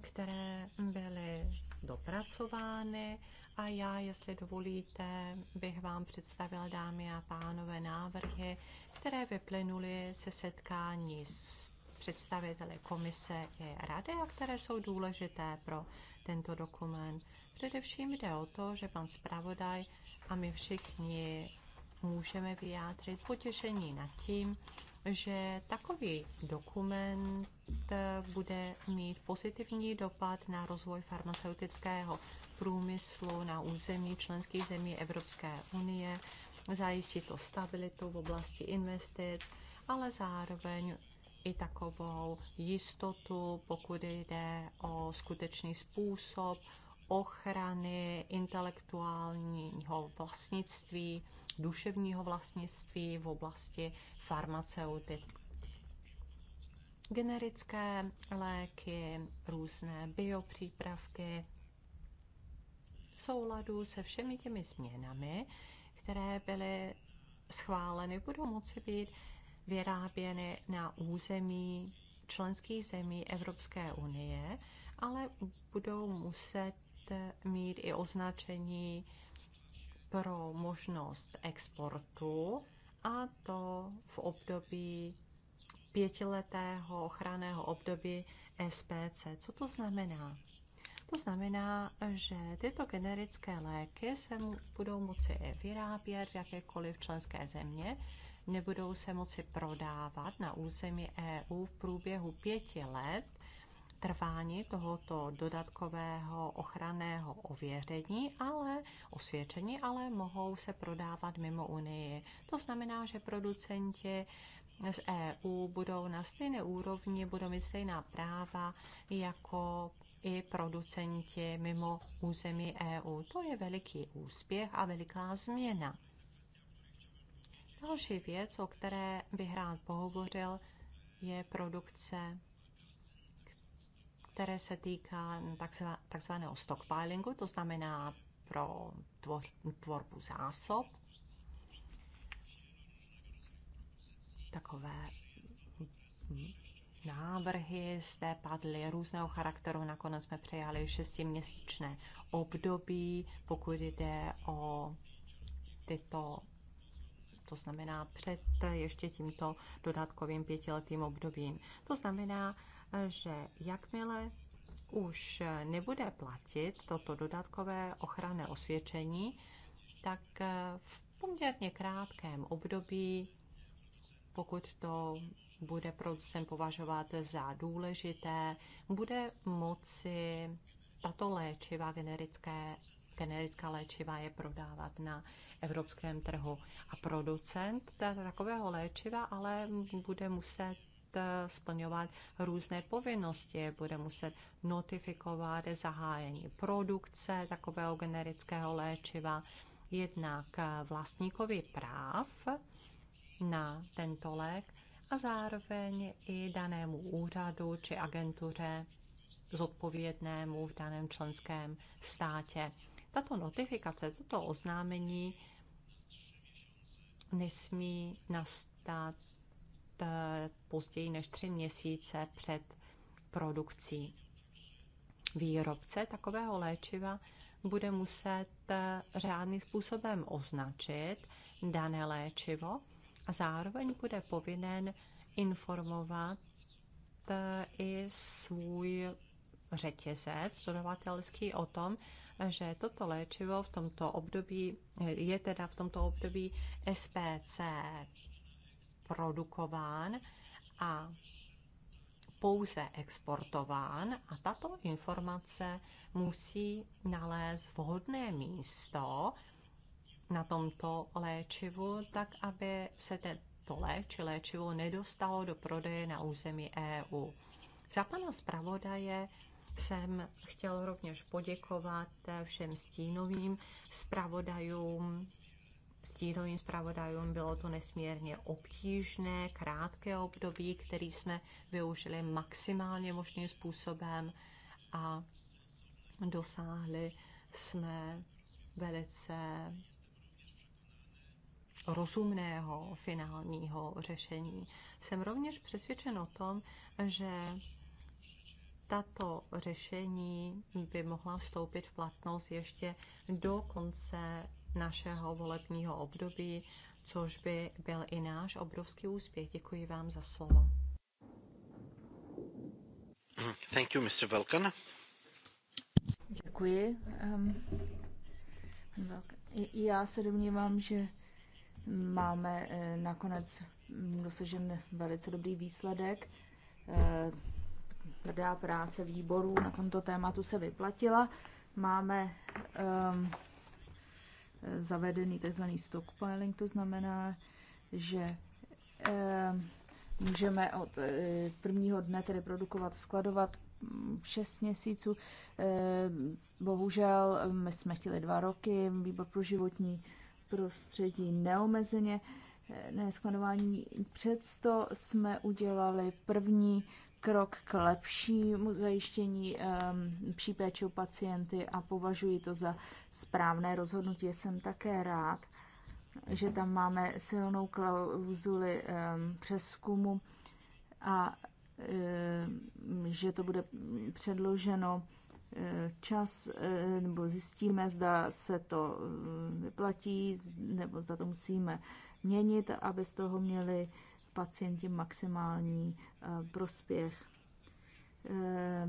které byly dopracovány a já, jestli dovolíte, bych vám představil, dámy a pánové, návrhy, které vyplynuly se setkání s představiteli komise i rady a které jsou důležité pro tento dokument. Především jde o to, že pan zpravodaj a my všichni můžeme vyjádřit potěšení nad tím, že takový dokument eh, bude mít pozitivní dopad na rozvoj farmaceutického průmyslu na území členských zemí Evropské unie, zajistí to stabilitu v oblasti investic, ale zároveň i takovou jistotu, pokud jde o skutečný způsob ochrany intelektuálního vlastnictví duševního vlastnictví v oblasti farmaceutik. Generické léky, různé biopřípravky v souladu se všemi těmi změnami, které byly schváleny, budou moci být vyráběny na území členských zemí Evropské unie, ale budou muset mít i označení pro možnost exportu a to v období pětiletého ochranného období SPC. Co to znamená? To znamená, že tyto generické léky se budou moci vyrábět v jakékoliv členské země, nebudou se moci prodávat na území EU v průběhu pěti let trvání tohoto dodatkového ochranného ověření, ale osvědčení, ale mohou se prodávat mimo Unii. To znamená, že producenti z EU budou na stejné úrovni, budou mít stejná práva jako i producenti mimo území EU. To je veliký úspěch a veliká změna. Další věc, o které bych rád pohovořil, je produkce které se týká takzvaného stockpilingu, to znamená pro tvor, tvorbu zásob. Takové návrhy zde padly různého charakteru. Nakonec jsme přejali šestiměsíčné období, pokud jde o tyto to znamená před ještě tímto dodatkovým pětiletým obdobím. To znamená, že jakmile už nebude platit toto dodatkové ochranné osvědčení, tak v poměrně krátkém období, pokud to bude producent považovat za důležité, bude moci tato léčiva generické generická léčiva je prodávat na evropském trhu. A producent takového léčiva ale bude muset Eh, splňovat různé povinnosti, bude muset notifikovat zahájení produkce takového generického léčiva, jednak eh, vlastníkovi práv na tento lék a zároveň i danému úřadu či agentuře zodpovědnému v daném členském státě. Tato notifikace, toto oznámení nesmí nastat Eh, později než tři měsíce před produkcí. Výrobce takového léčiva bude muset eh, řádným způsobem označit dané léčivo a zároveň bude povinen informovat eh, i svůj řetězec dodavatelský o tom, že toto léčivo v tomto období je teda v tomto období SPC produkován a pouze exportován a tato informace musí nalézt vhodné místo na tomto léčivu, tak aby se tento lék léčivo nedostalo do prodeje na území EU. Za pana zpravodaje jsem chtěl rovněž poděkovat všem stínovým zpravodajům stínovým zpravodajům. Bylo to nesmírně obtížné, krátké období, který jsme využili maximálně možným způsobem a dosáhli jsme velice rozumného finálního řešení. Jsem rovněž přesvědčen o tom, že tato řešení by mohla vstoupit v platnost ještě do konce našeho volebního období, což by byl i náš obrovský úspěch. Děkuji vám za slovo. Hmm, thank you, Mr. Velkan. Děkuji. Um, já se domnívám, že máme e, nakonec dosažen velice dobrý výsledek. E, tvrdá práce výborů na tomto tématu se vyplatila. Máme um, zavedený tzv. stockpiling, to znamená, že eh, můžeme od eh, prvního dne tedy produkovat, skladovat 6 hm, měsíců. Eh, bohužel my hm, jsme chtěli dva roky, výbor pro životní prostředí neomezeně neskladování. Přesto jsme udělali první krok k lepšímu zajištění lepší ehm, péče pacienty a považuji to za správné rozhodnutí. Jsem také rád, že tam máme silnou klauzuli ehm, přeskumu a ehm, že to bude předloženo eh, čas, eh, nebo zjistíme, zda se to eh, vyplatí, nebo zda to musíme měnit, aby z toho měli pacienti maximální eh, prospěch. Eh,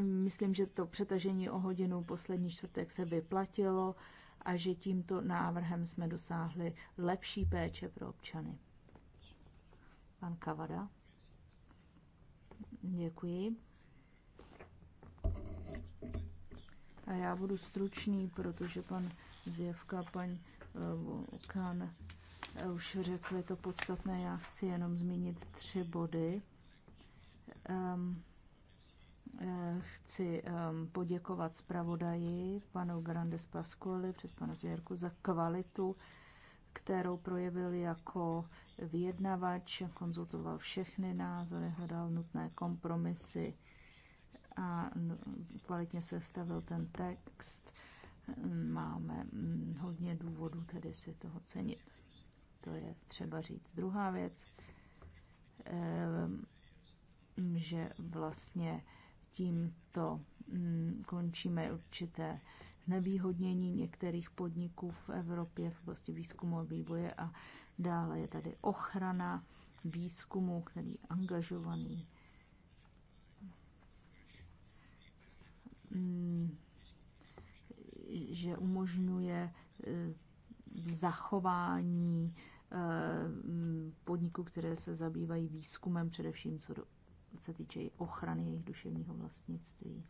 myslím, že to přetažení o hodinu poslední čtvrtek se vyplatilo a že tímto návrhem jsme dosáhli lepší péče pro občany. Pan Kavada. Děkuji. A já budu stručný, protože pan Zjevka, pan eh, Kan už řekli to podstatné. Já chci jenom zmínit tři body. Um, Chci um, poděkovat zpravodaji panu Grandes Pascoli přes panu Zvěrku za kvalitu, kterou projevil jako vyjednavač, konzultoval všechny názory, hledal nutné kompromisy a kvalitně sestavil ten text. Máme hodně důvodů tedy si toho cenit to je třeba říct. Druhá věc, ehm, že vlastně tímto hm, končíme určité nevýhodnění některých podniků v Evropě v oblasti výzkumu a vývoje a dále je tady ochrana výzkumu, který je angažovaný. Hm, že umožňuje eh, zachování Eh, mm, podniků, které se zabývají výzkumem, především co do, se týče ochrany jejich duševního vlastnictví.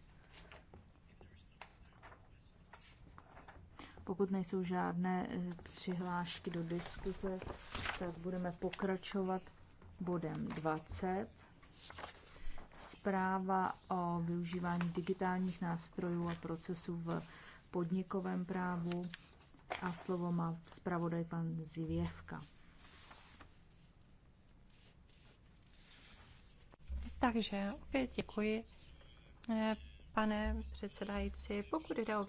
Pokud nejsou žádné eh, přihlášky do diskuze, tak budeme pokračovat bodem 20. Zpráva o využívání digitálních nástrojů a procesů v podnikovém právu. A slovo má zpravodaj pan Zivěvka. Takže opět děkuji, eh, pane předsedající. Pokud jde o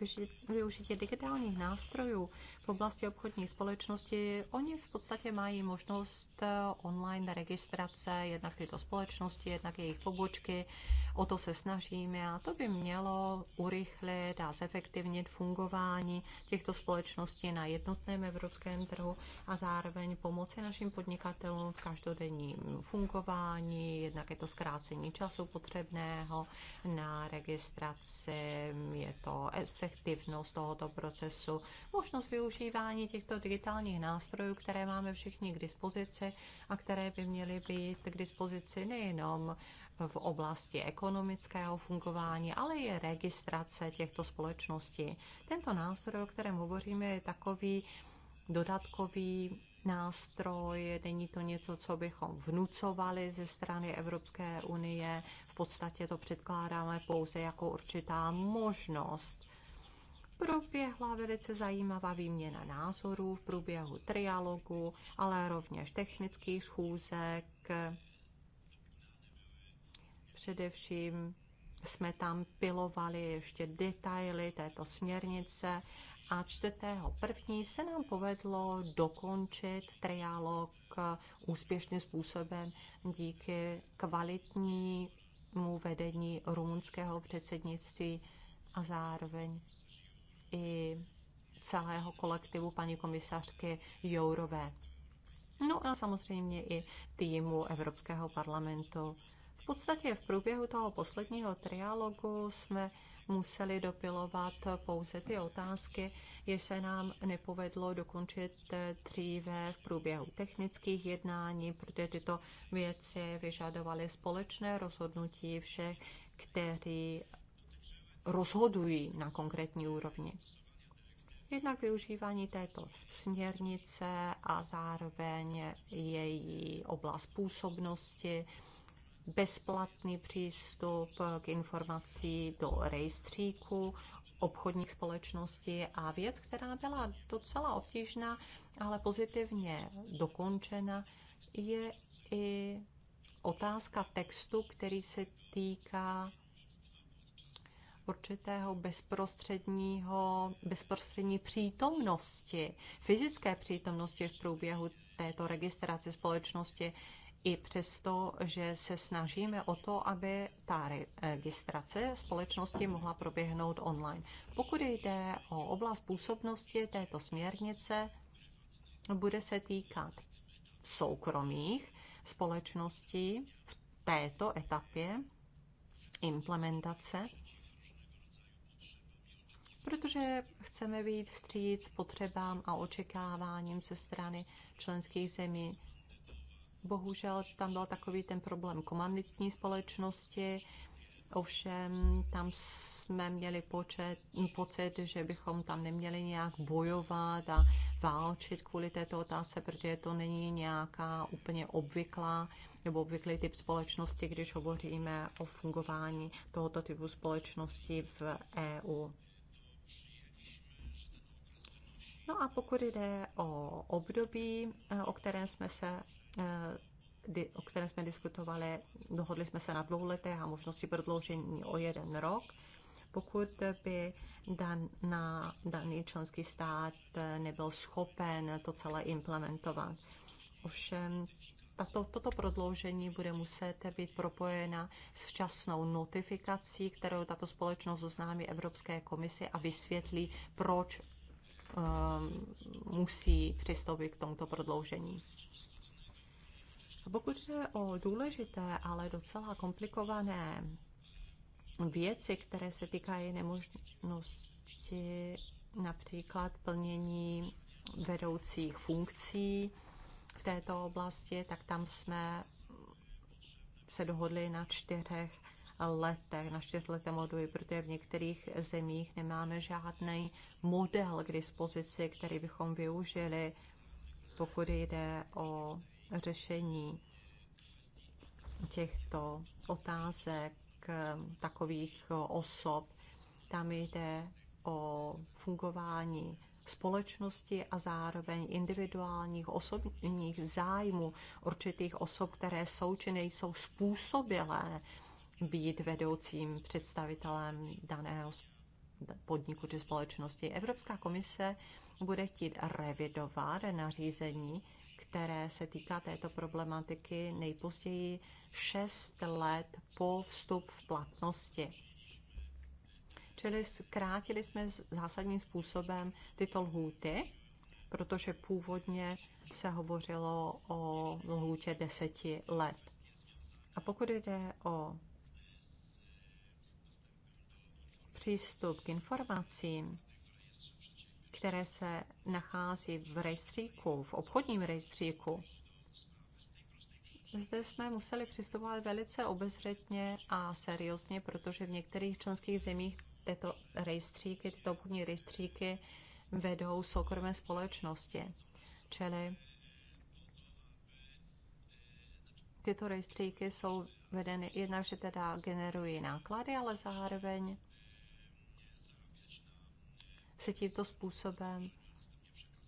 využití digitálních nástrojů v oblasti obchodní společnosti, oni v podstatě mají možnost eh, online registrace, jednak tyto společnosti, jednak jejich pobočky, O to se snažíme a to by mělo urychlit a zefektivnit fungování těchto společností na jednotném evropském trhu a zároveň pomoci našim podnikatelům v každodenním fungování. Jednak je to zkrácení času potřebného na registraci, je to efektivnost tohoto procesu, možnost využívání těchto digitálních nástrojů, které máme všichni k dispozici a které by měly být k dispozici nejenom v oblasti ekonomického fungování, ale i registrace těchto společností. Tento nástroj, o kterém hovoříme, je takový dodatkový nástroj, není to něco, co bychom vnucovali ze strany Evropské unie. V podstatě to předkládáme pouze jako určitá možnost. Proběhla velice zajímavá výměna názorů v průběhu trialogu, ale rovněž technických schůzek, Především jsme tam pilovali ještě detaily této směrnice a čtvrtého první se nám povedlo dokončit trialog úspěšným způsobem díky kvalitnímu vedení rumunského předsednictví a zároveň i celého kolektivu paní komisařky Jourové. No a samozřejmě i týmu Evropského parlamentu. V podstatě v průběhu toho posledního trialogu jsme museli dopilovat pouze ty otázky, jež se nám nepovedlo dokončit dříve v průběhu technických jednání, protože tyto věci vyžadovaly společné rozhodnutí všech, kteří rozhodují na konkrétní úrovni. Jednak využívání této směrnice a zároveň její oblast působnosti, bezplatný přístup k informací do rejstříku obchodních společností a věc, která byla docela obtížná, ale pozitivně dokončena, je i otázka textu, který se týká určitého bezprostředního, bezprostřední přítomnosti, fyzické přítomnosti v průběhu této registrace společnosti i přesto, že se snažíme o to, aby ta registrace společnosti mohla proběhnout online. Pokud jde o oblast působnosti této směrnice, bude se týkat soukromých společností v této etapě implementace, protože chceme být vstříc potřebám a očekáváním ze strany členských zemí bohužel tam byl takový ten problém komanditní společnosti, ovšem tam jsme měli počet, pocit, že bychom tam neměli nějak bojovat a válčit kvůli této otázce, protože to není nějaká úplně obvyklá nebo obvyklý typ společnosti, když hovoříme o fungování tohoto typu společnosti v EU. No a pokud jde o období, o kterém jsme se Eh, o které jsme diskutovali, dohodli jsme se na dvou letech a možnosti prodloužení o jeden rok. Pokud by dan, na daný členský stát eh, nebyl schopen to celé implementovat. Ovšem, tato, toto prodloužení bude muset být propojena s včasnou notifikací, kterou tato společnost oznámí Evropské komisi a vysvětlí, proč um, musí přistoupit k tomuto prodloužení pokud jde o důležité, ale docela komplikované věci, které se týkají nemožnosti například plnění vedoucích funkcí v této oblasti, tak tam jsme se dohodli na čtyřech letech, na čtyřleté moduly. protože v některých zemích nemáme žádný model k dispozici, který bychom využili, pokud jde o řešení těchto otázek eh, takových eh, osob. Tam jde o fungování společnosti a zároveň individuálních osobních zájmů určitých osob, které jsou či nejsou způsobilé být vedoucím představitelem daného podniku či společnosti. Evropská komise bude chtít revidovat nařízení které se týká této problematiky nejpozději 6 let po vstup v platnosti. Čili zkrátili jsme zásadním způsobem tyto lhůty, protože původně se hovořilo o lhůtě deseti let. A pokud jde o přístup k informacím, které se nachází v rejstříku, v obchodním rejstříku, zde jsme museli přistupovat velice obezřetně a seriózně, protože v některých členských zemích tyto rejstříky, tyto obchodní rejstříky vedou soukromé společnosti. Čili tyto rejstříky jsou vedeny jednak, že teda generují náklady, ale zároveň se tímto způsobem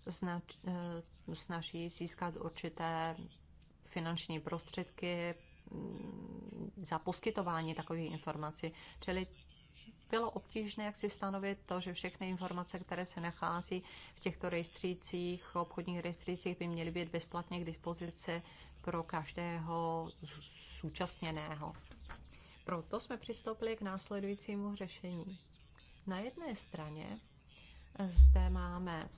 snaž, eh, snaží získat určité finanční prostředky mm, za poskytování takových informací. Čili bylo obtížné, jak si stanovit to, že všechny informace, které se nachází v těchto rejstřících, obchodních rejstřících, by měly být bezplatně k dispozici pro každého zúčastněného. Proto jsme přistoupili k následujícímu řešení. Na jedné straně zde máme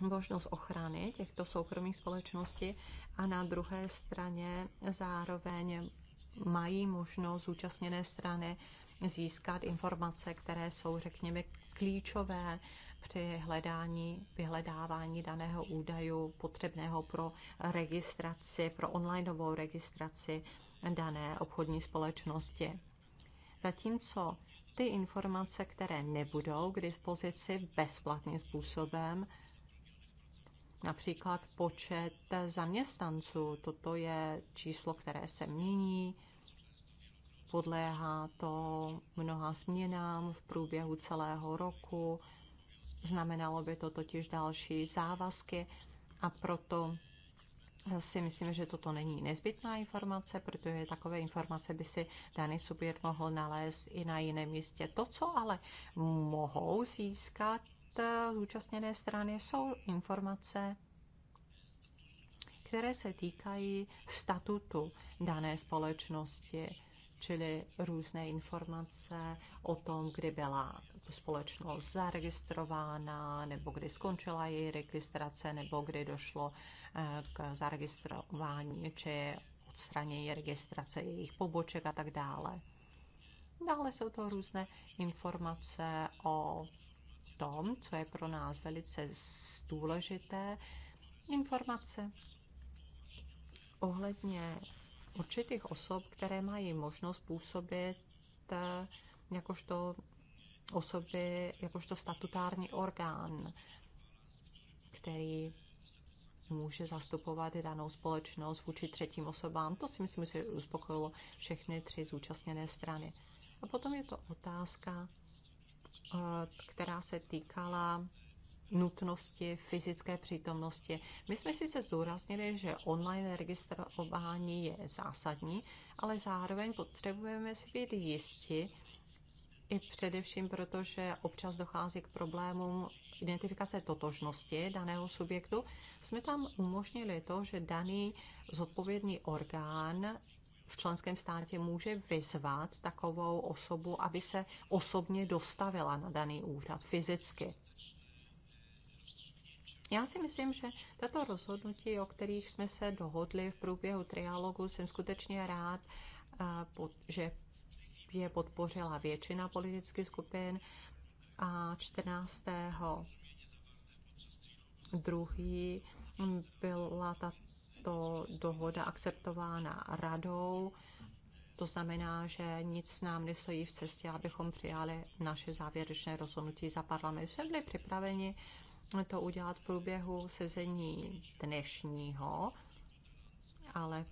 možnost ochrany těchto soukromých společností a na druhé straně zároveň mají možnost zúčastněné strany získat informace, které jsou, řekněme, klíčové při hledání, vyhledávání daného údaju potřebného pro registraci, pro online registraci dané obchodní společnosti. Zatímco ty informace, které nebudou k dispozici bezplatným způsobem, například počet zaměstnanců. Toto je číslo, které se mění, podléhá to mnoha změnám v průběhu celého roku. Znamenalo by to totiž další závazky a proto si myslím, že toto není nezbytná informace, protože takové informace by si daný subjekt mohl nalézt i na jiném místě. To, co ale mohou získat eh, zúčastněné strany, jsou informace, které se týkají statutu dané společnosti, čili různé informace o tom, kdy byla společnost zaregistrována, nebo kdy skončila její registrace, nebo kdy došlo eh, k zaregistrování či odstranění registrace jejich poboček a tak dále. Dále jsou to různé informace o tom, co je pro nás velice důležité, informace ohledně určitých osob, které mají možnost působit eh, jakožto osoby jakožto statutární orgán, který může zastupovat danou společnost vůči třetím osobám. To si myslím, že uspokojilo všechny tři zúčastněné strany. A potom je to otázka, eh, která se týkala nutnosti fyzické přítomnosti. My jsme sice zdůraznili, že online registrování je zásadní, ale zároveň potřebujeme si být jisti, i především proto, že občas dochází k problémům identifikace totožnosti daného subjektu, jsme tam umožnili to, že daný zodpovědný orgán v členském státě může vyzvat takovou osobu, aby se osobně dostavila na daný úřad fyzicky. Já si myslím, že tato rozhodnutí, o kterých jsme se dohodli v průběhu trialogu, jsem skutečně rád, eh, že je podpořila většina politických skupin a 14. druhý byla tato dohoda akceptována radou. To znamená, že nic nám nestojí v cestě, abychom přijali naše závěrečné rozhodnutí za parlament. Jsme byli připraveni to udělat v průběhu sezení dnešního, ale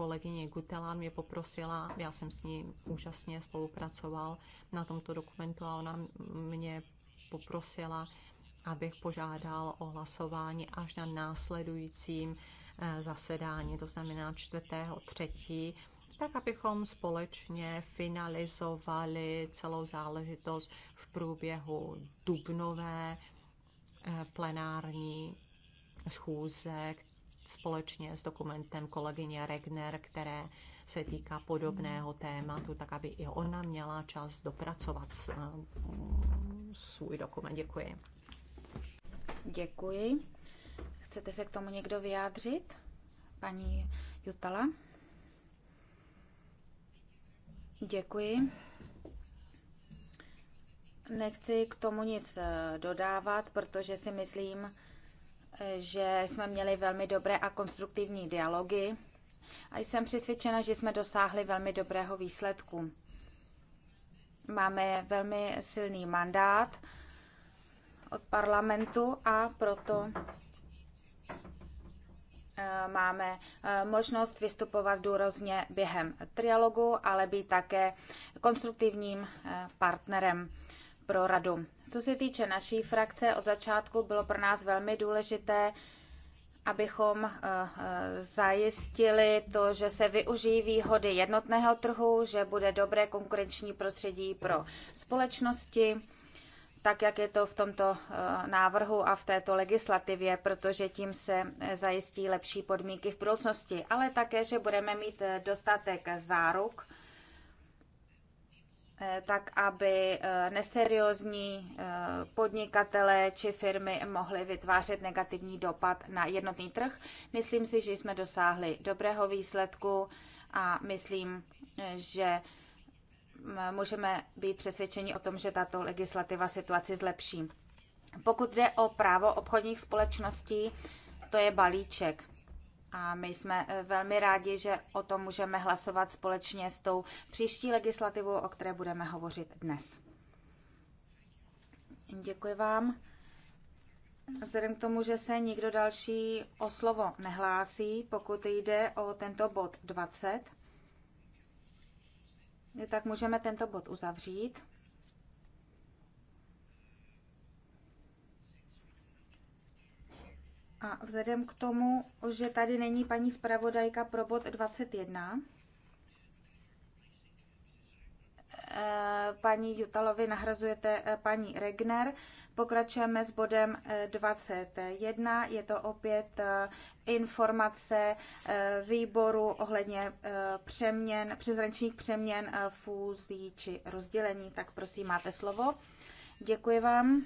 kolegyně Gutelán mě poprosila, já jsem s ní úžasně spolupracoval na tomto dokumentu a ona mě poprosila, abych požádal o hlasování až na následujícím eh, zasedání, to znamená 4. 3., tak abychom společně finalizovali celou záležitost v průběhu dubnové eh, plenární schůze, společně s dokumentem kolegyně Regner, které se týká podobného tématu, tak aby i ona měla čas dopracovat eh, svůj dokument. Děkuji. Děkuji. Chcete se k tomu někdo vyjádřit? Paní Jutala? Děkuji. Nechci k tomu nic eh, dodávat, protože si myslím, že jsme měli velmi dobré a konstruktivní dialogy a jsem přesvědčena, že jsme dosáhli velmi dobrého výsledku. Máme velmi silný mandát od parlamentu a proto eh, máme eh, možnost vystupovat důrazně během trialogu, ale být také konstruktivním eh, partnerem pro radu. Co se týče naší frakce, od začátku bylo pro nás velmi důležité, abychom eh, eh, zajistili to, že se využijí výhody jednotného trhu, že bude dobré konkurenční prostředí pro společnosti, tak jak je to v tomto eh, návrhu a v této legislativě, protože tím se zajistí lepší podmínky v budoucnosti, ale také, že budeme mít dostatek záruk, Eh, tak aby eh, neseriózní eh, podnikatelé či firmy mohly vytvářet negativní dopad na jednotný trh. Myslím si, že jsme dosáhli dobrého výsledku a myslím, že mm, můžeme být přesvědčeni o tom, že tato legislativa situaci zlepší. Pokud jde o právo obchodních společností, to je balíček. A my jsme e, velmi rádi, že o tom můžeme hlasovat společně s tou příští legislativou, o které budeme hovořit dnes. Děkuji vám. Vzhledem k tomu, že se nikdo další o slovo nehlásí, pokud jde o tento bod 20, tak můžeme tento bod uzavřít. A vzhledem k tomu, že tady není paní zpravodajka pro bod 21, eh, paní Jutalovi nahrazujete eh, paní Regner. Pokračujeme s bodem 21. Eh, Je to opět informace výboru ohledně přeměn, přezrančních přeměn, fúzí či rozdělení. Tak prosím, máte slovo. Děkuji vám.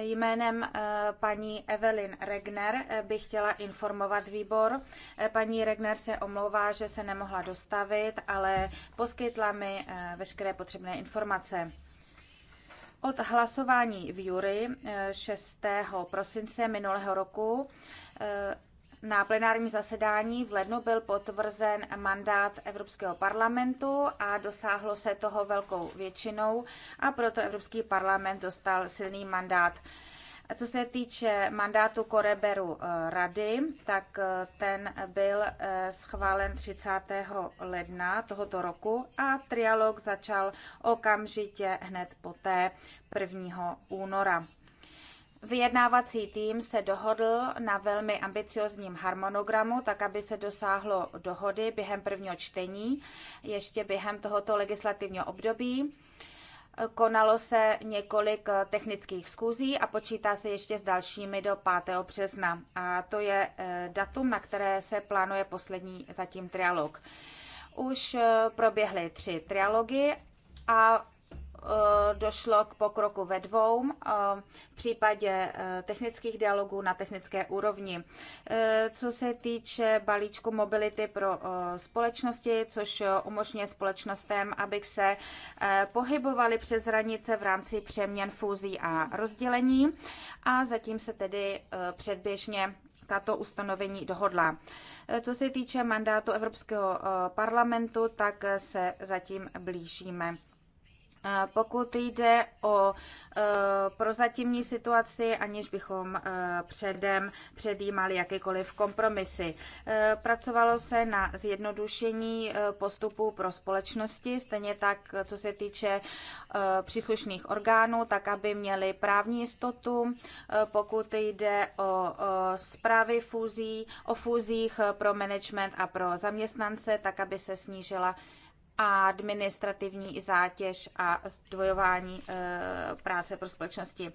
Jménem eh, paní Evelyn Regner eh, bych chtěla informovat výbor. Eh, paní Regner se omlouvá, že se nemohla dostavit, ale poskytla mi veškeré potřebné informace. Od hlasování v jury 6. prosince minulého roku na plenárním zasedání v lednu byl potvrzen mandát Evropského parlamentu a dosáhlo se toho velkou většinou a proto Evropský parlament dostal silný mandát. co se týče mandátu Koreberu eh, rady, tak eh, ten byl eh, schválen 30. ledna tohoto roku a trialog začal okamžitě hned poté 1. února. Vyjednávací tým se dohodl na velmi ambiciozním harmonogramu, tak aby se dosáhlo dohody během prvního čtení, ještě během tohoto legislativního období. Konalo se několik technických schůzí a počítá se ještě s dalšími do 5. března. A to je eh, datum, na které se plánuje poslední zatím trialog. Už eh, proběhly tři trialogy a Eh, došlo k pokroku ve dvou eh, v případě eh, technických dialogů na technické úrovni. Co se týče balíčku mobility pro společnosti, což umožňuje společnostem, aby se pohybovali přes hranice v rámci přeměn, fúzí a rozdělení a zatím se tedy předběžně tato ustanovení dohodla. Co se týče mandátu Evropského parlamentu, tak se zatím blížíme pokud jde o e, prozatímní situaci, aniž bychom e, předem předjímali jakékoliv kompromisy. E, pracovalo se na zjednodušení postupů pro společnosti, stejně tak, co se týče příslušných orgánů, tak aby měli právní jistotu. Pokud jde o zprávy fúzí, o fúzích pro management a pro zaměstnance, tak aby se snížila a administrativní zátěž a zdvojování eh, práce pro společnosti.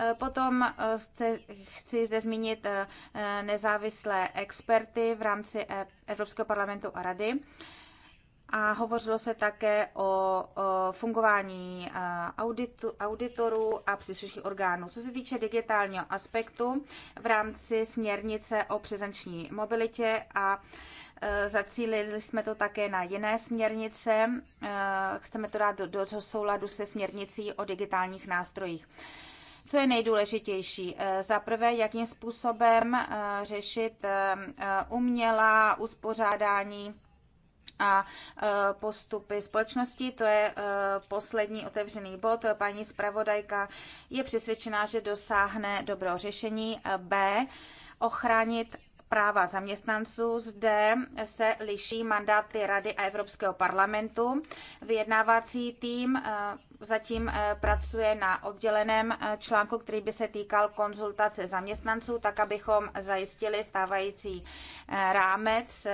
Eh, potom eh, chci zde zmínit nezávislé experty v rámci e, Evropského parlamentu a rady. A hovořilo se také o, o fungování auditu, auditorů a příslušných orgánů. Co se týče digitálního aspektu v rámci směrnice o přezenční mobilitě a Eh, zacílili jsme to také na jiné směrnice. Eh, chceme to dát do, do souladu se směrnicí o digitálních nástrojích. Co je nejdůležitější? Eh, za prvé, jakým způsobem řešit umělá uspořádání a postupy společnosti. To je poslední otevřený bod. Paní zpravodajka je přesvědčená, že dosáhne dobrého řešení. B. Ochránit práva zaměstnanců. Zde se liší mandáty Rady a Evropského parlamentu. Vyjednávací tým eh, zatím eh, pracuje na odděleném eh, článku, který by se týkal konzultace zaměstnanců, tak abychom zajistili stávající eh, rámec,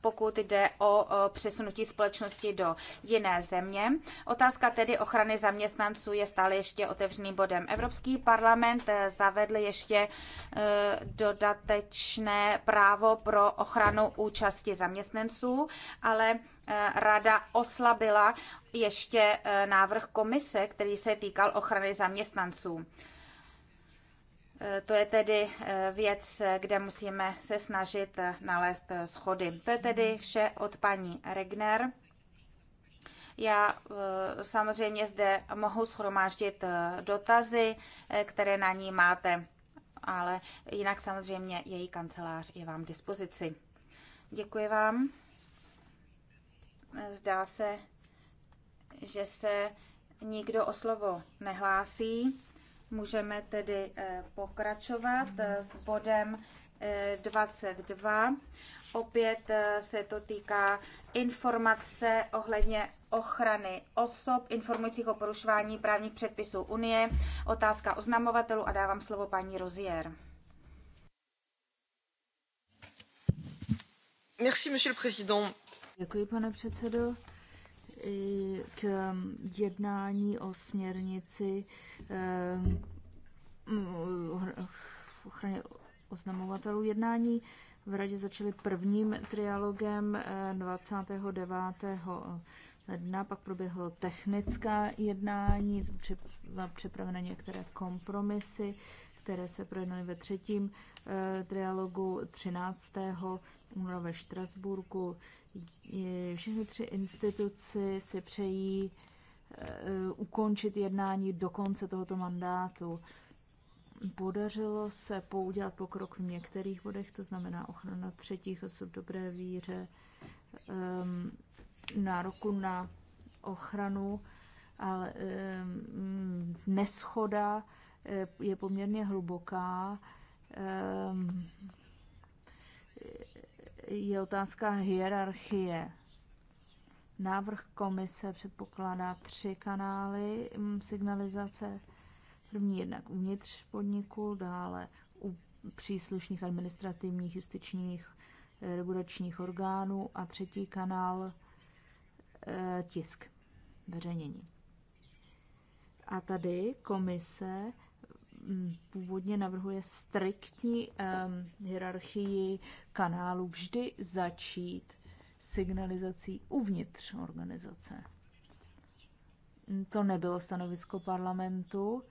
pokud jde o přesunutí společnosti do jiné země. Otázka tedy ochrany zaměstnanců je stále ještě otevřeným bodem. Evropský parlament zavedl ještě dodatečné právo pro ochranu účasti zaměstnanců, ale Eh, rada oslabila ještě eh, návrh komise, který se týkal ochrany zaměstnanců. Eh, to je tedy věc, kde musíme se snažit nalézt schody. To je tedy vše od paní Regner. Já samozřejmě zde mohu schromáždit dotazy, které na ní máte, ale jinak samozřejmě její kancelář je vám k dispozici. Děkuji vám. Zdá se, že se nikdo o slovo nehlásí. Můžeme tedy eh, pokračovat eh, s bodem 22. Eh, Opět se to týká informace ohledně ochrany osob informujících o porušování právních předpisů Unie. Otázka oznamovatelů a dávám slovo paní Rozier. Merci, monsieur le président. Děkuji, pane předsedo. K um, jednání o směrnici um, ochraně oznamovatelů jednání v radě začaly prvním trialogem 29. Eh, ledna, pak proběhlo technická jednání, připraveny některé kompromisy, které se projednaly ve třetím eh, trialogu 13. února ve Štrasburku. Všechny tři instituci si přejí eh, ukončit jednání do konce tohoto mandátu. Podařilo se poudělat pokrok v některých bodech, to znamená ochrana třetích osob dobré víře, ehm, nároku na ochranu, ale ehm, neschoda eh, je poměrně hluboká. Ehm, je otázka hierarchie. Návrh komise předpokládá tři kanály mm, signalizace. První jednak uvnitř podniku, dále u příslušných administrativních, justičních, eh, regulačních orgánů a třetí kanál eh, tisk, veřejnění. A tady komise Mm, původně navrhuje striktní um, hierarchii kanálu vždy začít signalizací uvnitř organizace. To nebylo stanovisko parlamentu,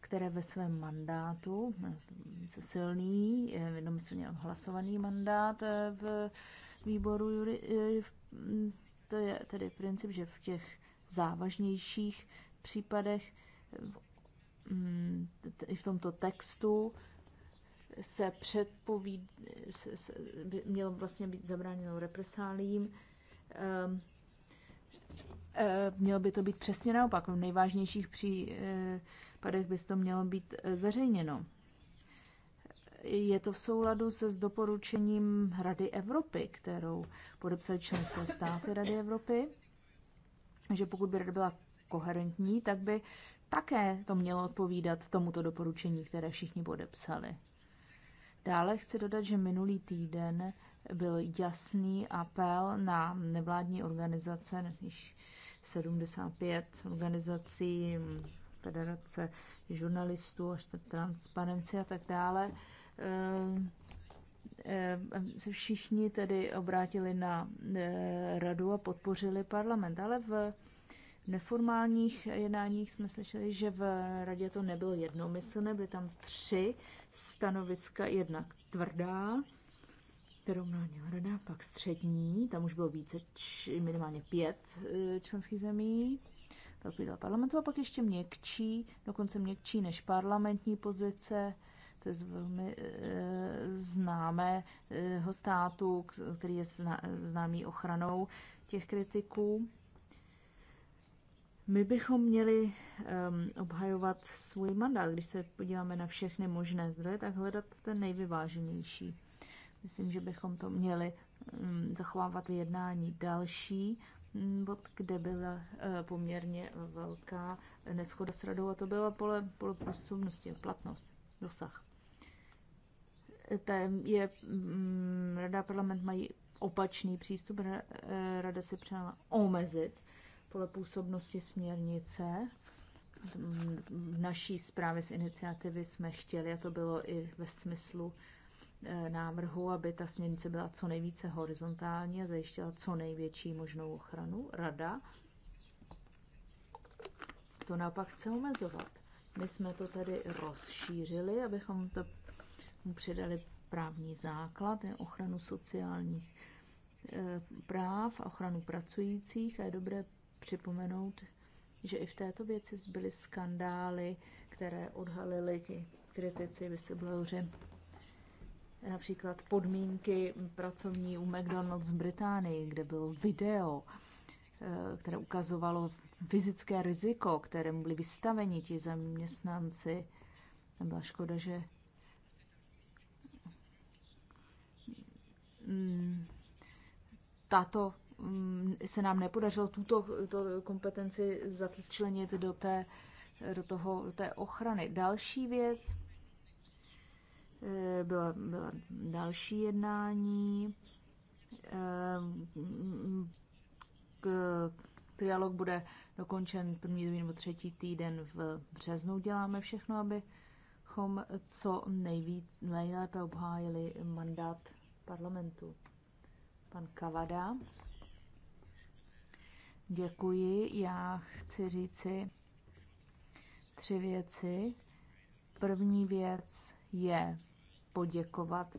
které ve svém mandátu, mm, se silný, eh, měl hlasovaný mandát eh, v výboru jury, eh, mm, to je tedy princip, že v těch závažnějších případech Mm, i v tomto textu se předpovíd, se, se, by mělo vlastně být zabráněno represálím. Um, ehm, e, mělo by to být přesně naopak. V nejvážnějších případech e, by to mělo být e, zveřejněno. Je to v souladu se s doporučením Rady Evropy, kterou podepsali členské státy Rady Evropy, že pokud by rada byla koherentní, tak by také to mělo odpovídat tomuto doporučení, které všichni podepsali. Dále chci dodat, že minulý týden byl jasný apel na nevládní organizace, než 75 organizací, federace žurnalistů, až transparenci a tak dále, ehm, ehm, se všichni tedy obrátili na eh, radu a podpořili parlament, ale v neformálních jednáních jsme slyšeli, že v radě to nebylo jednomyslné, byly tam tři stanoviska, jednak tvrdá, kterou měla rada, pak střední, tam už bylo více, či, minimálně pět e, členských zemí, pak byla parlamentu a pak ještě měkčí, dokonce měkčí než parlamentní pozice, to je z velmi e, známého e, státu, který je zná, známý ochranou těch kritiků. My bychom měli um, obhajovat svůj mandát, když se podíváme na všechny možné zdroje, tak hledat ten nejvyváženější. Myslím, že bychom to měli um, zachovávat jednání další mm, bod, kde byla uh, poměrně velká neschoda s radou a to byla pole, pole působnosti, platnost, dosah. Eh, ta je, um, rada a parlament mají opačný přístup, eh, rada si přála omezit pole působnosti směrnice. V naší zprávě z iniciativy jsme chtěli, a to bylo i ve smyslu e, návrhu, aby ta směrnice byla co nejvíce horizontální a zajištěla co největší možnou ochranu. Rada to naopak chce omezovat. My jsme to tady rozšířili, abychom to mu přidali právní základ, ochranu sociálních e, práv a ochranu pracujících a je dobré připomenout, že i v této věci zbyly skandály, které odhalili ti kritici, whistleblowři. Například podmínky pracovní u McDonald's v Británii, kde bylo video, eh, které ukazovalo fyzické riziko, kterému byli vystaveni ti zaměstnanci. byla škoda, že mm, tato Mm, se nám nepodařilo tuto, to kompetenci začlenit do té, do, toho, do té ochrany. Další věc, eh, byla, byla další jednání, eh, k, trialog bude dokončen první, druhý nebo třetí týden v březnu. Děláme všechno, abychom co nejvíc, nejlépe obhájili mandát parlamentu. Pan Kavada. Děkuji. Já chci říci tři věci. První věc je poděkovat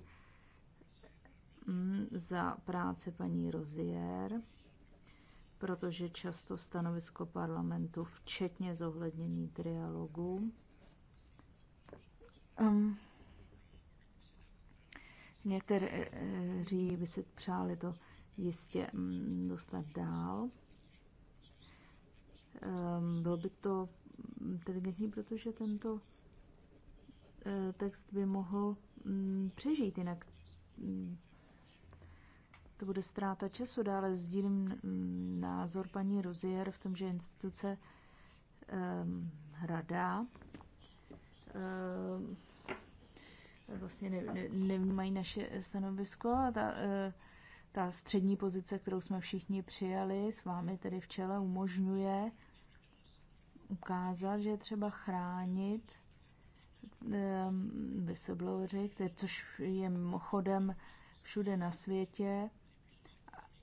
mm, za práci paní Rozier, protože často stanovisko parlamentu, včetně zohlednění trialogu, um, někteří by si přáli to jistě mm, dostat dál. Ehm, Bylo by to inteligentní, protože tento eh, text by mohl mm, přežít, jinak mm, to bude ztráta času. Dále sdílím mm, názor paní Rozier v tom, že instituce ehm, rada ehm, vlastně ne, ne, nevnímají naše stanovisko a ta, eh, ta střední pozice, kterou jsme všichni přijali, s vámi tedy v čele, umožňuje ukázat, že je třeba chránit ehm, whistleblowery, což je mimochodem všude na světě,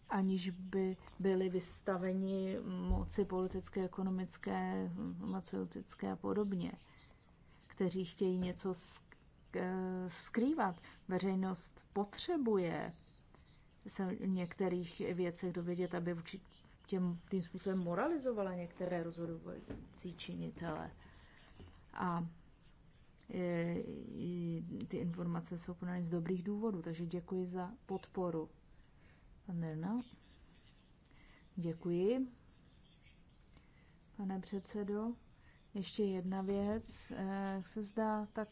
aniž by byli vystaveni moci politické, ekonomické, farmaceutické a podobně, kteří chtějí něco e, skrývat. Veřejnost potřebuje se v některých věcech dovědět, aby těm, tím způsobem moralizovala některé rozhodující činitele. A je, i, ty informace jsou podány z dobrých důvodů, takže děkuji za podporu. Pan Děkuji. Pane předsedo, ještě jedna věc. E, jak se zdá, tak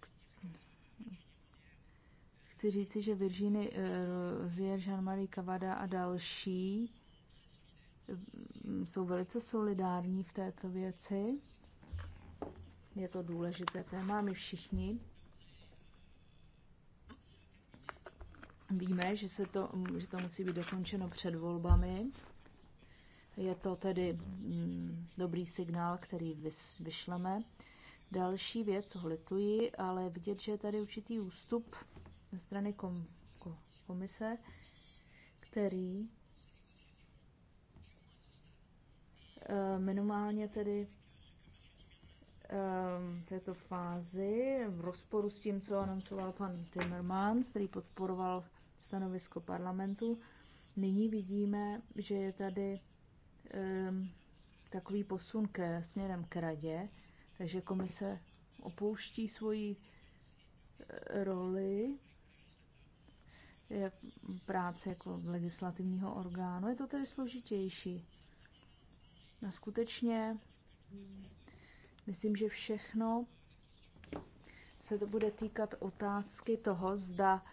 k chci říci, že Virginie eh, Rozier, Jean-Marie Cavada a další mm, jsou velice solidární v této věci. Je to důležité téma, my všichni víme, že, se to, mm, že to musí být dokončeno před volbami. Je to tedy mm, dobrý signál, který vyšleme. Další věc, lituji, ale vidět, že je tady určitý ústup ze strany kom, komise, který eh, minimálně tedy eh, této fázi v rozporu s tím, co anoncoval pan Timmermans, který podporoval stanovisko parlamentu. Nyní vidíme, že je tady um, takový posun ke směrem k radě, takže komise opouští svoji roli jak práce jako legislativního orgánu. Je to tedy složitější. A skutečně myslím, že všechno se to bude týkat otázky toho, zda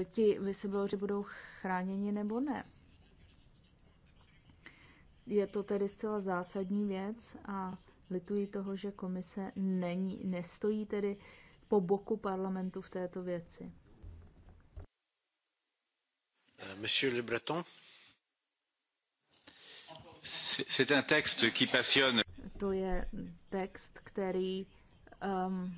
e, ti vysebloři budou chráněni nebo ne. Je to tedy zcela zásadní věc a lituji toho, že komise není, nestojí tedy po boku parlamentu v této věci. Euh, Monsieur Le Breton. C'est un texte qui passionne. To je text, který um,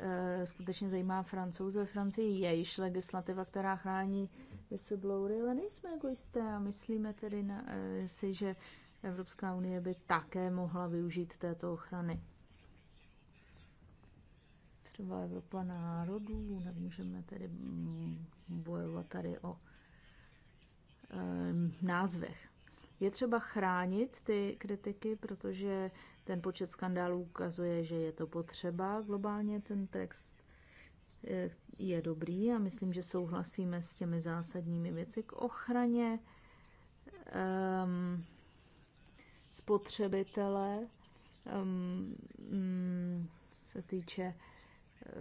uh, skutečně zajímá francouze. Ve Francii je již legislativa, která chrání whistleblowery, ale nejsme egoisté a myslíme tedy na, uh, si, že Evropská unie by také mohla využít této ochrany třeba Evropa národů, nemůžeme tedy mm, bojovat tady o e, názvech. Je třeba chránit ty kritiky, protože ten počet skandálů ukazuje, že je to potřeba. Globálně ten text e, je dobrý a myslím, že souhlasíme s těmi zásadními věci k ochraně um, spotřebitele, um, um, se týče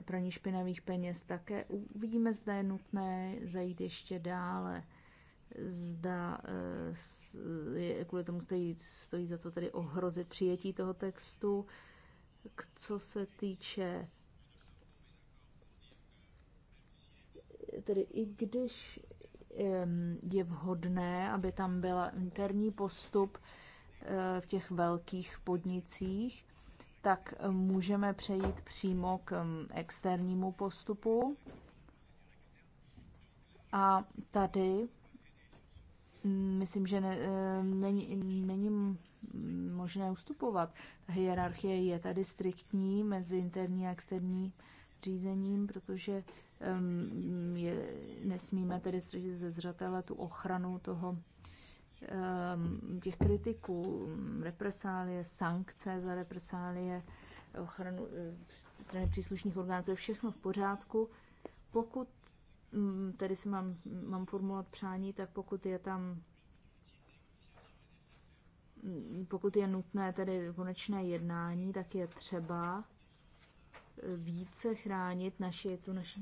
praní špinavých peněz také. Uvidíme, zda je nutné zajít ještě dále. Zda eh, kvůli tomu stojí, stojí za to tedy ohrozit přijetí toho textu. Co se týče tedy i když je vhodné, aby tam byl interní postup eh, v těch velkých podnicích, tak můžeme přejít přímo k um, externímu postupu. A tady mm, myslím, že ne, eh, není, není možné ustupovat. Ta hierarchie je tady striktní mezi interní a externí řízením, protože je, nesmíme tedy ztratit ze zřetele tu ochranu toho Ehm, těch kritiků, represálie, sankce za represálie, ochranu eh, strany příslušných orgánů, to je všechno v pořádku. Pokud, mm, tedy si mám, mám formulovat přání, tak pokud je tam mm, pokud je nutné tedy konečné jednání, tak je třeba eh, více chránit naši, tu naši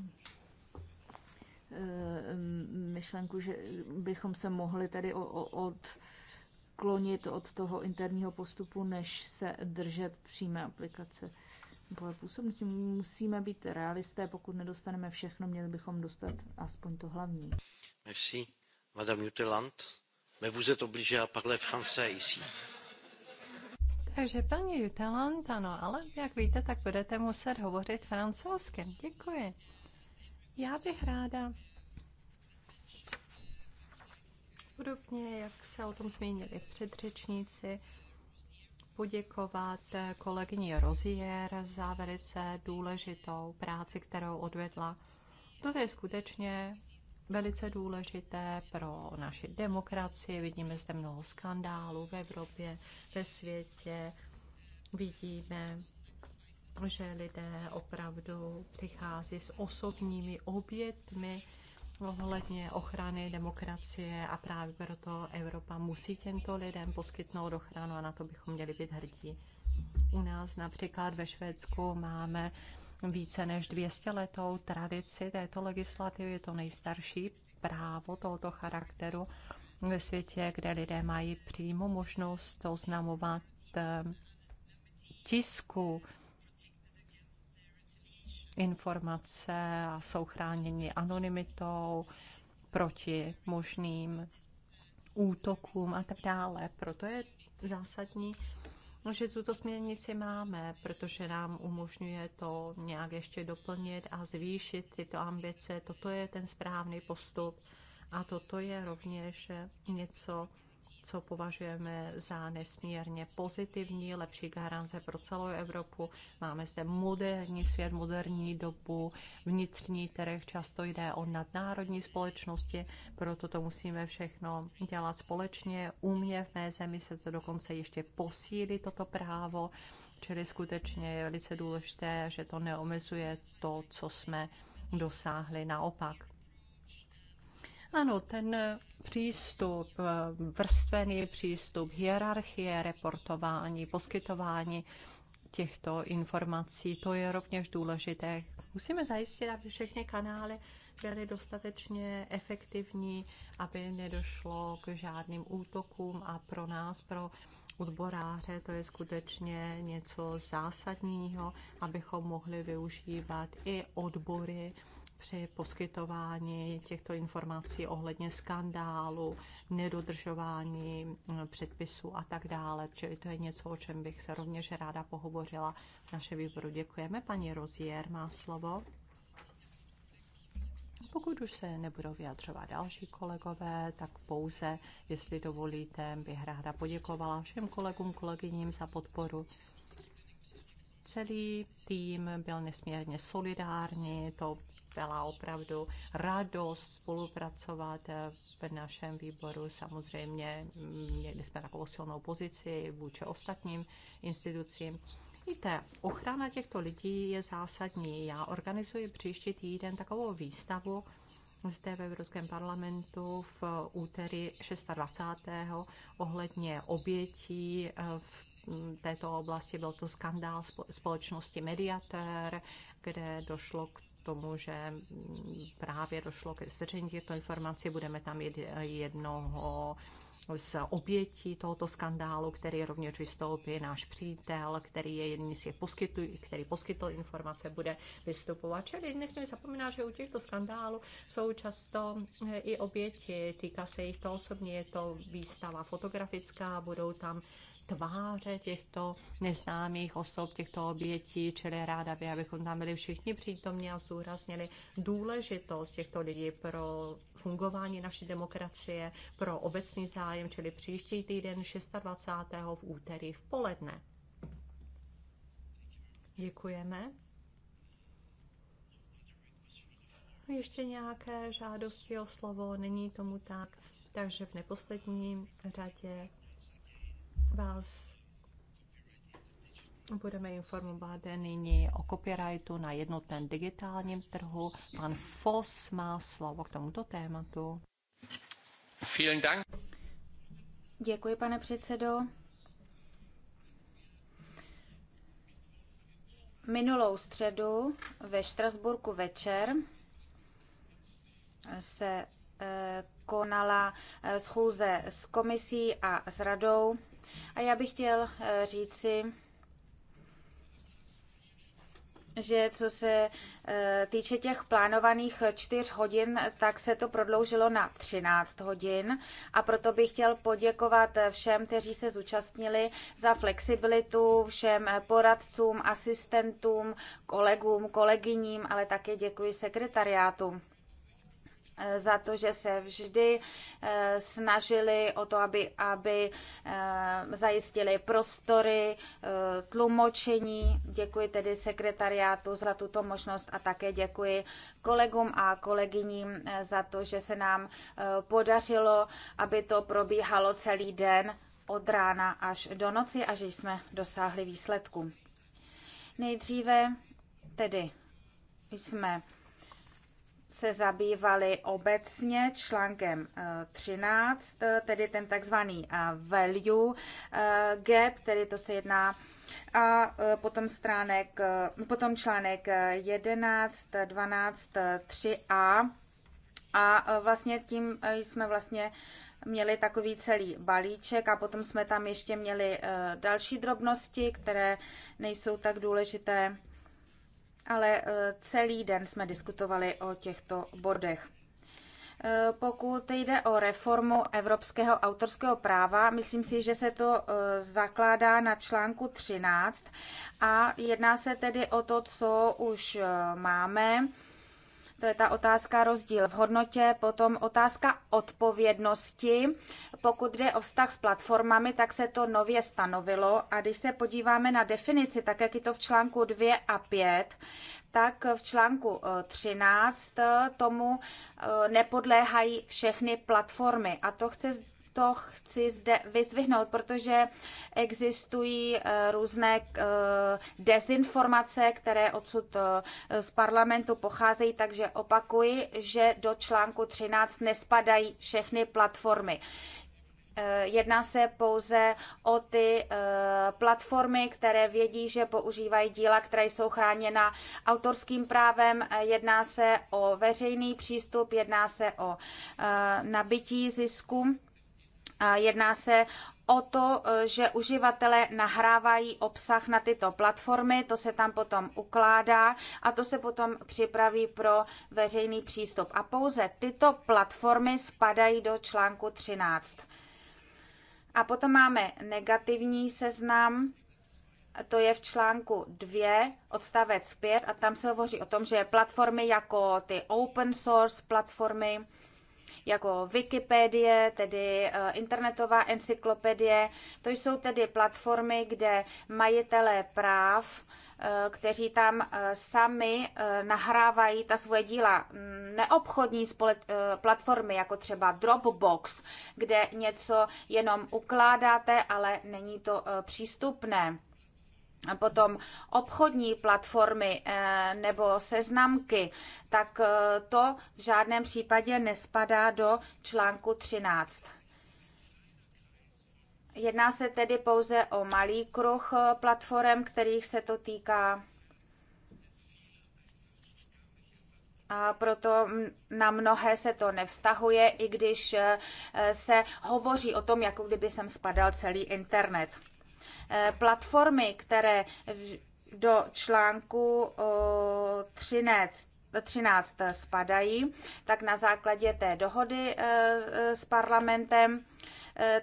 Eh, myšlenku, že bychom se mohli tady odklonit od toho interního postupu, než se držet přímé aplikace působnosti. Musíme být realisté, pokud nedostaneme všechno, měli bychom dostat aspoň to hlavní. Merci, Madame Jutelant. Me vous êtes obligé à parler français ici. Takže paní Jutelant, ano, ale jak víte, tak budete muset hovořit francouzsky. Děkuji. Já bych ráda, podobně jak se o tom zmínili předřečníci, poděkovat kolegyni Rozier za velice důležitou práci, kterou odvedla. To je skutečně velice důležité pro naši demokracii. Vidíme zde mnoho skandálů v Evropě, ve světě. Vidíme že lidé opravdu přichází s osobními obětmi ohledně ochrany demokracie a právě proto Evropa musí těmto lidem poskytnout ochranu a na to bychom měli být hrdí. U nás například ve Švédsku máme více než 200 letou tradici této legislativy, je to nejstarší právo tohoto charakteru ve světě, kde lidé mají přímo možnost oznamovat eh, tisku informace a jsou chráněni anonymitou proti možným útokům a tak dále. Proto je zásadní, že tuto směrnici máme, protože nám umožňuje to nějak ještě doplnit a zvýšit tyto ambice. Toto je ten správný postup a toto je rovněž něco, co považujeme za nesmírně pozitivní, lepší garance pro celou Evropu. Máme zde moderní svět, moderní dobu, vnitřní trh, často jde o nadnárodní společnosti, proto to musíme všechno dělat společně. U mě v mé zemi se to dokonce ještě posílí toto právo, čili skutečně je velice důležité, že to neomezuje to, co jsme dosáhli naopak. Ano, ten přístup, eh, vrstvený přístup, hierarchie reportování, poskytování těchto informací, to je rovněž důležité. Musíme zajistit, aby všechny kanály byly dostatečně efektivní, aby nedošlo k žádným útokům a pro nás, pro odboráře, to je skutečně něco zásadního, abychom mohli využívat i odbory při poskytování těchto informací ohledně skandálu, nedodržování eh, předpisů a tak dále. Čili to je něco, o čem bych se rovněž ráda pohovořila v našem výboru. Děkujeme. Paní Rozier má slovo. Pokud už se nebudou vyjadřovat další kolegové, tak pouze, jestli dovolíte, bych ráda poděkovala všem kolegům, kolegyním za podporu Celý tým byl nesmírně solidární, to byla opravdu radost spolupracovat v našem výboru. Samozřejmě měli jsme takovou silnou pozici vůči ostatním institucím. Víte, ochrana těchto lidí je zásadní. Já organizuji příští týden takovou výstavu zde ve Evropském parlamentu v úterý 26. ohledně obětí v této oblasti. Byl to skandál společnosti Mediator, kde došlo k tomu, že právě došlo ke zveřejnění těchto informací. Budeme tam jednoho z obětí tohoto skandálu, který rovněž vystoupí náš přítel, který je jedním z těch poskytují, který poskytl informace, bude vystupovat. Čili nesmíme zapomínat, že u těchto skandálů jsou často eh, i oběti, týká se jich to osobně, je to výstava fotografická, budou tam tváře těchto neznámých osob, těchto obětí, čili ráda by, abychom tam byli všichni přítomní a zúraznili důležitost těchto lidí pro fungování naší demokracie, pro obecný zájem, čili příští týden 26. v úterý v poledne. Děkujeme. Ještě nějaké žádosti o slovo? Není tomu tak. Takže v neposledním řadě vás budeme informovat nyní o copyrightu na jednotném digitálním trhu. Pan Foss má slovo k tomuto tématu. Vielen Dank. Děkuji, pane předsedo. Minulou středu ve Štrasburku večer se eh, konala eh, schůze s komisí a s radou a já bych chtěl eh, říci, že co se eh, týče těch plánovaných čtyř hodin, tak se to prodloužilo na 13 hodin a proto bych chtěl poděkovat eh, všem, kteří se zúčastnili za flexibilitu, všem poradcům, asistentům, kolegům, kolegyním, ale také děkuji sekretariátu za to, že se vždy eh, snažili o to, aby, aby eh, zajistili prostory, eh, tlumočení. Děkuji tedy sekretariátu za tuto možnost a také děkuji kolegům a kolegyním za to, že se nám podařilo, aby to probíhalo celý den od rána až do noci a že jsme dosáhli výsledku. Nejdříve tedy jsme se zabývali obecně článkem 13, eh, eh, tedy ten takzvaný eh, value gap, tedy to se jedná a potom stránek, potom článek 11, 12, 3a a vlastně tím jsme vlastně měli takový celý balíček a potom jsme tam ještě měli další drobnosti, které nejsou tak důležité ale eh, celý den jsme diskutovali o těchto bodech. Eh, pokud jde o reformu evropského autorského práva, myslím si, že se to eh, zakládá na článku 13 a jedná se tedy o to, co už máme to je ta otázka rozdíl v hodnotě, potom otázka odpovědnosti. Pokud jde o vztah s platformami, tak se to nově stanovilo a když se podíváme na definici, tak jak je to v článku 2 a 5, tak v článku 13 e, e, tomu e, nepodléhají všechny platformy. A to chce to chci zde vyzvihnout, protože existují eh, různé eh, dezinformace, které odsud eh, z parlamentu pocházejí, takže opakuji, že do článku 13 nespadají všechny platformy. Jedná se pouze o ty platformy, které vědí, že používají díla, které jsou chráněna autorským právem. Jedná se o veřejný přístup, jedná se o nabití zisku. Jedná se o to, eh, že uživatelé nahrávají obsah na tyto platformy, to se tam potom ukládá a to se potom připraví pro veřejný přístup. A pouze tyto platformy spadají do článku 13. A potom máme negativní seznam, to je v článku 2, odstavec 5, a tam se hovoří o tom, že platformy jako ty open source platformy, jako Wikipedie, tedy eh, internetová encyklopedie. To jsou tedy platformy, kde majitelé práv, eh, kteří tam eh, sami nahrávají ta svoje díla, mm, neobchodní platformy, jako třeba Dropbox, kde něco jenom ukládáte, ale není to přístupné a potom obchodní platformy eh, nebo seznamky, tak eh, to v žádném případě nespadá do článku 13. Jedná se tedy pouze o malý kruh eh, platform, kterých se to týká. A proto na mnohé se to nevztahuje, i když se hovoří o tom, jako kdyby sem spadal celý internet. Eh, platformy, které do článku 13 13 spadají, tak na základě té dohody eh, eh, s parlamentem,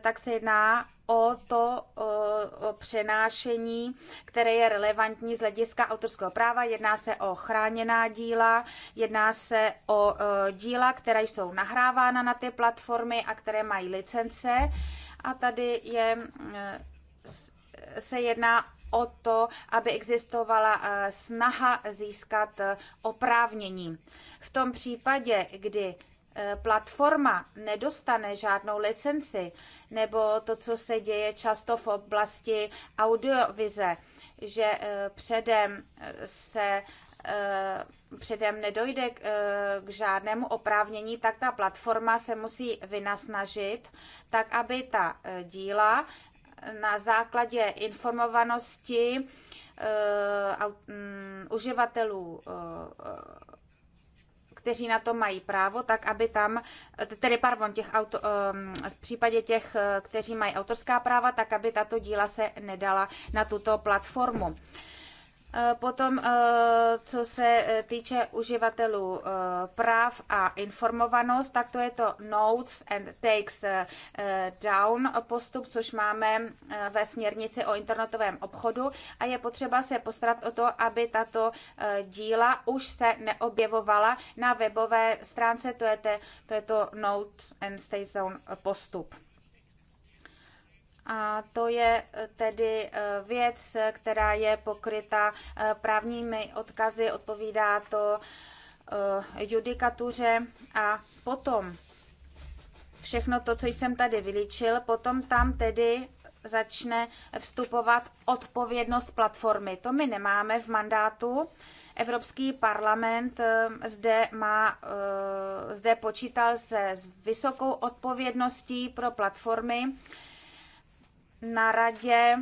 tak se jedná o to o, přenášení, které je relevantní z hlediska autorského práva. Jedná se o chráněná díla, jedná se o, o díla, které jsou nahrávána na ty platformy a které mají licence. A tady je se jedná o to, aby existovala eh, snaha získat eh, oprávnění. V tom případě, kdy eh, platforma nedostane žádnou licenci, nebo to, co se děje často v oblasti audiovize, že předem se předem nedojde k, k žádnému oprávnění, tak ta platforma se musí vynasnažit, tak aby ta díla na základě informovanosti eh, mm, uživatelů eh, eh, kteří na to mají právo, tak aby tam, tedy pardon, těch auto, v případě těch, kteří mají autorská práva, tak aby tato díla se nedala na tuto platformu. Eh, potom, eh, co se eh, týče uživatelů práv a informovanost, tak to je to Notes and Takes Down postup, což máme ve směrnici o internetovém obchodu a je potřeba se postarat o to, aby tato díla už se neobjevovala na webové stránce, to je to, to, je to Notes and Takes Down postup. A to je eh, tedy eh, věc, která je pokryta eh, právními odkazy, odpovídá to judikatuře a potom všechno to, co jsem tady vylíčil, potom tam tedy začne vstupovat odpovědnost platformy. To my nemáme v mandátu. Evropský parlament zde, má, zde počítal se s vysokou odpovědností pro platformy na radě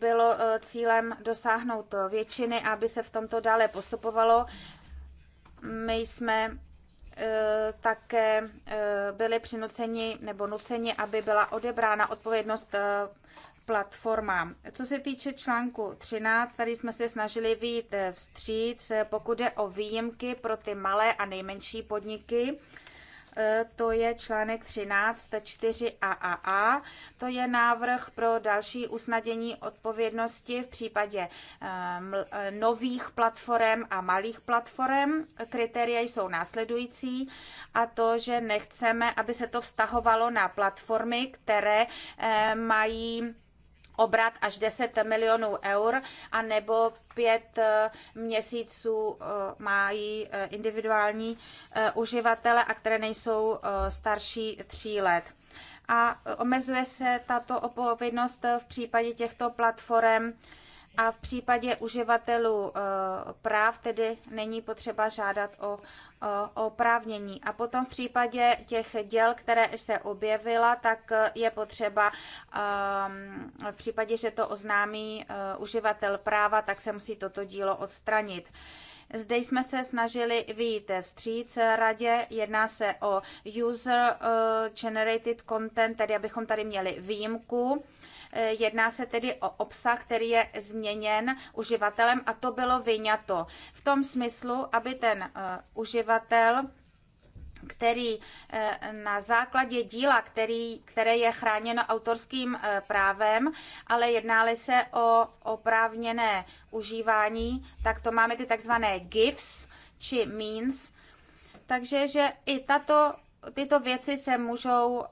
bylo eh, cílem dosáhnout většiny, aby se v tomto dále postupovalo. My jsme eh, také eh, byli přinuceni nebo nuceni, aby byla odebrána odpovědnost platformám. Co se týče článku 13, tady jsme se snažili výjít vstříc, pokud je o výjimky pro ty malé a nejmenší podniky to je článek 13, 4 AAA. To je návrh pro další usnadění odpovědnosti v případě eh, eh, nových platform a malých platform. Kritéria jsou následující a to, že nechceme, aby se to vztahovalo na platformy, které eh, mají obrat až 10 milionů eur a nebo pět eh, měsíců eh, mají eh, individuální uživatele a které nejsou starší tří let. A omezuje se tato odpovědnost v případě těchto platform a v případě uživatelů eh, práv tedy není potřeba žádat o eh, oprávnění. A potom v případě těch děl, které se objevila, tak eh, je potřeba, v případě, že to oznámí uživatel práva, tak se musí toto dílo odstranit. Zde jsme se snažili vyjít vstříc radě. Jedná se o user-generated content, tedy abychom tady měli výjimku E, jedná se tedy o obsah, který je změněn uživatelem a to bylo vyňato. V tom smyslu, aby ten e, uživatel který e, na základě díla, který, které je chráněno autorským právem, ale jednáli se o oprávněné užívání, tak to máme ty takzvané GIFs či means, takže že i tato tyto věci se můžou uh,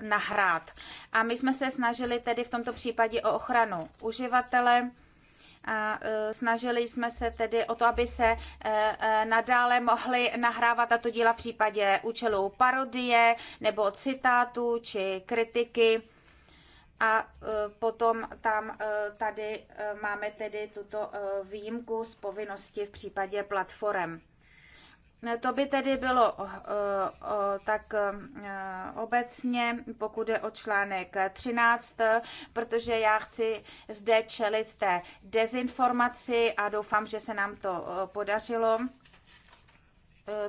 nahrát. A my jsme se snažili tedy v tomto případě o ochranu uživatele a eh, snažili jsme se tedy o to, aby se eh, nadále mohly nahrávat tato díla v případě účelu parodie nebo citátu či kritiky. A potom tam tady máme tedy tuto výjimku z povinnosti v případě platform. To by tedy bylo uh, uh, tak uh, obecně, pokud je o článek 13, protože já chci zde čelit té dezinformaci a doufám, že se nám to podařilo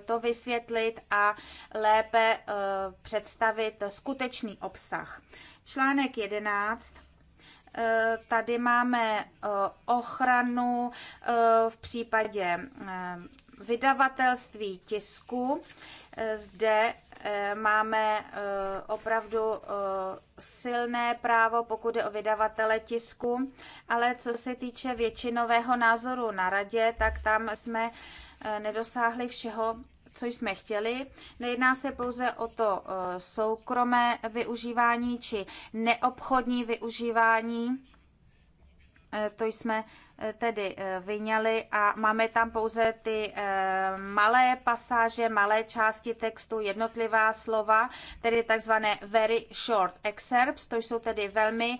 to vysvětlit a lépe představit skutečný obsah. Článek 11 tady máme ochranu v případě vydavatelství tisku. Eh, zde eh, máme eh, opravdu silné právo, pokud je o vydavatele tisku, ale co se týče většinového názoru na radě, tak tam jsme nedosáhli všeho, co jsme chtěli. Nejedná se pouze o to soukromé využívání či neobchodní využívání Eh, to jsme eh, tedy eh, vyňali a máme tam pouze ty malé pasáže, malé části textu, jednotlivá slova, tedy takzvané very short excerpts, to jsou tedy velmi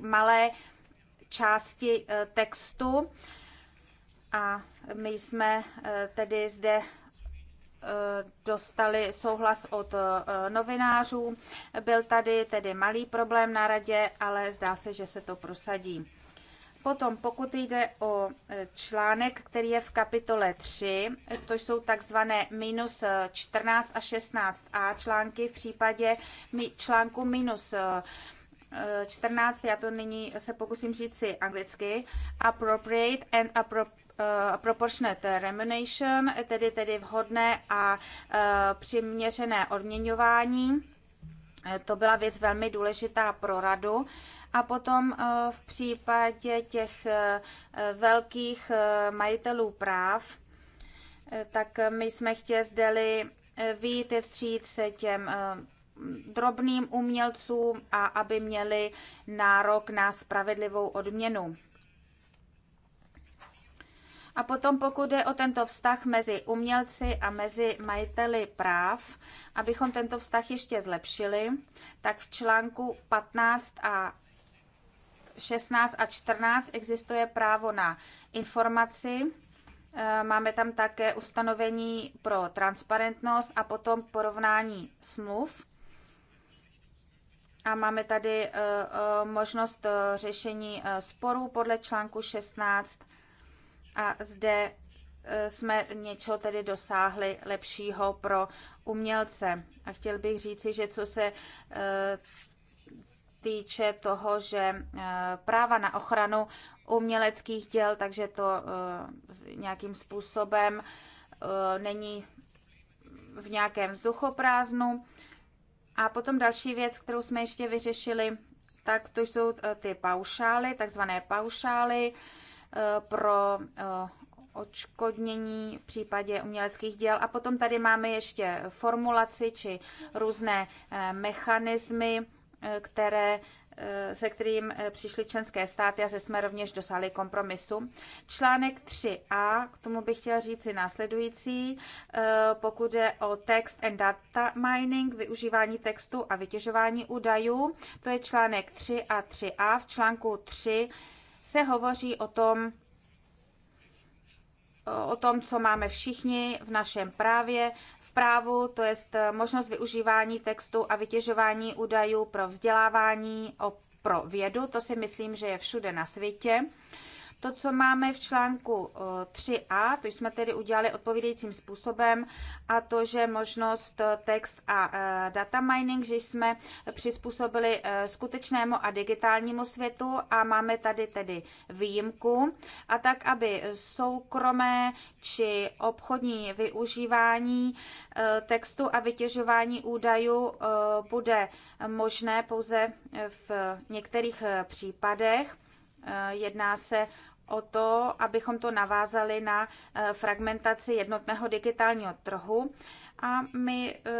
malé části textu. A my jsme tedy zde dostali souhlas od novinářů. Byl tady tedy malý problém na radě, ale zdá se, že se to prosadí. Potom, pokud jde o e, článek, který je v kapitole 3, e, to jsou takzvané minus 14 e, a 16a články v případě článku minus 14, já to nyní se pokusím říct si anglicky, appropriate and appropriate uh, proportionate remuneration, tedy tedy vhodné a uh, přiměřené odměňování to byla věc velmi důležitá pro radu. A potom eh, v případě těch eh, velkých eh, majitelů práv, tak my jsme chtěli zdeli výjít vstříc se těm drobným umělcům a aby měli nárok na spravedlivou odměnu. A potom pokud jde o tento vztah mezi umělci a mezi majiteli práv, abychom tento vztah ještě zlepšili, tak v článku 15 a 16 a 14 existuje právo na informaci, e, Máme tam také ustanovení pro transparentnost a potom porovnání smluv. A máme tady e, e, možnost řešení sporů podle článku 16 a zde e, jsme něco tedy dosáhli lepšího pro umělce. A chtěl bych říci, že co se e, týče toho, že e, práva na ochranu uměleckých děl, takže to nějakým způsobem není v nějakém vzduchoprázdnu. A potom další věc, kterou jsme ještě vyřešili, tak to jsou ty paušály, takzvané paušály. Eh, pro eh, odškodnění v případě uměleckých děl. A potom tady máme ještě formulaci či různé eh, mechanismy, které se kterým přišly členské státy a se jsme rovněž dosáhli kompromisu. Článek 3a, k tomu bych chtěla říci následující, pokud je o text and data mining, využívání textu a vytěžování údajů, to je článek 3 a 3a. V článku 3 se hovoří o tom, o tom, co máme všichni v našem právě, v právu, to je eh, možnost využívání textu a vytěžování údajů pro vzdělávání, pro vědu, to si myslím, že je všude na světě. To, co máme v článku 3a, eh, to jsme tedy udělali odpovídajícím způsobem, a to, že možnost eh, text a eh, data mining, že jsme přizpůsobili skutečnému a digitálnímu světu a máme tady tedy výjimku. A tak, aby soukromé či obchodní využívání textu a vytěžování údajů bude možné pouze v některých případech Eh, jedná se o to, abychom to navázali na eh, fragmentaci jednotného digitálního trhu. A my eh,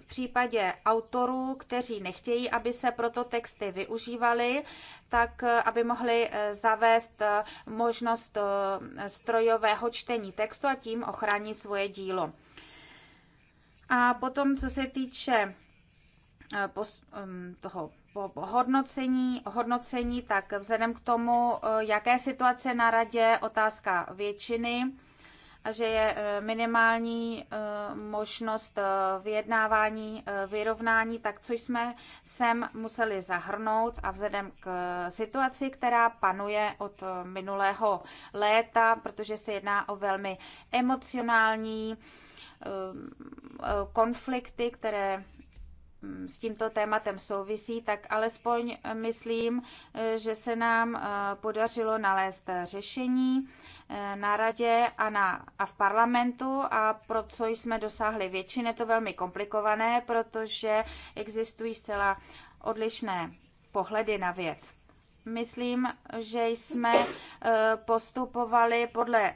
v případě autorů, kteří nechtějí, aby se proto texty využívaly, tak aby mohli zavést možnost strojového čtení textu a tím ochránit svoje dílo. A potom, co se týče mm, toho hodnocení, hodnocení, tak vzhledem k tomu, eh, jaké situace na radě, otázka většiny, a že je eh, minimální eh, možnost vyjednávání, vyrovnání, tak co jsme sem museli zahrnout a vzhledem k situaci, která panuje od minulého léta, protože se jedná o velmi emocionální konflikty, které Mm, s tímto tématem souvisí, tak alespoň eh, myslím, eh, že se nám eh, podařilo nalézt řešení na radě a, na, a v parlamentu a pro co jsme dosáhli většiny, to velmi komplikované, protože existují zcela odlišné pohledy na věc. Myslím, že jsme postupovali podle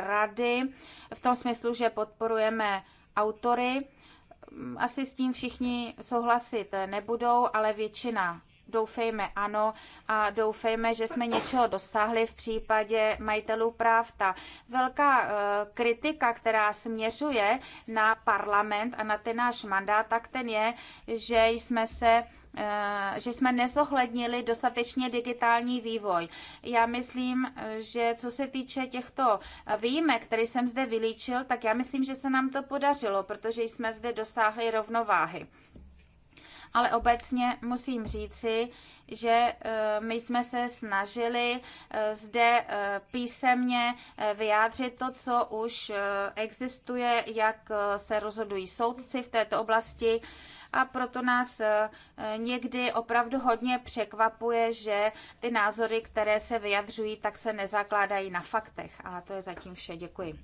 rady v tom smyslu, že podporujeme autory asi s tím všichni souhlasit nebudou, ale většina doufejme ano a doufejme, že jsme něčeho dosáhli v případě majitelů práv. Ta velká eh, kritika, která směřuje na parlament a na ten náš mandát, tak ten je, že jsme se Eh, že jsme nezohlednili dostatečně digitální vývoj. Já myslím, eh, že co se týče těchto výjimek, které jsem zde vylíčil, tak já myslím, že se nám to podařilo, protože jsme zde dosáhli rovnováhy. Ale obecně musím říci, že eh, my jsme se snažili zde písemně vyjádřit to, co už existuje, jak se rozhodují soudci v této oblasti a proto nás eh, někdy opravdu hodně překvapuje, že ty názory, které se vyjadřují, tak se nezakládají na faktech. A to je zatím vše. Děkuji.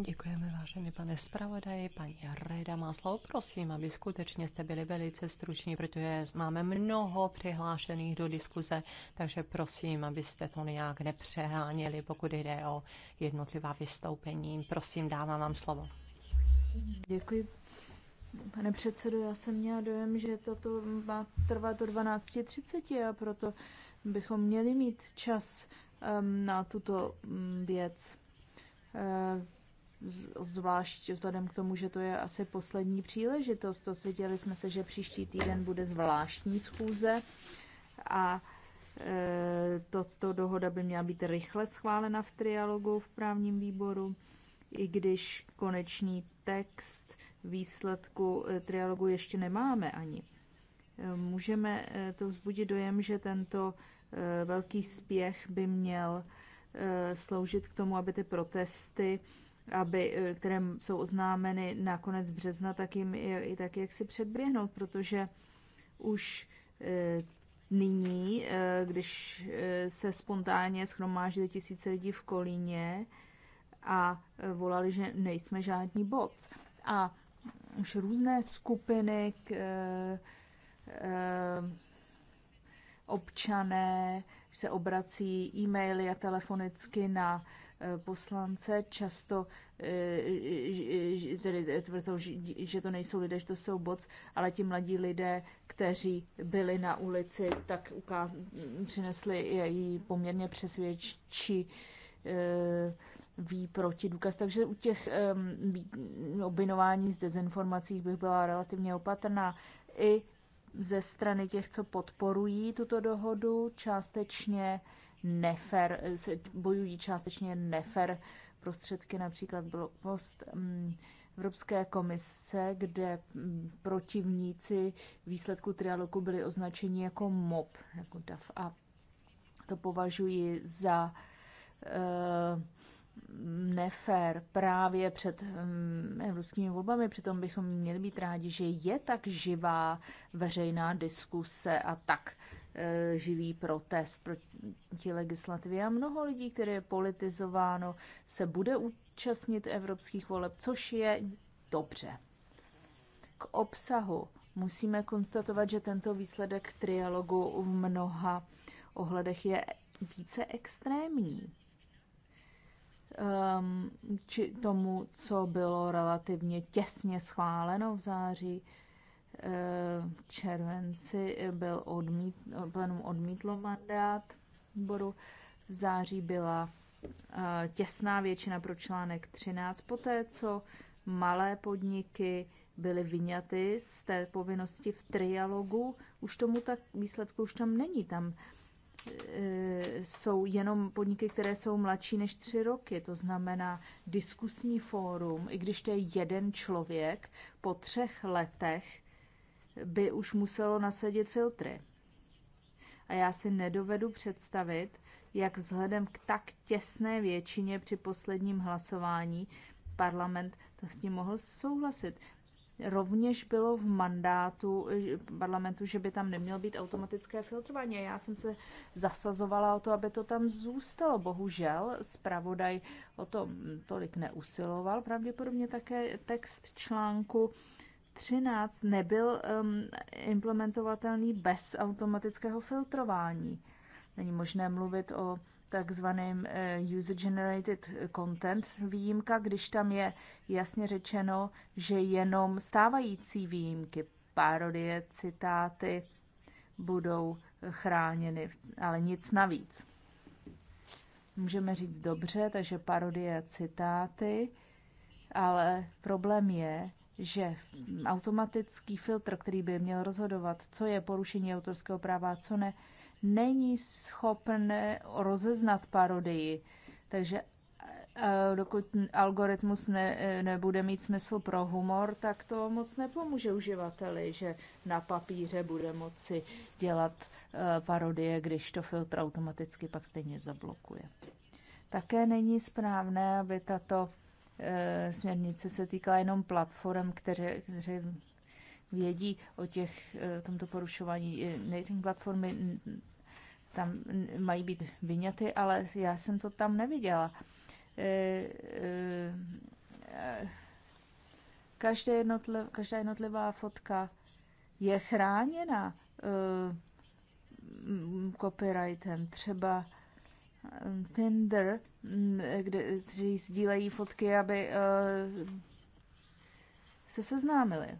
Děkujeme, vážený pane zpravodaji. Paní Reda má slovo. Prosím, aby skutečně jste byli velice struční, protože máme mnoho přihlášených do diskuze, takže prosím, abyste to nějak nepřeháněli, pokud jde o jednotlivá vystoupení. Prosím, dávám vám slovo. Děkuji, Pane předsedo, já jsem měla dojem, že toto má trvat do 12.30 a proto bychom měli mít čas um, na tuto um, věc. Uh, eh, zvlášť vzhledem k tomu, že to je asi poslední příležitost. Dosvěděli jsme se, že příští týden bude zvláštní schůze a eh, toto dohoda by měla být rychle schválena v trialogu v právním výboru, i když konečný text výsledku eh, trialogu ještě nemáme ani. Eh, můžeme eh, to vzbudit dojem, že tento velký spěch by měl sloužit k tomu, aby ty protesty, aby, které jsou oznámeny na konec března, tak jim i tak, jak si předběhnout, protože už nyní, když se spontánně schromáždili tisíce lidí v Kolíně a volali, že nejsme žádní boc. A už různé skupiny k, e, občané se obrací e-maily a telefonicky na eh, poslance, často tedy tvrdou, že to nejsou lidé, že to jsou boc, ale ti mladí lidé, kteří byli na ulici, tak ukáz, přinesli její poměrně přesvědčí ví proti důkaz. Takže u těch um, obinování z dezinformací bych byla relativně opatrná. I ze strany těch, co podporují tuto dohodu, částečně nefer, bojují částečně nefer prostředky, například post um, Evropské komise, kde protivníci výsledku trialogu byli označeni jako MOB, jako DAF. A to považuji za uh, nefér právě před mm, evropskými volbami. Přitom bychom měli být rádi, že je tak živá veřejná diskuse a tak e, živý protest proti legislativě. A mnoho lidí, které je politizováno, se bude účastnit evropských voleb, což je dobře. K obsahu musíme konstatovat, že tento výsledek trialogu v mnoha ohledech je více extrémní um, či tomu, co bylo relativně těsně schváleno v září. Eh, v červenci byl odmít, plenum odmítlo mandát výboru. V září byla eh, těsná většina pro článek 13, poté co malé podniky byly vyňaty z té povinnosti v trialogu, už tomu tak výsledku už tam není. Tam Eh, jsou jenom podniky, které jsou mladší než tři roky. To znamená diskusní fórum, i když to je jeden člověk, po třech letech by už muselo nasadit filtry. A já si nedovedu představit, jak vzhledem k tak těsné většině při posledním hlasování parlament to s tím mohl souhlasit rovněž bylo v mandátu eh, parlamentu, že by tam nemělo být automatické filtrování. Já jsem se zasazovala o to, aby to tam zůstalo. Bohužel zpravodaj o to tolik neusiloval. Pravděpodobně také text článku 13 nebyl um, implementovatelný bez automatického filtrování. Není možné mluvit o takzvaným eh, user-generated content výjimka, když tam je jasně řečeno, že jenom stávající výjimky, parodie, citáty budou chráněny, ale nic navíc. Můžeme říct dobře, takže parodie, citáty, ale problém je, že automatický filtr, který by měl rozhodovat, co je porušení autorského práva a co ne, není schopen rozeznat parodii. Takže eh, dokud algoritmus ne, eh, nebude mít smysl pro humor, tak to moc nepomůže uživateli, že na papíře bude moci dělat eh, parodie, když to filtr automaticky pak stejně zablokuje. Také není správné, aby tato směrnice se týkala jenom platform, které, které vědí o těch, tomto porušování. Nejtím platformy tam mají být vyňaty, ale já jsem to tam neviděla. E, e, e, každé jednotliv, každá jednotlivá fotka je chráněna copyrightem. Třeba Tinder, kde sdílejí fotky, aby se seznámili.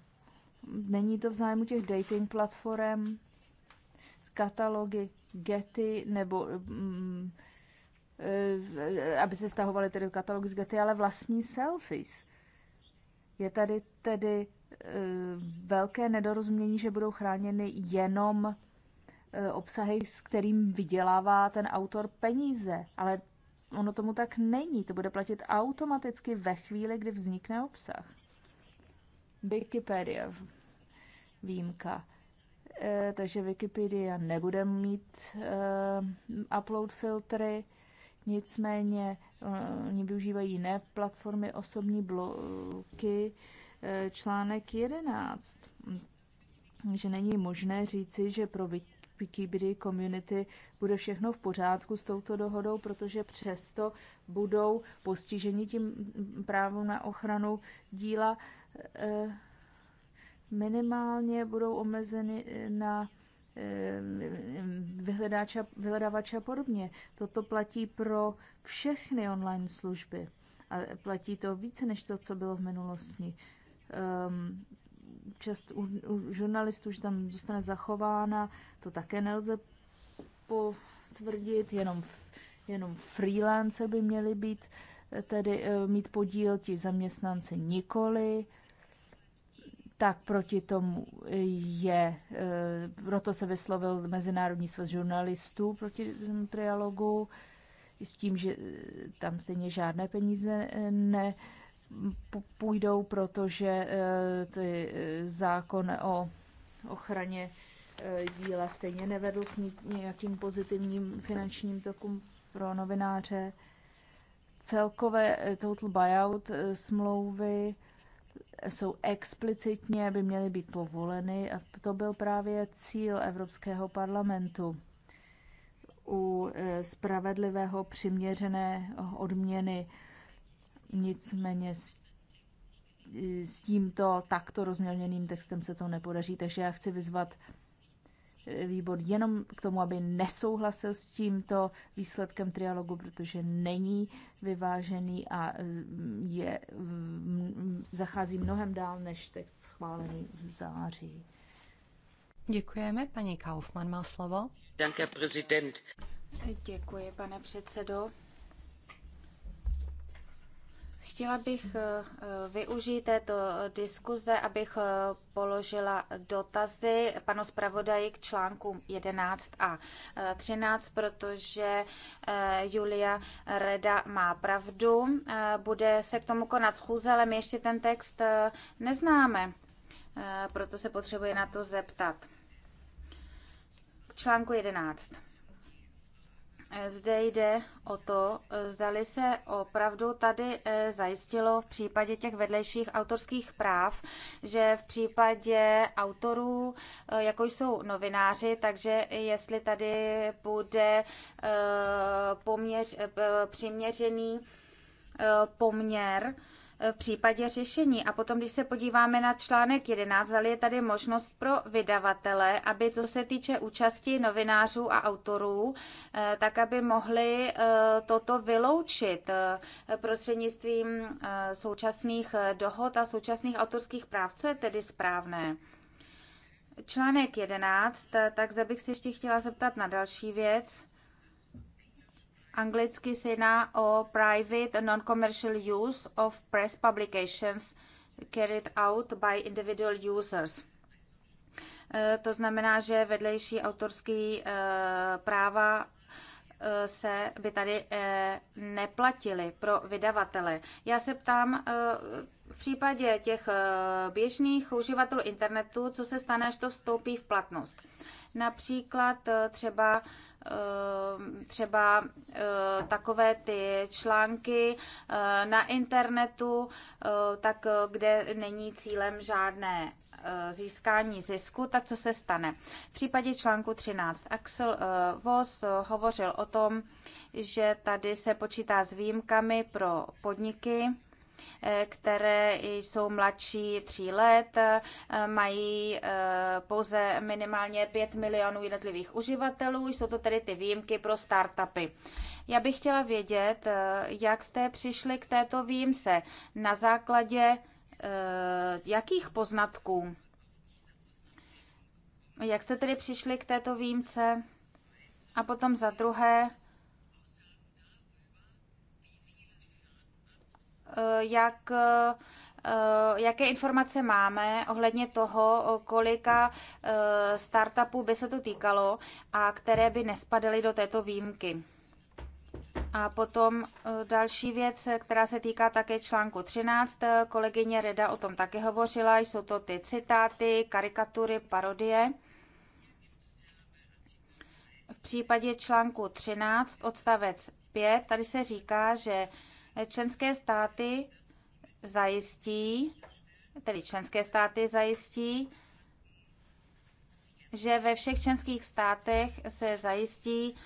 Není to v zájmu těch dating platform, katalogy Getty nebo mm, eh, aby se stahovali tedy katalog z Getty, ale vlastní selfies. Je tady tedy eh, velké nedorozumění, že budou chráněny jenom eh, obsahy, s kterým vydělává ten autor peníze, ale ono tomu tak není. To bude platit automaticky ve chvíli, kdy vznikne obsah. Wikipedia. Výjimka. Eh, takže Wikipedia nebude mít eh, upload filtry, nicméně eh, oni využívají jiné platformy, osobní bloky, článek 11. Že není možné říci, že pro Wikipedia community bude všechno v pořádku s touto dohodou, protože přesto budou postiženi tím právem na ochranu díla. Uh, Minimálně budou omezeny eh, na eh, vyhledáče, vyhledávače a podobně. Toto platí pro všechny online služby. A platí to více než to, co bylo v minulosti. Um, ehm, čest u, u žurnalistů, že tam zůstane zachována, to také nelze potvrdit, jenom, jenom freelance by měli být, eh, tedy mít podíl ti zaměstnanci nikoli tak proti tomu je, eh, proto se vyslovil Mezinárodní svaz žurnalistů proti trialogu s tím, že eh, tam stejně žádné peníze eh, ne půjdou, protože ty zákon o ochraně díla stejně nevedl k nějakým pozitivním finančním tokům pro novináře. Celkové total buyout smlouvy jsou explicitně, by měly být povoleny a to byl právě cíl Evropského parlamentu u e, spravedlivého přiměřené odměny. Nicméně e, s tímto takto rozmělněným textem se to nepodaří, takže já chci vyzvat výbor jenom k tomu, aby nesouhlasil s tímto výsledkem trialogu, protože není vyvážený a e, je, zachází mnohem dál než text schválený v září. Děkujeme. Paní Kaufmann má slovo. Danke, prezident. Děkuji, pane předsedo. Chtěla bych eh, eh, využít této diskuze, abych eh, položila dotazy panu zpravodaji k článkům 11 a 13, protože Julia Reda má pravdu. Bude se k tomu konat schůze, ale my ještě ten text neznáme, proto se potřebuje na to zeptat. K článku 11. Zde jde o to, zdali se opravdu tady eh, zajistilo v případě těch vedlejších autorských práv, že v případě autorů, eh, jako jsou novináři, takže jestli tady bude eh, poměř, přiměřený poměr v případě řešení. A potom, když se podíváme na článek 11, je tady možnost pro vydavatele, aby co se týče účasti novinářů a autorů, eh, tak aby mohli eh, toto vyloučit eh, prostřednictvím současných dohod a současných autorských práv, co je tedy správné. Článek 11, tak zde bych se ještě chtěla zeptat na další věc. Anglicky se jedná o Private Non-Commercial Use of Press Publications Carried Out by Individual Users. Eh, to znamená, že vedlejší autorský eh, práva eh, se by tady neplatily pro vydavatele. Já se ptám, v případě těch běžných uživatelů internetu, co se stane, až to vstoupí v platnost. Například třeba Ehm, třeba eh, takové ty články eh, na internetu, eh, tak kde není cílem žádné získání zisku, tak co se stane? V případě článku 13 Axel Voss hovořil o tom, že tady se počítá s výjimkami pro podniky, Eh, které jsou mladší tří let, eh, mají eh, pouze minimálně 5 milionů jednotlivých uživatelů, jsou to tedy ty výjimky pro startupy. Já bych chtěla vědět, jak jste přišli k této výjimce, na základě jakých poznatků? Jak jste tedy přišli k této výjimce? A potom za druhé, Eh, jak eh, jaké informace máme ohledně toho, kolika eh, startupů by se to týkalo a které by nespadaly do této výjimky. A potom další věc, která se týká také článku 13, kolegyně Reda o tom také hovořila, jsou to ty citáty, karikatury, parodie. V případě článku 13 odstavec 5, tady se říká, že členské státy zajistí, tedy členské státy zajistí, že ve všech členských státech se zajistí,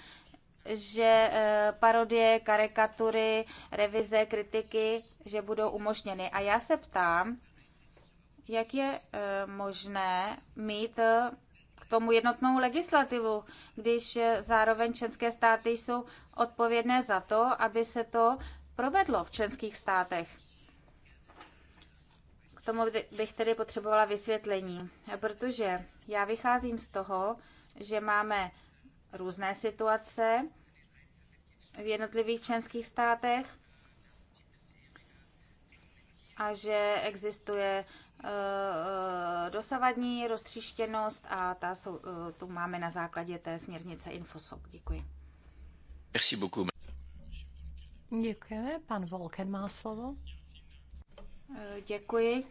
že eh, parodie, karikatury, revize, kritiky, že budou umožněny. A já se ptám, jak je eh, možné mít eh, k tomu jednotnou legislativu, když zároveň české státy jsou odpovědné za to, aby se to provedlo v členských státech. K tomu bych tedy potřebovala vysvětlení, protože já vycházím z toho, že máme různé situace v jednotlivých členských státech a že existuje e, e, dosavadní roztříštěnost a ta jsou, e, tu máme na základě té směrnice Infosok. Děkuji. Merci beaucoup. Děkujeme. Pan Volken má slovo. Děkuji.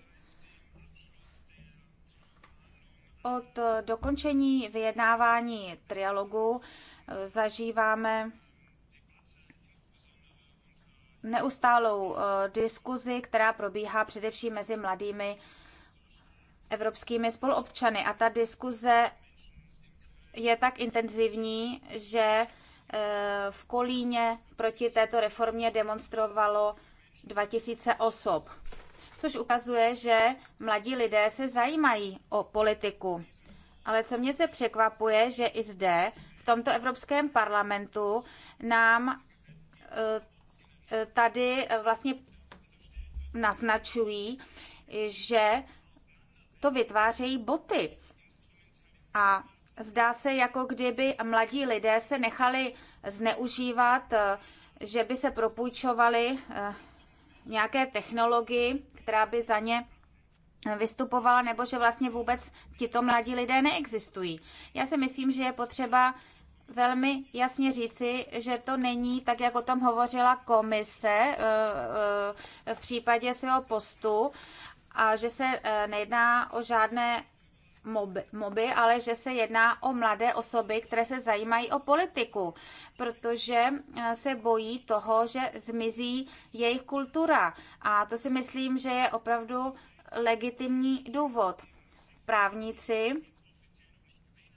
Od dokončení vyjednávání trialogu eh, zažíváme neustálou eh, diskuzi, která probíhá především mezi mladými evropskými spoluobčany. A ta diskuze je tak intenzivní, že v Kolíně proti této reformě demonstrovalo 2000 osob, což ukazuje, že mladí lidé se zajímají o politiku. Ale co mě se překvapuje, že i zde, v tomto Evropském parlamentu, nám e, e, tady vlastně naznačují, že to vytvářejí boty. A Zdá se, jako kdyby mladí lidé se nechali zneužívat, eh, že by se propůjčovali eh, nějaké technologii, která by za ně vystupovala, nebo že vlastně vůbec tito mladí lidé neexistují. Já si myslím, že je potřeba velmi jasně říci, že to není tak, jak o tom hovořila komise eh, v případě svého postu a že se nejedná o žádné moby, moby, ale že se jedná o mladé osoby, které se zajímají o politiku, protože eh, se bojí toho, že zmizí jejich kultura. A to si myslím, že je opravdu legitimní důvod. Právníci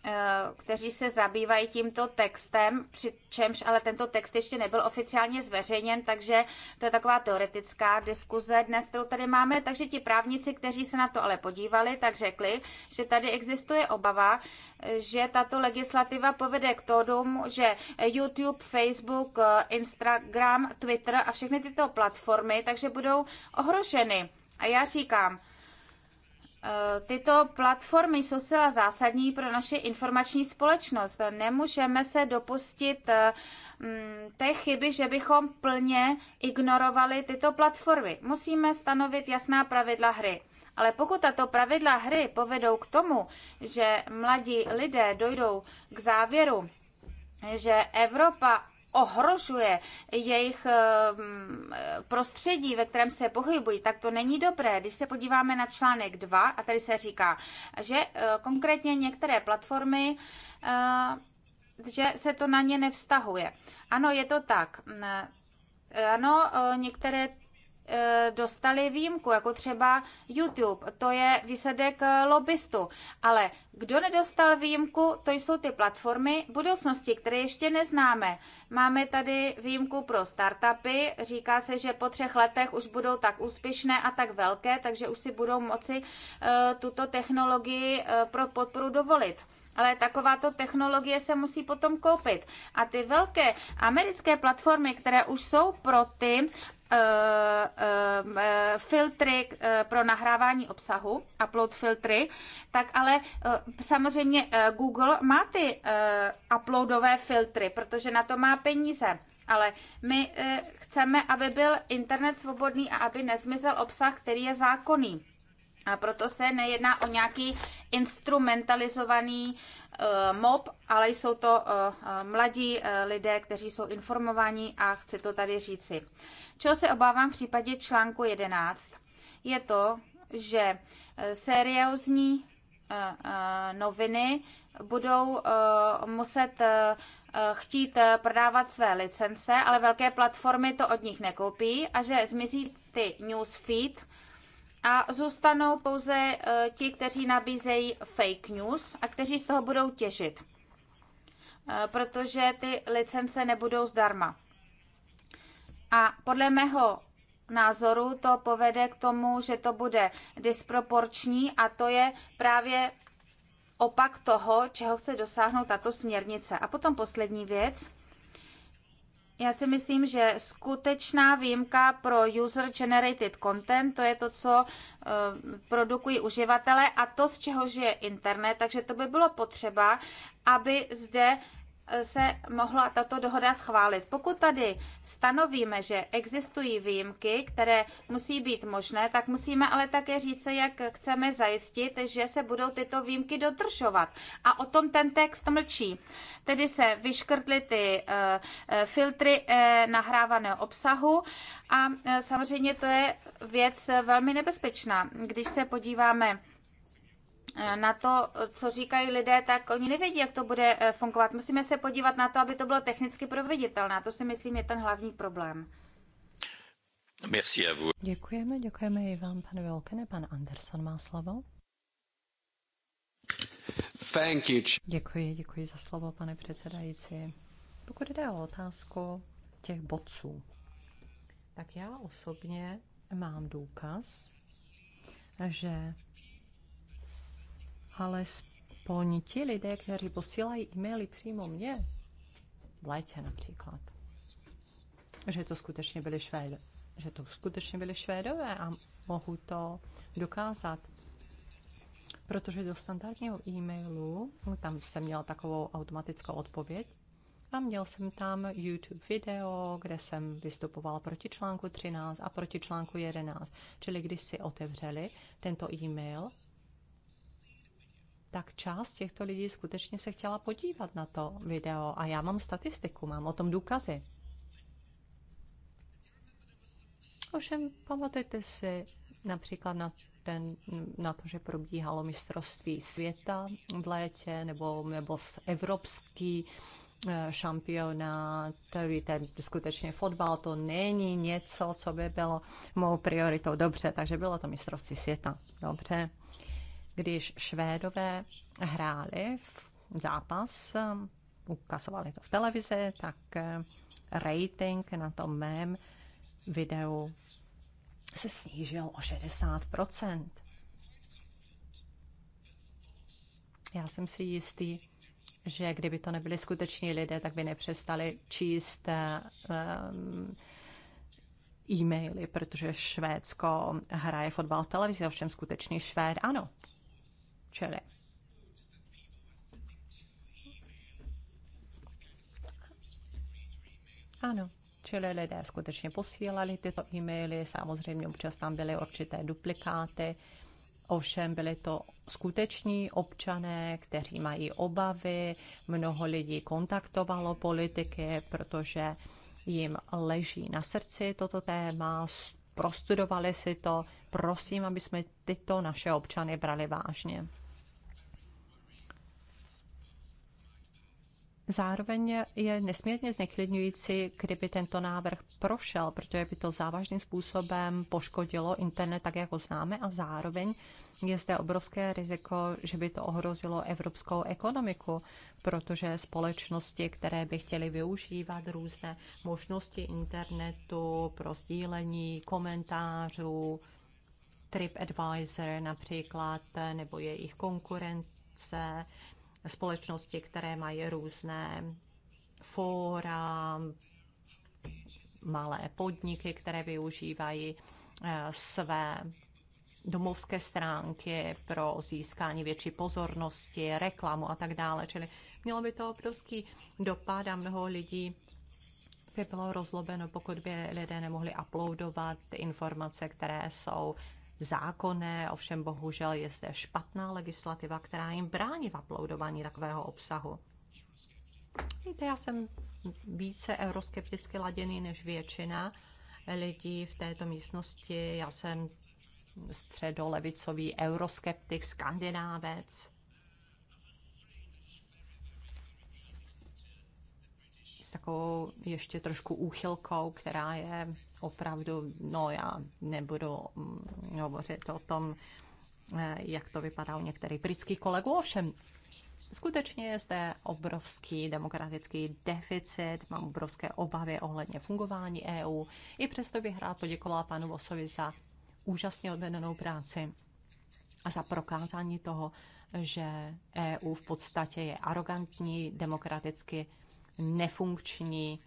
Eh, kteří se zabývají tímto textem, přičemž ale tento text ještě nebyl oficiálně zveřejněn, takže to je taková teoretická diskuze dnes, kterou tady máme. Takže ti právníci, kteří se na to ale podívali, tak řekli, že tady existuje obava, že tato legislativa povede k tomu, že YouTube, Facebook, eh, Instagram, Twitter a všechny tyto platformy takže budou ohroženy. A já říkám, Eh, tyto platformy jsou zcela zásadní pro naši informační společnost. Nemůžeme se dopustit eh, mm, té chyby, že bychom plně ignorovali tyto platformy. Musíme stanovit jasná pravidla hry. Ale pokud tato pravidla hry povedou k tomu, že mladí lidé dojdou k závěru, že Evropa ohrožuje jejich eh, mm, prostředí, ve kterém se pohybují, tak to není dobré. Když se podíváme na článek 2, a tady se říká, že eh, konkrétně některé platformy eh, že se to na ně nevztahuje. Ano, je to tak. Ano, některé Eh, dostali výjimku, jako třeba YouTube. To je výsledek eh, lobbystu. Ale kdo nedostal výjimku, to jsou ty platformy budoucnosti, které ještě neznáme. Máme tady výjimku pro startupy. Říká se, že po třech letech už budou tak úspěšné a tak velké, takže už si budou moci eh, tuto technologii pro podporu dovolit. Ale takováto technologie se musí potom koupit. A ty velké americké platformy, které už jsou pro ty Eh, eh, eh, filtry pro nahrávání obsahu, upload filtry, tak ale samozřejmě Google má ty uploadové filtry, protože na to má peníze. Ale my chceme, aby byl internet svobodný a aby nezmizel obsah, který je zákonný. A proto se nejedná o nějaký instrumentalizovaný uh, mob, ale jsou to uh, mladí uh, lidé, kteří jsou informovaní a chci to tady říci. Čeho se obávám v případě článku 11, je to, že seriózní noviny budou muset chtít prodávat své licence, ale velké platformy to od nich nekoupí a že zmizí ty newsfeed, a zůstanou pouze eh, ti, kteří nabízejí fake news a kteří z toho budou těžit, eh, protože ty licence nebudou zdarma. A podle mého názoru to povede k tomu, že to bude disproporční a to je právě opak toho, čeho chce dosáhnout tato směrnice. A potom poslední věc – já si myslím, že skutečná výjimka pro user-generated content, to je to, co eh, produkují uživatelé a to, z čehož je internet, takže to by bylo potřeba, aby zde se mohla tato dohoda schválit. Pokud tady stanovíme, že existují výjimky, které musí být možné, tak musíme ale také říct, jak chceme zajistit, že se budou tyto výjimky dodržovat. A o tom ten text mlčí. Tedy se vyškrtly ty eh, eh, filtry eh, nahrávaného obsahu a samozřejmě to je věc velmi nebezpečná. Když se podíváme Eh, na to, co říkají lidé, tak oni nevědí, jak to bude eh, fungovat. Musíme se podívat na to, aby to bylo technicky proveditelné. To si myslím je ten hlavní problém. Merci à vous. Děkujeme, děkujeme i vám, pane Velkene. Pan Anderson má slovo. Thank you. Děkuji, děkuji za slovo, pane předsedající. Pokud jde o otázku těch boců, tak já osobně mám důkaz, že alespoň ti lidé, kteří posílají e-maily přímo mně, v létě například, že to skutečně byly Švédové, že to skutečně byly Švédové a mohu to dokázat. Protože do standardního e-mailu, tam jsem měl takovou automatickou odpověď, a měl jsem tam YouTube video, kde jsem vystupoval proti článku 13 a proti článku 11. Čili když si otevřeli tento e-mail, tak část těchto lidí skutečně se chtěla podívat na to video. A já mám statistiku, mám o tom důkazy. Ovšem, pamatujte si například na, ten, na to, že probíhalo mistrovství světa v létě nebo, nebo evropský eh, šampionát, víte, skutečně fotbal to není něco, co by bylo mou prioritou. Dobře, takže bylo to mistrovství světa. Dobře když Švédové hráli v zápas, um, ukazovali to v televizi, tak eh, rating na tom mém videu se snížil o 60%. Já jsem si jistý, že kdyby to nebyli skuteční lidé, tak by nepřestali číst um, e-maily, protože Švédsko hraje fotbal v televizi, ovšem skutečný Švéd ano, čele. Ano, čili lidé skutečně posílali tyto e-maily, samozřejmě občas tam byly určité duplikáty, ovšem byly to skuteční občané, kteří mají obavy, mnoho lidí kontaktovalo politiky, protože jim leží na srdci toto téma, prostudovali si to. Prosím, aby jsme tyto naše občany brali vážně. Zároveň je nesmírně zneklidňující, kdyby tento návrh prošel, protože by to závažným způsobem poškodilo internet tak, jak ho známe, a zároveň je zde obrovské riziko, že by to ohrozilo evropskou ekonomiku, protože společnosti, které by chtěly využívat různé možnosti internetu pro sdílení komentářů, TripAdvisor například, nebo jejich konkurence, společnosti, které mají různé fóra, malé podniky, které využívají eh, své domovské stránky pro získání větší pozornosti, reklamu a tak dále. Čili mělo by to obrovský dopad a mnoho lidí by bylo rozlobeno, pokud by lidé nemohli uploadovat informace, které jsou zákonné, ovšem bohužel je zde špatná legislativa, která jim brání v uploadování takového obsahu. Víte, já jsem více euroskepticky laděný než většina lidí v této místnosti. Já jsem středolevicový euroskeptik, skandinávec. S takovou ještě trošku úchylkou, která je opravdu, no já nebudu mm, hovořit o tom, eh, jak to vypadá u některých britských kolegů, ovšem Skutečně je zde obrovský demokratický deficit, mám obrovské obavy ohledně fungování EU. I přesto bych rád poděkovala panu Vosovi za úžasně odvedenou práci a za prokázání toho, že EU v podstatě je arrogantní, demokraticky nefunkční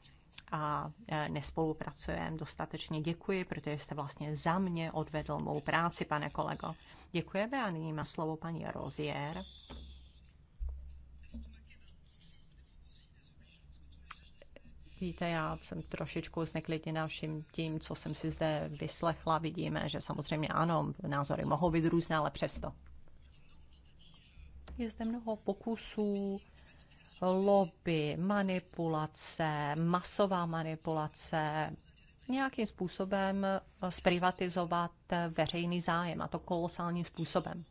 a e, nespolupracujeme dostatečně. Děkuji, protože jste vlastně za mě odvedl mou práci, pane kolego. Děkujeme a nyní má slovo paní Rozier. Víte, já jsem trošičku zneklidněna vším tím, co jsem si zde vyslechla. Vidíme, že samozřejmě ano, názory mohou být různé, ale přesto. Je zde mnoho pokusů lobby, manipulace, masová manipulace, nějakým způsobem eh, zprivatizovat eh, veřejný zájem, a to kolosálním způsobem.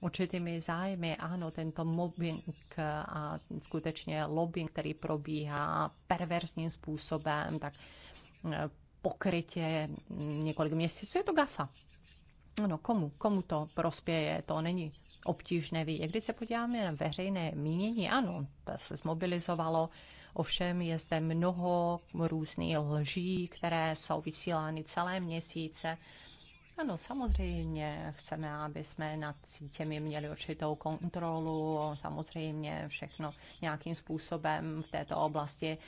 Určitými zájmy, ano, tento mobbing eh, a skutečně lobbying, který probíhá perverzním způsobem, tak pokrytě několik měsíců, je to gafa. Ano, komu? Komu to prospěje? To není obtížné vidět. Když se podíváme na veřejné mínění, ano, to se zmobilizovalo, ovšem je zde mnoho různých lží, které jsou vysílány celé měsíce. Ano, samozřejmě chceme, aby jsme nad sítěmi měli určitou kontrolu, samozřejmě všechno nějakým způsobem v této oblasti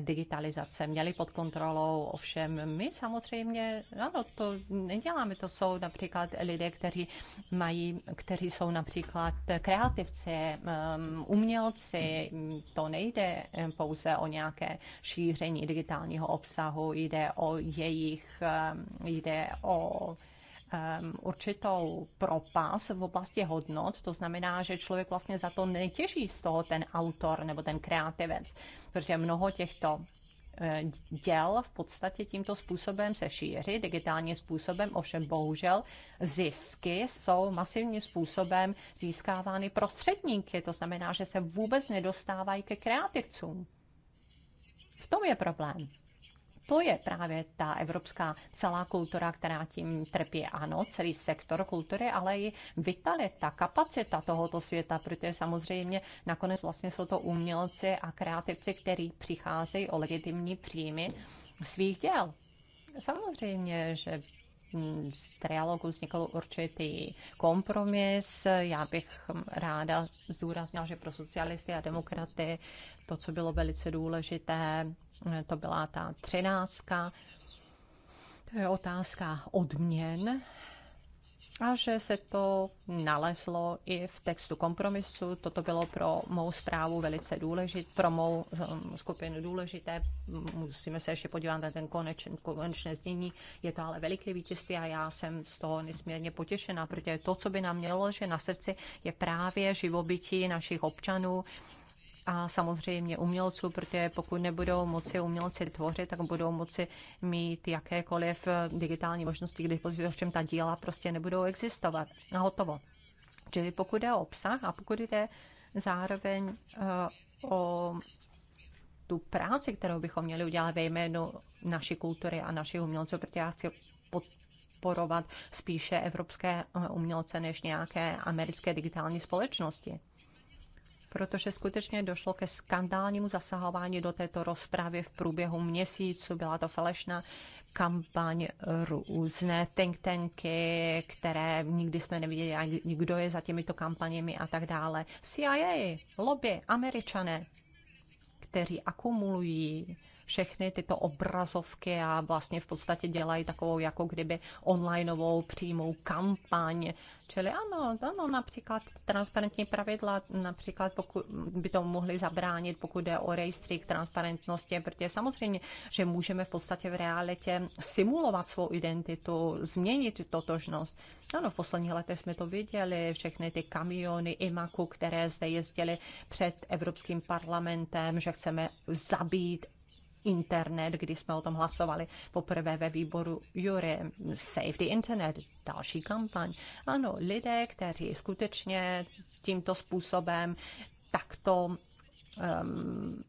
digitalizace měli pod kontrolou. Ovšem my samozřejmě, ano, to neděláme, to jsou například lidé, kteří mají, kteří jsou například kreativci, um, umělci, to nejde pouze o nějaké šíření digitálního obsahu, jde o jejich, um, jde o určitou propas v oblasti hodnot, to znamená, že člověk vlastně za to netěží z toho ten autor nebo ten kreativec, protože mnoho těchto eh, děl v podstatě tímto způsobem se šíří, digitálním způsobem, ovšem bohužel zisky jsou masivním způsobem získávány prostředníky, to znamená, že se vůbec nedostávají ke kreativcům. V tom je problém to je právě ta evropská celá kultura, která tím trpí. Ano, celý sektor kultury, ale i vitalita, kapacita tohoto světa, protože samozřejmě nakonec vlastně jsou to umělci a kreativci, kteří přicházejí o legitimní příjmy svých děl. Samozřejmě, že z trialogu vznikl určitý kompromis. Já bych ráda zdůraznila, že pro socialisty a demokraty to, co bylo velice důležité, to byla ta třináctka, to je otázka odměn a že se to nalezlo i v textu kompromisu. Toto bylo pro mou zprávu velice důležité, pro mou um, skupinu důležité. Musíme se ještě podívat na ten konečný, konečné znění. Je to ale veliké vítězství a já jsem z toho nesmírně potěšená, protože to, co by nám mělo že na srdci, je právě živobytí našich občanů, a samozřejmě umělců, protože pokud nebudou moci umělci tvořit, tak budou moci mít jakékoliv digitální možnosti k dispozici, ovšem ta díla prostě nebudou existovat. A hotovo. Čili pokud jde o obsah a pokud jde zároveň eh, o tu práci, kterou bychom měli udělat ve jménu naší kultury a našich umělců, protože já chci podporovat spíše evropské eh, umělce než nějaké americké digitální společnosti protože skutečně došlo ke skandálnímu zasahování do této rozpravy v průběhu měsíců. Byla to falešná kampaň různé think tanky, které nikdy jsme neviděli, ani kdo je za těmito kampaněmi a tak dále. CIA, lobby, američané, kteří akumulují všechny tyto obrazovky a vlastně v podstatě dělají takovou jako kdyby onlineovou přímou kampaň. Čili ano, ano, například transparentní pravidla, například pokud by to mohli zabránit, pokud jde o rejstřík transparentnosti, protože samozřejmě, že můžeme v podstatě v realitě simulovat svou identitu, změnit totožnost. Ano, v posledních letech jsme to viděli, všechny ty kamiony IMAKu, které zde jezdily před Evropským parlamentem, že chceme zabít internet, kdy jsme o tom hlasovali poprvé ve výboru Jury, Save the Internet, další kampaň. Ano, lidé, kteří skutečně tímto způsobem takto um,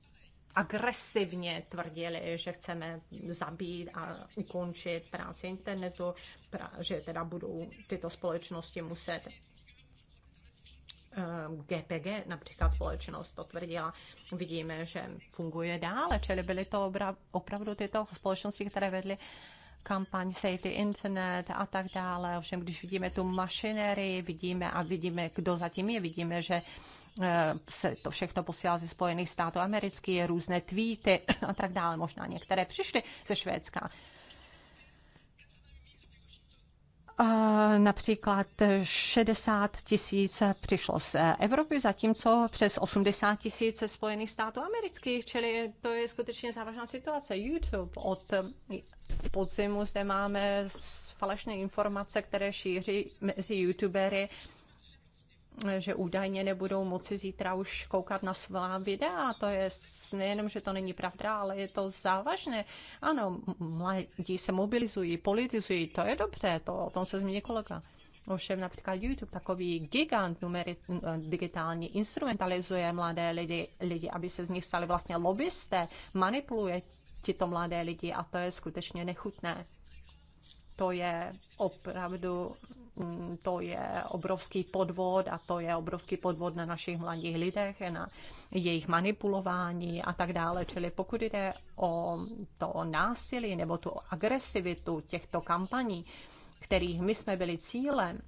agresivně tvrdili, že chceme zabít a ukončit práci internetu, že teda budou tyto společnosti muset GPG, eh, například společnost, to tvrdila. Vidíme, že funguje dále, čili byly to opravdu tyto společnosti, které vedly kampaň Safety Internet a tak dále. Ovšem, když vidíme tu mašinerii, vidíme a vidíme, kdo zatím je, vidíme, že eh, se to všechno posílá ze Spojených států amerických, různé tweety a tak dále. Možná některé přišly ze Švédska, například 60 tisíc přišlo z Evropy, zatímco přes 80 tisíc ze Spojených států amerických, čili to je skutečně závažná situace. YouTube od podzimu zde máme falešné informace, které šíří mezi youtubery že údajně nebudou moci zítra už koukat na svá videa. To je nejenom, že to není pravda, ale je to závažné. Ano, mladí se mobilizují, politizují, to je dobře, to, o tom se zmíní kolega. Ovšem například YouTube, takový gigant numeri, digitální, instrumentalizuje mladé lidi, lidi, aby se z nich stali vlastně lobbysté, manipuluje tito mladé lidi a to je skutečně nechutné. To je opravdu Mm, to je obrovský podvod a to je obrovský podvod na našich mladých lidech, na jejich manipulování a tak dále. Čili pokud jde o to násilí nebo tu agresivitu těchto kampaní, kterých my jsme byli cílem,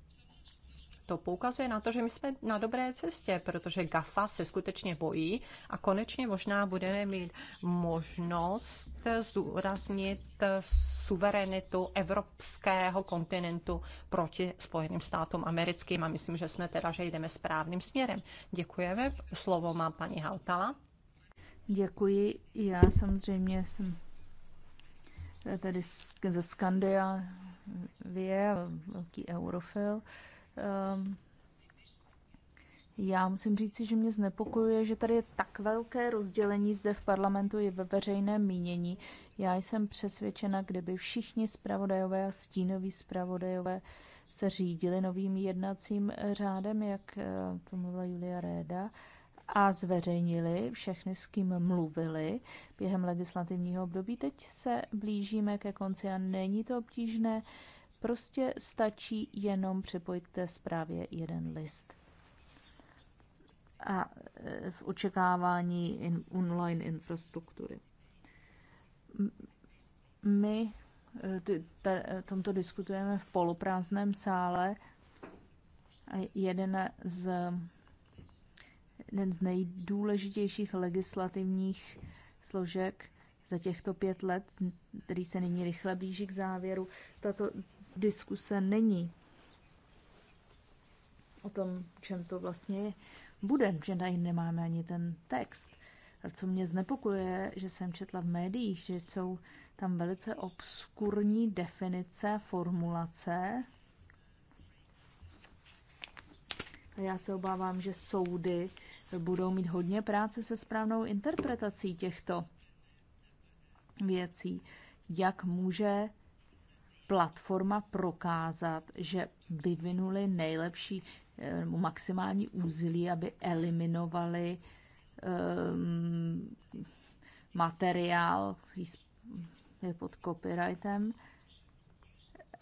to poukazuje na to, že my jsme na dobré cestě, protože GAFA se skutečně bojí a konečně možná budeme mít možnost zúraznit suverenitu evropského kontinentu proti Spojeným státům americkým a myslím, že jsme teda, že jdeme správným směrem. Děkujeme. Slovo má paní Hautala. Děkuji. Já samozřejmě jsem tady ze Skandia, Vě, velký eurofil. Um, já musím říci, že mě znepokojuje, že tady je tak velké rozdělení zde v parlamentu i ve veřejném mínění. Já jsem přesvědčena, kdyby všichni zpravodajové a stínoví zpravodajové se řídili novým jednacím eh, řádem, jak eh, to mluvila Julia Réda, a zveřejnili všechny, s kým mluvili během legislativního období. Teď se blížíme ke konci a není to obtížné. Uh, Prostě stačí jenom připojit k té zprávě jeden list. A e, v očekávání in online infrastruktury. My e, ty, ta, e, tomto diskutujeme v poloprázdném sále. A jeden z, jeden z nejdůležitějších legislativních složek za těchto pět let, který se nyní rychle blíží k závěru, tato diskuse není o tom, čem to vlastně je. bude, že tady nemáme ani ten text. A co mě znepokuje, že jsem četla v médiích, že jsou tam velice obskurní definice, formulace. A já se obávám, že soudy budou mít hodně práce se správnou interpretací těchto věcí. Jak může platforma prokázat, že vyvinuli nejlepší eh, maximální úzlí, aby eliminovali um, materiál, který je pod copyrightem.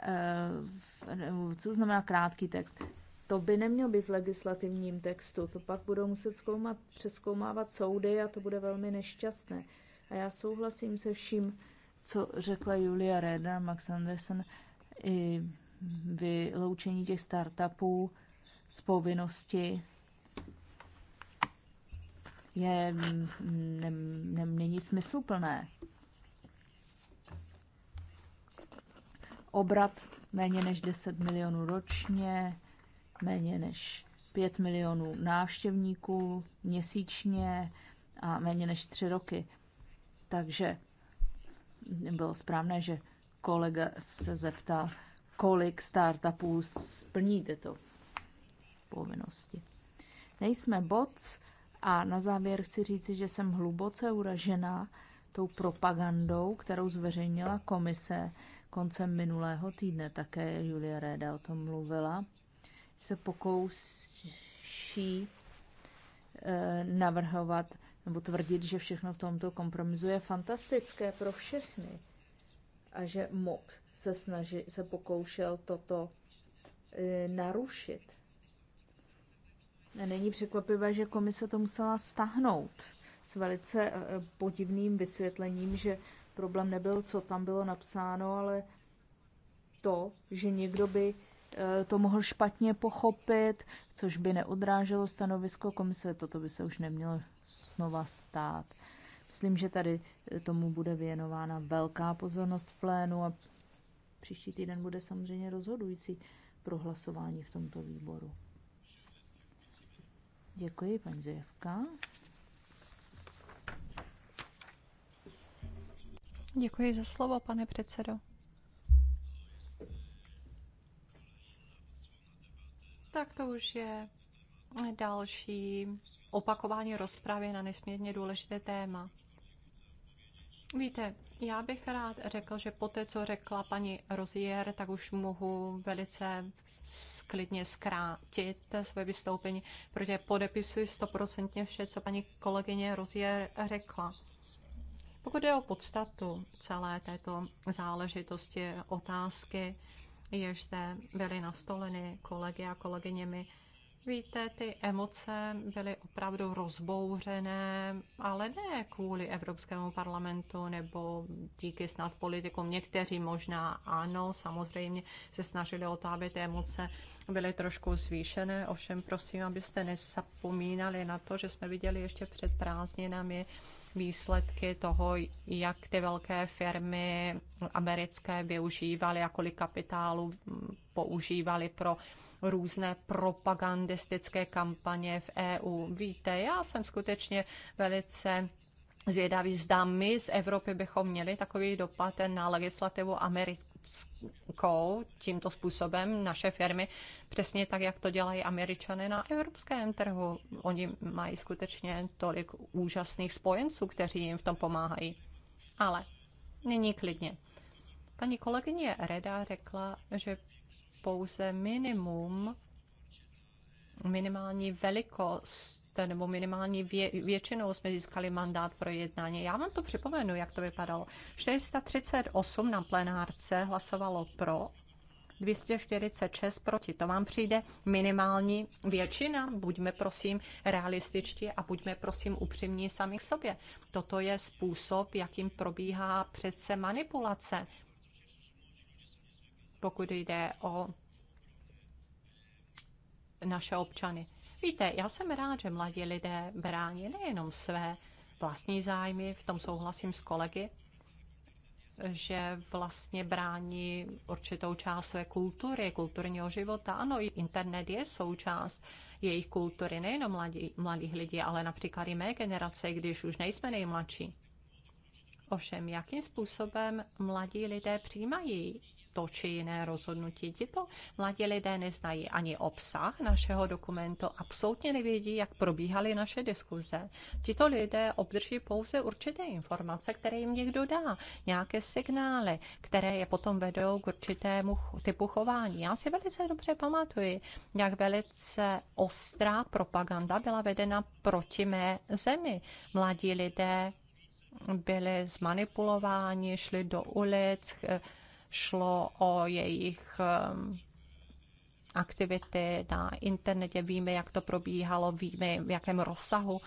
Uh, co znamená krátký text? To by nemělo být v legislativním textu, to pak budou muset zkoumat, přeskoumávat soudy a to bude velmi nešťastné. A já souhlasím se vším, co řekla Julia Reda, Max Anderson, i vyloučení těch startupů z povinnosti je ne, ne, není smysluplné. Obrat méně než 10 milionů ročně, méně než 5 milionů návštěvníků měsíčně a méně než 3 roky. Takže nebylo správné, že kolega se zeptá, kolik startupů splní tyto povinnosti. Nejsme boc a na závěr chci říci, že jsem hluboce uražená tou propagandou, kterou zveřejnila komise koncem minulého týdne. Také Julia Réda o tom mluvila. Se pokouší eh, navrhovat nebo tvrdit, že všechno v tomto kompromisu je fantastické pro všechny a že MOP se, snaží, se pokoušel toto e, narušit. A není překvapivé, že komise to musela stáhnout s velice e, e podivným vysvětlením, že problém nebyl, co tam bylo napsáno, ale to, že někdo by e, to mohl špatně pochopit, což by neodráželo stanovisko komise. Toto by se už nemělo Osnova stát. Myslím, že tady eh, tomu bude věnována velká pozornost v plénu a příští týden bude samozřejmě rozhodující pro hlasování v tomto výboru. Děkuji, paní Zjevka. Děkuji za slovo, pane předsedo. Tak to už je další opakování rozpravy na nesmírně důležité téma. Víte, já bych rád řekl, že po té, co řekla paní Rozier, tak už mohu velice sklidně zkrátit své vystoupení, protože podepisuji stoprocentně vše, co paní kolegyně Rozier řekla. Pokud je o podstatu celé této záležitosti, otázky, jež zde byly nastoleny kolegy a kolegyněmi, víte, ty emoce byly opravdu rozbouřené, ale ne kvůli Evropskému parlamentu nebo díky snad politikům. Někteří možná ano, samozřejmě se snažili o to, aby ty emoce byly trošku zvýšené. Ovšem prosím, abyste nezapomínali na to, že jsme viděli ještě před prázdninami výsledky toho, jak ty velké firmy americké využívaly a kolik kapitálu používaly pro různé propagandistické kampaně v EU. Víte, já jsem skutečně velice zvědavý, zda my z Evropy bychom měli takový dopad na legislativu americkou tímto způsobem naše firmy, přesně tak, jak to dělají američané na evropském trhu. Oni mají skutečně tolik úžasných spojenců, kteří jim v tom pomáhají. Ale nyní klidně. Paní kolegyně Reda řekla, že pouze minimum, minimální velikost nebo minimální vě, většinou jsme získali mandát pro jednání. Já vám to připomenu, jak to vypadalo. 438 na plenárce hlasovalo pro, 246 proti. To vám přijde minimální většina. Buďme prosím realističtí a buďme prosím upřímní sami k sobě. Toto je způsob, jakým probíhá přece manipulace pokud jde o naše občany. Víte, já jsem rád, že mladí lidé brání nejenom své vlastní zájmy, v tom souhlasím s kolegy, že vlastně brání určitou část své kultury, kulturního života. Ano, internet je součást jejich kultury, nejenom mladí, mladých lidí, ale například i mé generace, když už nejsme nejmladší. Ovšem, jakým způsobem mladí lidé přijímají to či jiné rozhodnutí. Tito mladí lidé neznají ani obsah našeho dokumentu, absolutně nevědí, jak probíhaly naše diskuze. Tito lidé obdrží pouze určité informace, které jim někdo dá, nějaké signály, které je potom vedou k určitému typu chování. Já si velice dobře pamatuji, jak velice ostrá propaganda byla vedena proti mé zemi. Mladí lidé byli zmanipulováni, šli do ulic, eh, šlo o jejich um, aktivity na internetě, víme, jak to probíhalo, víme, v jakém rozsahu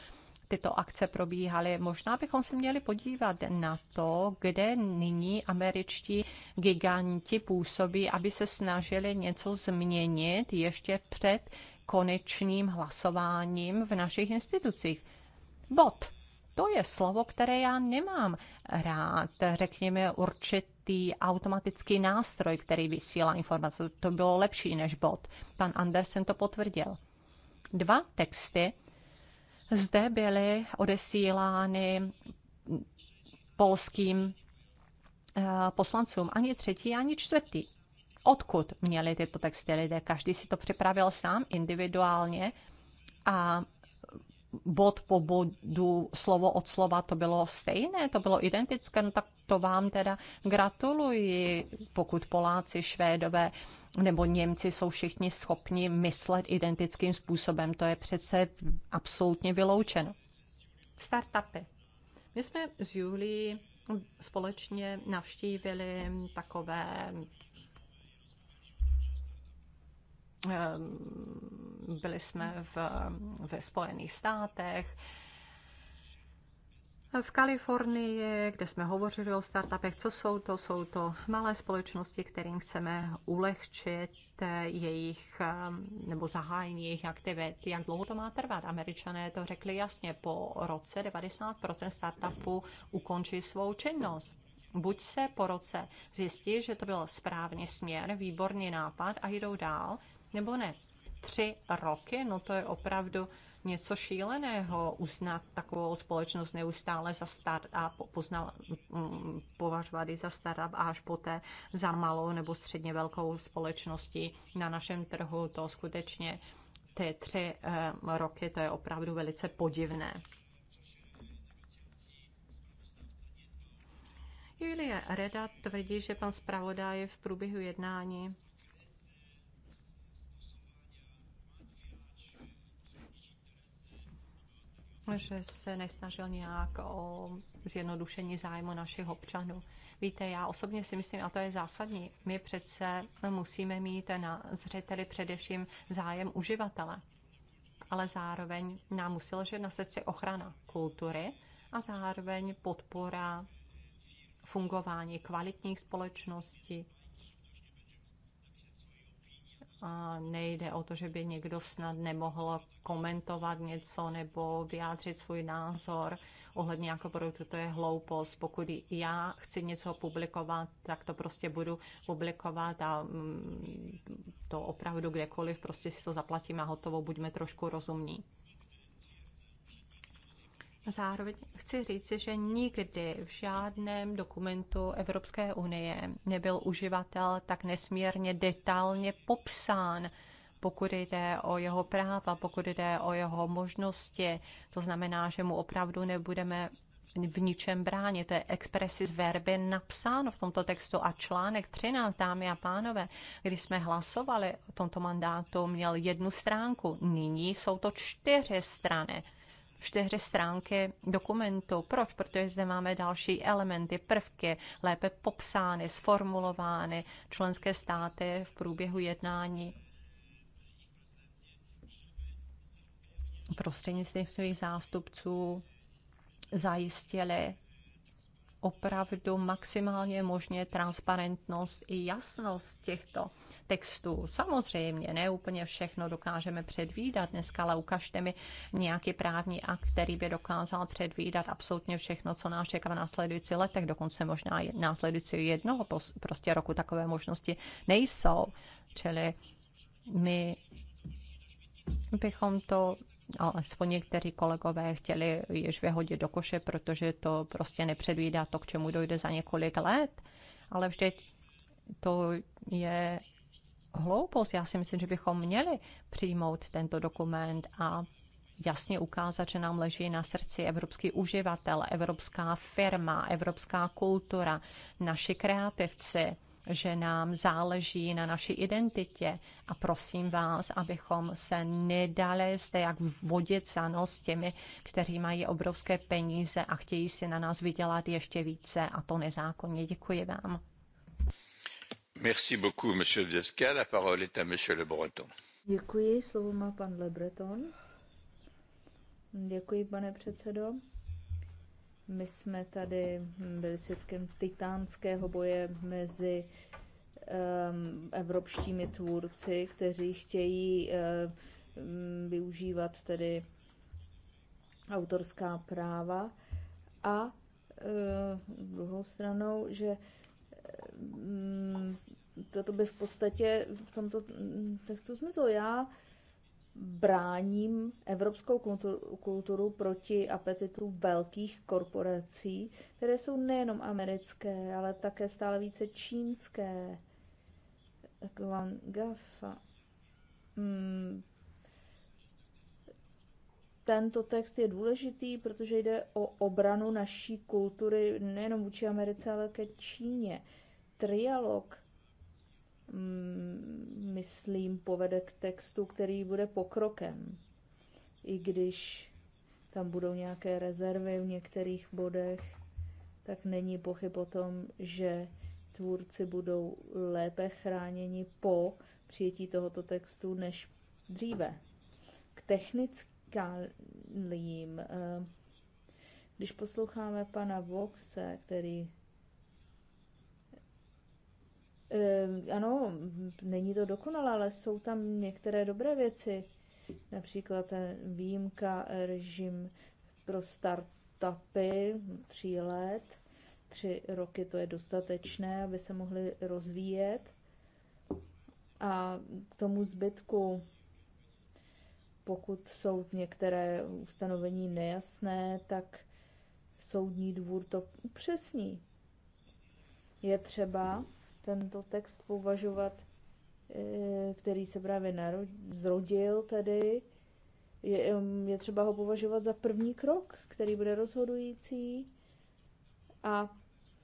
tyto akce probíhaly. Možná bychom se měli podívat na to, kde nyní američtí giganti působí, aby se snažili něco změnit ještě před konečným hlasováním v našich institucích. Bot. To je slovo, které já nemám rád. Řekněme určitý automatický nástroj, který vysílá informace. To bylo lepší než bot. Pan Andersen to potvrdil. Dva texty zde byly odesílány polským eh, poslancům. Ani třetí, ani čtvrtý. Odkud měli tyto texty lidé? Každý si to připravil sám individuálně a bod po bodu, slovo od slova, to bylo stejné, to bylo identické, no tak to vám teda gratuluji, pokud Poláci, Švédové nebo Němci jsou všichni schopni myslet identickým způsobem. To je přece absolutně vyloučeno. Startupy. My jsme s Julí společně navštívili takové Ehm, byli jsme v, ve Spojených státech, v Kalifornii, kde jsme hovořili o startupech, co jsou to? Jsou to malé společnosti, kterým chceme ulehčit eh, jejich ehm, nebo zahájení jejich aktivit. Jak dlouho to má trvat? Američané to řekli jasně, po roce 90% startupu ukončí svou činnost. Buď se po roce zjistí, že to byl správný směr, výborný nápad a jdou dál, nebo ne. Tři roky, no to je opravdu něco šíleného uznat takovou společnost neustále za startup, poznal, mm, považovat ji za startup a až poté za malou nebo středně velkou společností na našem trhu. To skutečně ty tři eh, roky, to je opravdu velice podivné. Julie Reda tvrdí, že pan zpravodaj v průběhu jednání že se nesnažil nějak o zjednodušení zájmu našich občanů. Víte, já osobně si myslím, a to je zásadní, my přece musíme mít na zřeteli především zájem uživatele, ale zároveň nám musí ležet na srdci ochrana kultury a zároveň podpora fungování kvalitních společností, nejde o to, že by někdo snad nemohl komentovat něco nebo vyjádřit svůj názor ohledně jako produktu, to je hloupost. Pokud já chci něco publikovat, tak to prostě budu publikovat a mm, to opravdu kdekoliv, prostě si to zaplatím a hotovo, buďme trošku rozumní. Zároveň chci říct, že nikdy v žádném dokumentu Evropské unie nebyl uživatel tak nesmírně detailně popsán, pokud jde o jeho práva, pokud jde o jeho možnosti. To znamená, že mu opravdu nebudeme v ničem bránit. To je expressis verbi napsáno v tomto textu a článek 13, dámy a pánové, když jsme hlasovali o tomto mandátu, měl jednu stránku. Nyní jsou to čtyři strany čtyři stránky dokumentu. Proč? Protože zde máme další elementy, prvky, lépe popsány, sformulovány členské státy v průběhu jednání. Prostřednictvím svých zástupců zajistili opravdu maximálně možně transparentnost i jasnost těchto textu Samozřejmě, ne úplně všechno dokážeme předvídat dneska, ale ukažte mi nějaký právní akt, který by dokázal předvídat absolutně všechno, co nás čeká v následujících letech, dokonce možná následující jednoho prostě roku takové možnosti nejsou. Čili my bychom to alespoň někteří kolegové chtěli již vyhodit do koše, protože to prostě nepředvídá to, k čemu dojde za několik let, ale vždyť to je hloupost. Já si myslím, že bychom měli přijmout tento dokument a jasně ukázat, že nám leží na srdci evropský uživatel, evropská firma, evropská kultura, naši kreativci, že nám záleží na naší identitě a prosím vás, abychom se nedali zde jak vodit za nos těmi, kteří mají obrovské peníze a chtějí si na nás vydělat ještě více a to nezákonně. Děkuji vám. Merci beaucoup, monsieur Vieska. La parole est à monsieur Le Breton. Děkuji, slovo má pan Le Breton. Děkuji, pane předsedo. My jsme tady byli svědkem titánského boje mezi um, ehm, evropskými tvůrci, kteří chtějí um, využívat tedy autorská práva a uh, druhou stranou, že um, toto by v podstatě v tomto textu zmizlo. Já bráním evropskou kulturu, kulturu proti apetitu velkých korporací, které jsou nejenom americké, ale také stále více čínské. Gafa. Hmm. Tento text je důležitý, protože jde o obranu naší kultury nejenom vůči Americe, ale ke Číně. Trialog Mm, myslím, povede k textu, který bude pokrokem. I když tam budou nějaké rezervy v některých bodech, tak není pochyb o tom, že tvůrci budou lépe chráněni po přijetí tohoto textu než dříve. K technickým, eh, když posloucháme pana Voxe, který Ehm, ano, není to dokonalé, ale jsou tam některé dobré věci. Například eh, výjimka eh, režim pro startupy tří let, tři roky to je dostatečné, aby se mohly rozvíjet. A k tomu zbytku, pokud jsou některé ustanovení nejasné, tak soudní dvůr to upřesní. Je třeba, tento text považovat, eh, který se právě zrodil tedy, je, je třeba ho považovat za první krok, který bude rozhodující a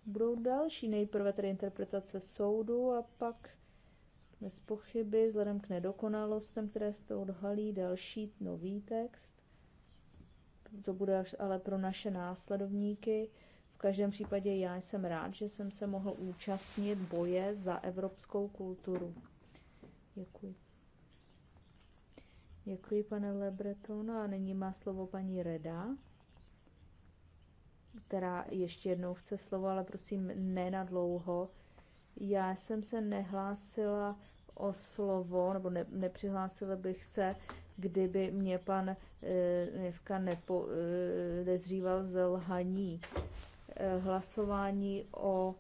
budou další, nejprve tedy interpretace soudu a pak bez pochyby, vzhledem k nedokonalostem, které se to odhalí, další nový text. To bude až ale pro naše následovníky, v každém případě já jsem rád, že jsem se mohl účastnit boje za evropskou kulturu. Děkuji. Děkuji, pane Lebretonu. A nyní má slovo paní Reda, která ještě jednou chce slovo, ale prosím, ne na dlouho. Já jsem se nehlásila o slovo, nebo ne, nepřihlásila bych se, kdyby mě pan Nevka eh, eh, nezříval ze lhaní. Eh, hlasování o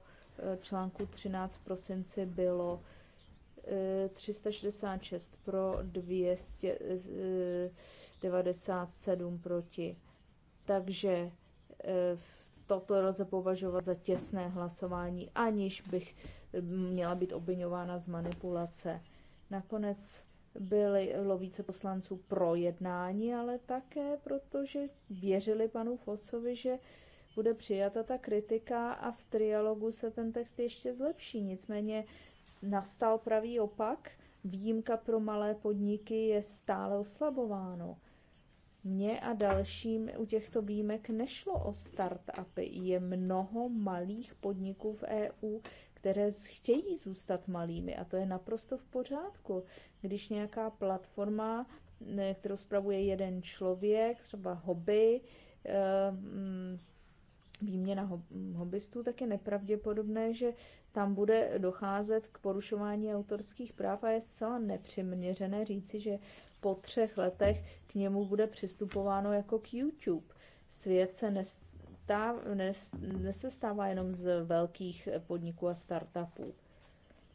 eh, článku 13 v prosinci bylo 366 eh, pro 297 proti. Takže toto lze považovat za těsné hlasování, aniž bych měla být obvinována z manipulace. Nakonec byly lovíce poslanců pro jednání, ale také protože věřili panu Fosovi, že bude přijata ta kritika a v trialogu se ten text ještě zlepší. Nicméně nastal pravý opak, výjimka pro malé podniky je stále oslabováno. Mně a dalším u těchto výjimek nešlo o startupy. Je mnoho malých podniků v EU, které chtějí zůstat malými a to je naprosto v pořádku. Když nějaká platforma, kterou spravuje jeden člověk, třeba hobby, eh, mm, výměna hobbystů, tak je nepravděpodobné, že tam bude docházet k porušování autorských práv a je zcela nepřiměřené říci, že po třech letech k němu bude přistupováno jako k YouTube. Svět se nestává, nes, nesestává jenom z velkých podniků a startupů.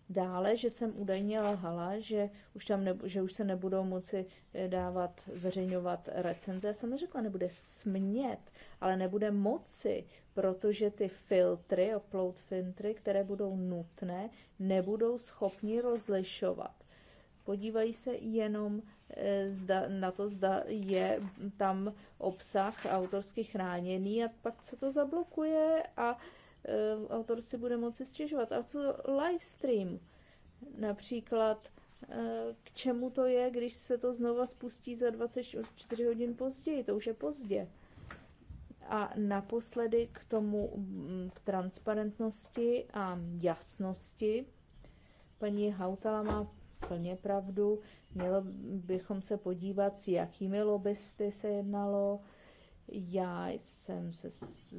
Dále, že jsem údajně lhala, že už, tam nebu, že už se nebudou moci eh, dávat, zveřejňovat recenze. Já jsem neřekla, nebude smět, ale nebude moci, protože ty filtry, upload filtry, které budou nutné, nebudou schopni rozlišovat. Podívají se jenom eh, zda, na to, zda je tam obsah autorsky chráněný a pak se to zablokuje a Eh, autor si bude moci stěžovat. A co livestream? Například eh, k čemu to je, když se to znova spustí za 24 hodin později, to už je pozdě. A naposledy k tomu mm, k transparentnosti a jasnosti. Paní Hautala má plně pravdu. Mělo bychom se podívat, s jakými lobbysty se jednalo, já jsem se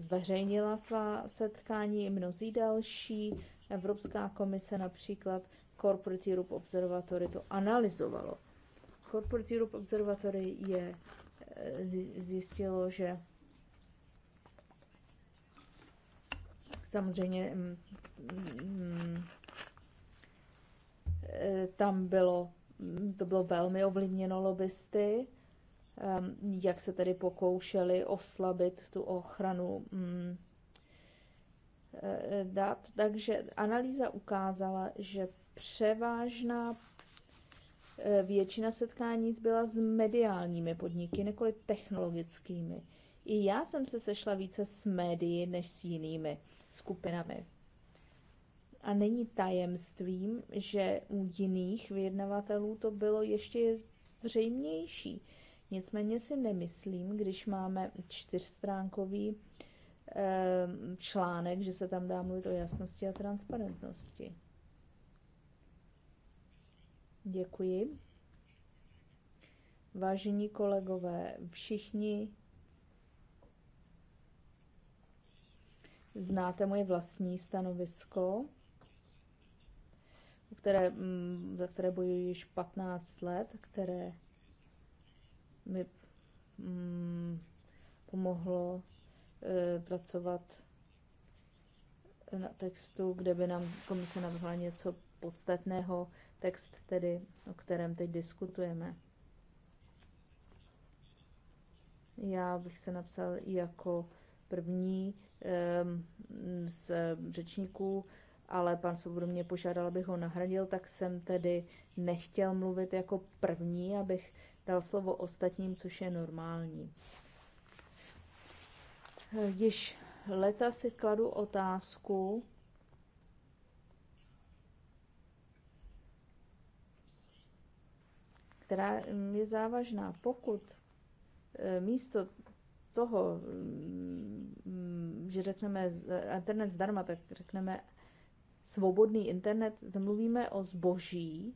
zveřejnila svá setkání i mnozí další. Evropská komise například Corporate Europe Observatory to analyzovalo. Corporate Europe Observatory je e, zjistilo, že samozřejmě mm, mm, e, tam bylo, mm, to bylo velmi ovlivněno lobbysty, jak se tedy pokoušeli oslabit tu ochranu mm, eh, dat. Takže analýza ukázala, že převážná eh, většina setkání byla s mediálními podniky, nekoli technologickými. I já jsem se sešla více s médií než s jinými skupinami. A není tajemstvím, že u jiných vyjednavatelů to bylo ještě zřejmější Nicméně si nemyslím, když máme čtyřstránkový ehm, článek, že se tam dá mluvit o jasnosti a transparentnosti. Děkuji. Vážení kolegové, všichni znáte moje vlastní stanovisko, které, mm, za které bojuji již 15 let, které mi mm, pomohlo eh, pracovat na textu, kde by nám komise navrhla něco podstatného, text tedy, o kterém teď diskutujeme. Já bych se napsal i jako první ehm, z řečníků, ale pan Svobodu mě požádal, abych ho nahradil, tak jsem tedy nechtěl mluvit jako první, abych dal slovo ostatním, což je normální. Eh, již leta si kladu otázku, která je závažná. Pokud eh, místo toho, mm, že řekneme eh, internet zdarma, tak řekneme svobodný internet, mluvíme o zboží,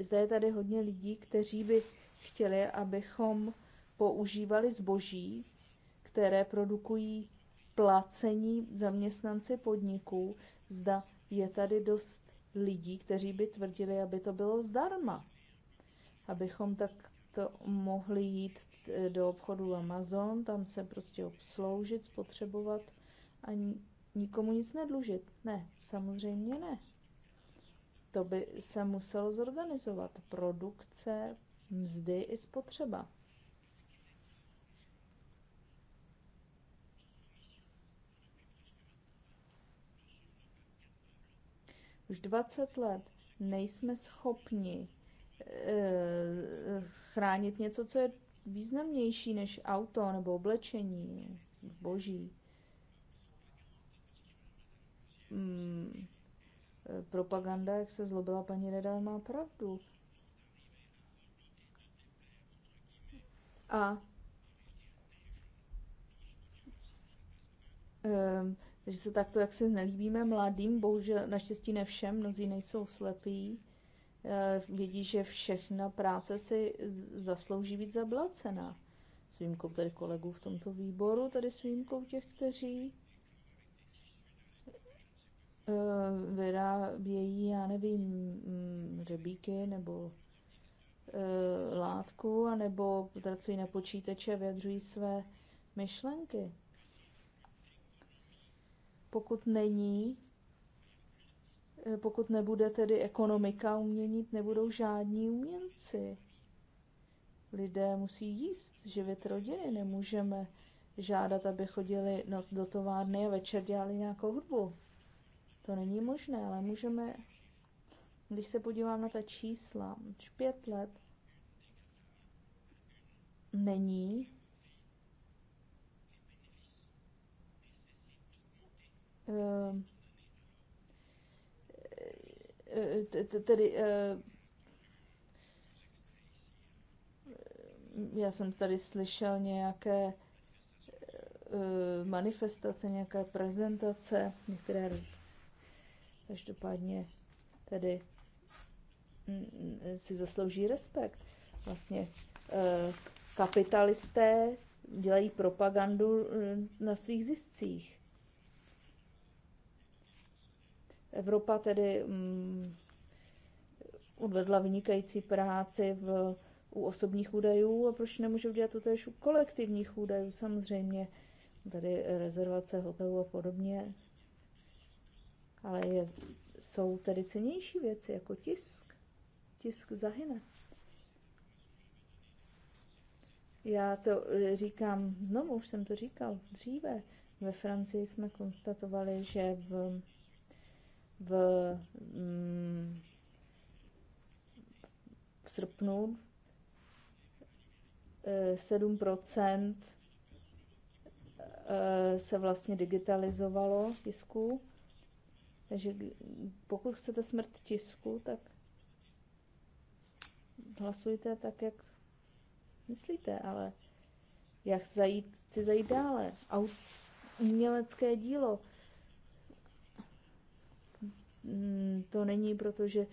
zde je tady hodně lidí, kteří by chtěli, abychom používali zboží, které produkují placení zaměstnanci podniků. Zda je tady dost lidí, kteří by tvrdili, aby to bylo zdarma. Abychom tak to mohli jít eh, do obchodu Amazon, tam se prostě obsloužit, spotřebovat a nikomu nic nedlužit. Ne, samozřejmě ne. To by se muselo zorganizovat. Produkce, mzdy i spotřeba. Už 20 let nejsme schopni e, chránit něco, co je významnější než auto nebo oblečení, boží. Mm Eh, propaganda, jak se zlobila paní Reda, má pravdu. A um, takže se takto jak se nelíbíme mladým, bohužel naštěstí ne všem, mnozí nejsou slepí, uh, vědí, že všechna práce si zaslouží být zablacena. S výjimkou tady kolegů v tomto výboru, tady s výjimkou těch, kteří Eh, vyrábějí, já nevím, mm, řebíky nebo eh, látku, anebo pracují na počítače a vyjadřují své myšlenky. Pokud není, eh, pokud nebude tedy ekonomika uměnit, nebudou žádní uměnci. Lidé musí jíst, živit rodiny, nemůžeme žádat, aby chodili do továrny a večer dělali nějakou hudbu. To není možné, ale můžeme, když se podívám na ta čísla, už pět let není eh, eh, tedy eh, já jsem tady slyšel nějaké manifestace, nějaké prezentace, některé Každopádně tedy mm, mm, si zaslouží respekt. Vlastně eh, kapitalisté dělají propagandu eh, na svých ziscích. Evropa tedy mm, odvedla vynikající práci v, u osobních údajů a proč nemůže udělat to tež u kolektivních údajů samozřejmě, tady rezervace hotelů a podobně. Ale je, jsou tedy cenější věci, jako tisk. Tisk zahyne. Já to eh, říkám znovu, už jsem to říkal dříve. Ve Francii jsme konstatovali, že v, v, mm, v srpnu 7 eh, eh, se vlastně digitalizovalo tisku. Takže pokud chcete smrt tisku, tak hlasujte tak, jak myslíte, ale já chci zajít, chci zajít dále. Aut, umělecké dílo. Mm, to není proto, že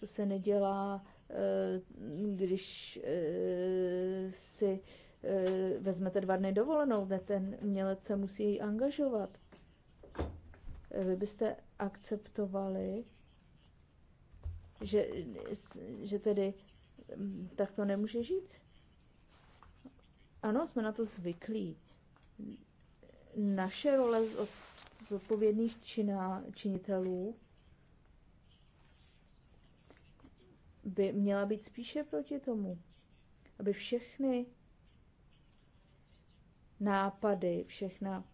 to se nedělá, eh, když eh, si eh, vezmete dva dny dovolenou, ten umělec se musí angažovat Eh, vy byste akceptovali, že, že tedy mm, tak to nemůže žít? Ano, jsme na to zvyklí. Naše role zodpovědných činá, činitelů by měla být spíše proti tomu, aby všechny nápady, všechna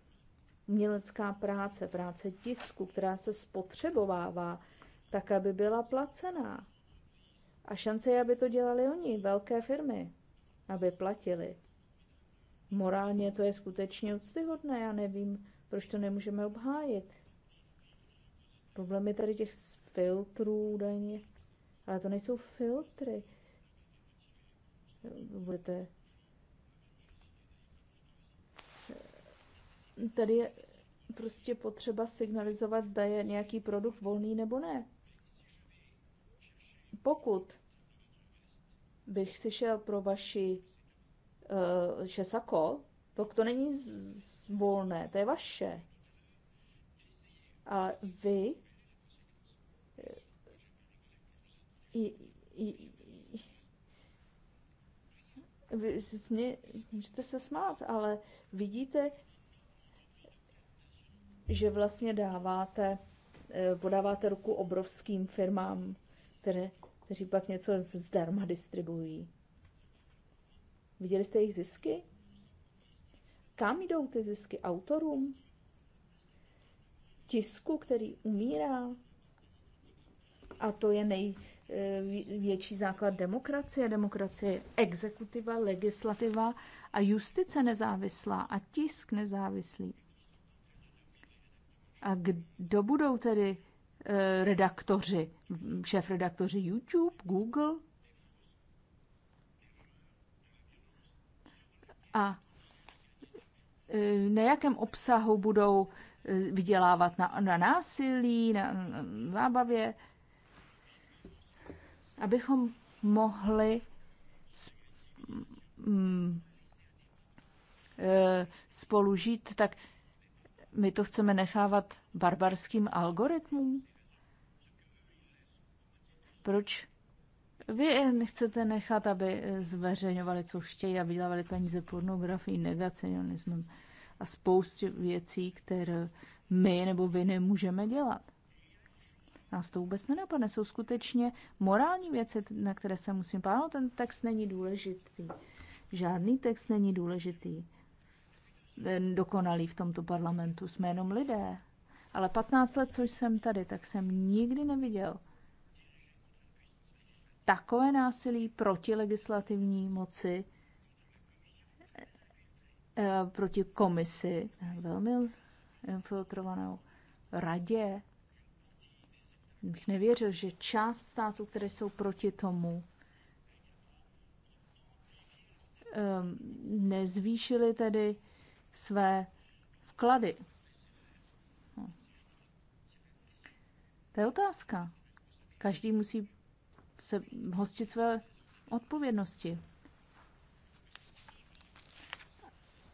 umělecká práce, práce tisku, která se spotřebovává, tak aby byla placená. A šance je, aby to dělali oni, velké firmy, aby platili. Morálně to je skutečně úctyhodné, já nevím, proč to nemůžeme obhájit. Problém je tady těch filtrů údajně, ale to nejsou filtry. Budete tady je prostě potřeba signalizovat, zda je nějaký produkt volný nebo ne. Pokud bych si šel pro vaši uh, šesako, to, to není z, z, volné, to je vaše. A vy eh, i, i, vy smě, můžete se smát, ale vidíte, že vlastně dáváte, eh, podáváte ruku obrovským firmám, které, kteří pak něco zdarma distribuují. Viděli jste jejich zisky? Kam jdou ty zisky? Autorům? Tisku, který umírá? A to je největší eh, základ demokracie. Demokracie je exekutiva, legislativa a justice nezávislá a tisk nezávislý. A kdo budou tedy eh, redaktoři, šéf-redaktoři YouTube, Google? A eh, na jakém obsahu budou eh, vydělávat na, na násilí, na, na zábavě, abychom mohli mm, spolužít, tak my to chceme nechávat barbarským algoritmům? Proč vy nechcete nechat, aby zveřejňovali, co chtějí, a vydělávali peníze pornografii, negacionismem a spoustě věcí, které my nebo vy nemůžeme dělat? Nás to vůbec nenapadne. Jsou skutečně morální věci, na které se musím pánovat. Ten text není důležitý. Žádný text není důležitý. Eh, dokonalí v tomto parlamentu, jsme jenom lidé. Ale 15 let, co jsem tady, tak jsem nikdy neviděl takové násilí proti legislativní moci, eh, proti komisi, velmi infiltrovanou radě. Bych nevěřil, že část států, které jsou proti tomu, eh, nezvýšili tedy své vklady. To je otázka. Každý musí se hostit své odpovědnosti.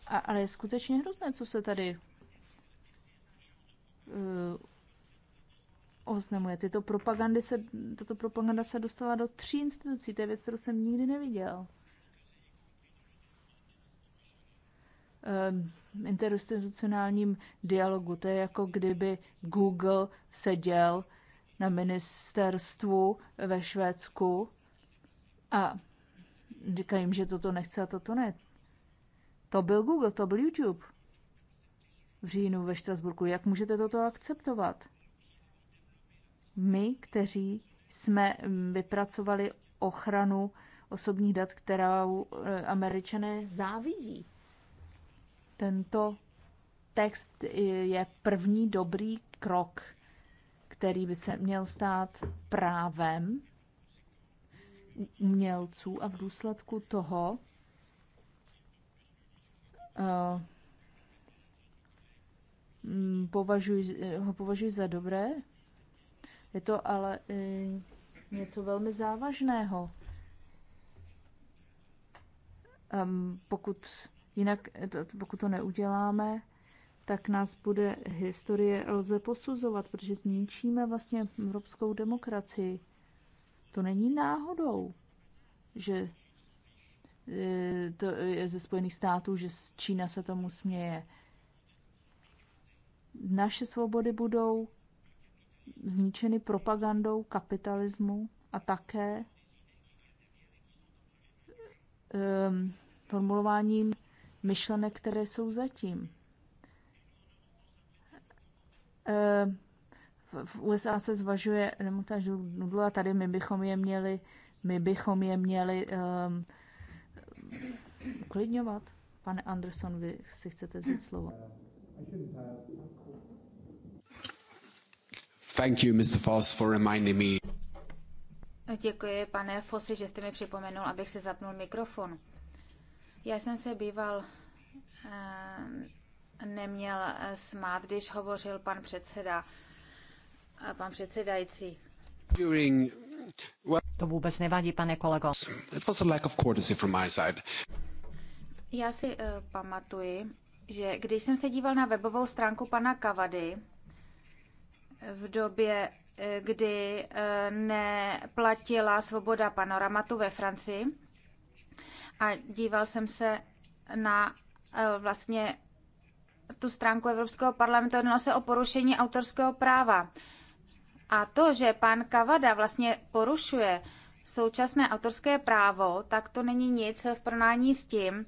A, ale je skutečně hrozné, co se tady uh, oznamuje. Tyto propagandy se, tato propaganda se dostala do tří institucí. To je věc, kterou jsem nikdy neviděl. Eh, interinstitucionálním dialogu. To je jako kdyby Google seděl na ministerstvu ve Švédsku a říkají jim, že toto nechce a toto ne. To byl Google, to byl YouTube v říjnu ve Štrasburku. Jak můžete toto akceptovat? My, kteří jsme mm, vypracovali ochranu osobních dat, kterou eh, američané závidí. Tento text je první dobrý krok, který by se měl stát právem umělců a v důsledku toho uh, považuji, ho považuji za dobré. Je to ale uh, něco velmi závažného. Um, pokud Jinak, eh, pokud to neuděláme, tak nás bude historie lze posuzovat, protože zničíme vlastně evropskou demokracii. To není náhodou, že eh, to je ze Spojených států, že Čína se tomu směje. Naše svobody budou zničeny propagandou kapitalismu a také um, formulováním myšlenek, které jsou zatím. Eh, v USA se zvažuje remontáž nudlu a tady my bychom je měli, my bychom je měli um, uklidňovat. Pane Anderson, vy si chcete vzít slovo. Thank you, Mr. Foss, for reminding me. Děkuji, pane Fossi, že jste mi připomenul, abych si zapnul mikrofon. Já jsem se býval eh, neměl smát, když hovořil pan předseda, eh, pan předsedající. During... To vůbec nevadí, pane kolego. It was a lack of courtesy from my side. Já si uh, pamatuji, že když jsem se díval na webovou stránku pana Kavady v době, kdy neplatila svoboda panoramatu ve Francii, a díval jsem se na eh, vlastně tu stránku Evropského parlamentu, jednalo se o porušení autorského práva. A to, že pan Kavada vlastně porušuje současné autorské právo, tak to není nic v porovnání s tím,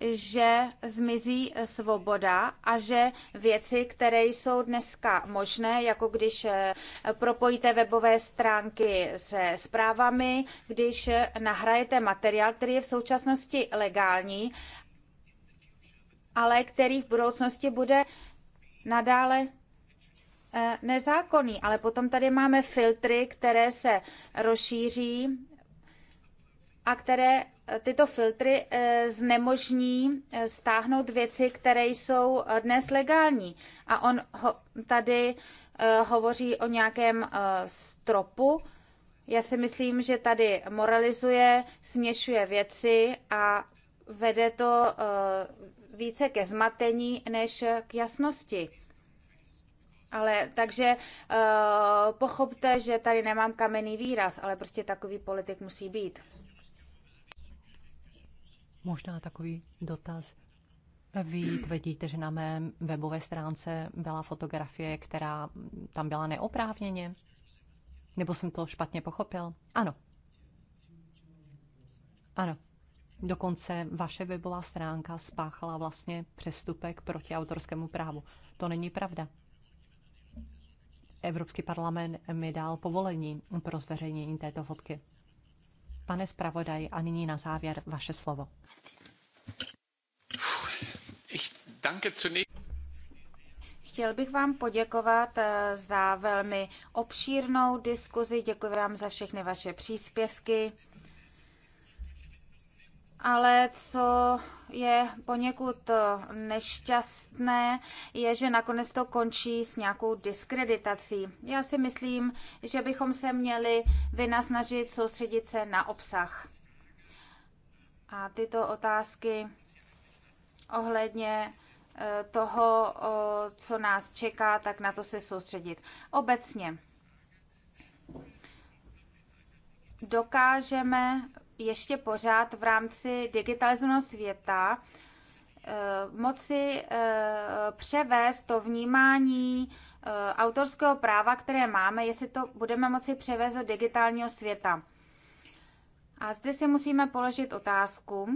že zmizí svoboda a že věci, které jsou dneska možné, jako když eh, propojíte webové stránky se zprávami, když eh, nahrajete materiál, který je v současnosti legální, ale který v budoucnosti bude nadále eh, nezákonný. Ale potom tady máme filtry, které se rozšíří a které Eh, tyto filtry eh, znemožní eh, stáhnout věci, které jsou dnes legální. A on ho, tady hovoří o nějakém stropu. Já si myslím, že tady moralizuje, směšuje věci a vede to více ke zmatení než k jasnosti. Ale takže pochopte, že tady nemám kamenný výraz, ale prostě takový politik musí být. Možná takový dotaz. Vy tvrdíte, že na mé webové stránce byla fotografie, která tam byla neoprávněně? Nebo jsem to špatně pochopil? Ano. Ano. Dokonce vaše webová stránka spáchala vlastně přestupek proti autorskému právu. To není pravda. Evropský parlament mi dal povolení pro zveřejnění této fotky. Pane zpravodaj, a nyní na závěr vaše slovo. Chtěl bych vám poděkovat eh, za velmi obšírnou diskuzi. Děkuji vám za všechny vaše příspěvky ale co je poněkud eh, nešťastné, je, že nakonec to končí s nějakou diskreditací. Já si myslím, že bychom se měli vynasnažit soustředit se na obsah. A tyto otázky ohledně eh, toho, co nás čeká, tak na to se soustředit. Obecně dokážeme ještě pořád v rámci digitalizovaného světa eh, moci eh, převést to vnímání eh, autorského práva, které máme, jestli to budeme moci převést do digitálního světa. A zde si musíme položit otázku,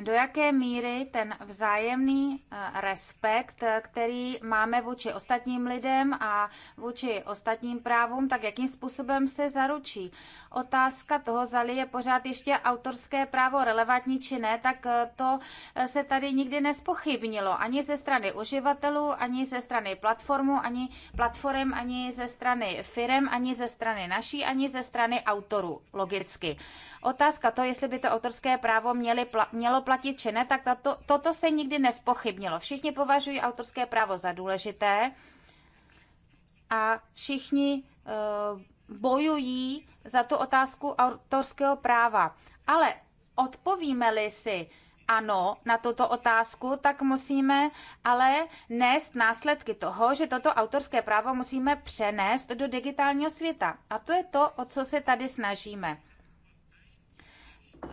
do jaké míry ten vzájemný eh, respekt, eh, který máme vůči ostatním lidem a vůči ostatním právům, tak jakým způsobem se zaručí. Otázka toho, zali je pořád ještě autorské právo relevantní či ne, tak eh, to se tady nikdy nespochybnilo. Ani ze strany uživatelů, ani ze strany platformu, ani platform, ani ze strany firem, ani ze strany naší, ani ze strany autorů, logicky. Otázka to, jestli by to autorské právo měli, mělo platit či ne, tak tato, toto se nikdy nespochybnilo. Všichni považují autorské právo za důležité a všichni uh, bojují za tu otázku autorského práva. Ale odpovíme-li si, ano na tuto otázku, tak musíme ale nést následky toho, že toto autorské právo musíme přenést do digitálního světa. A to je to, o co se tady snažíme.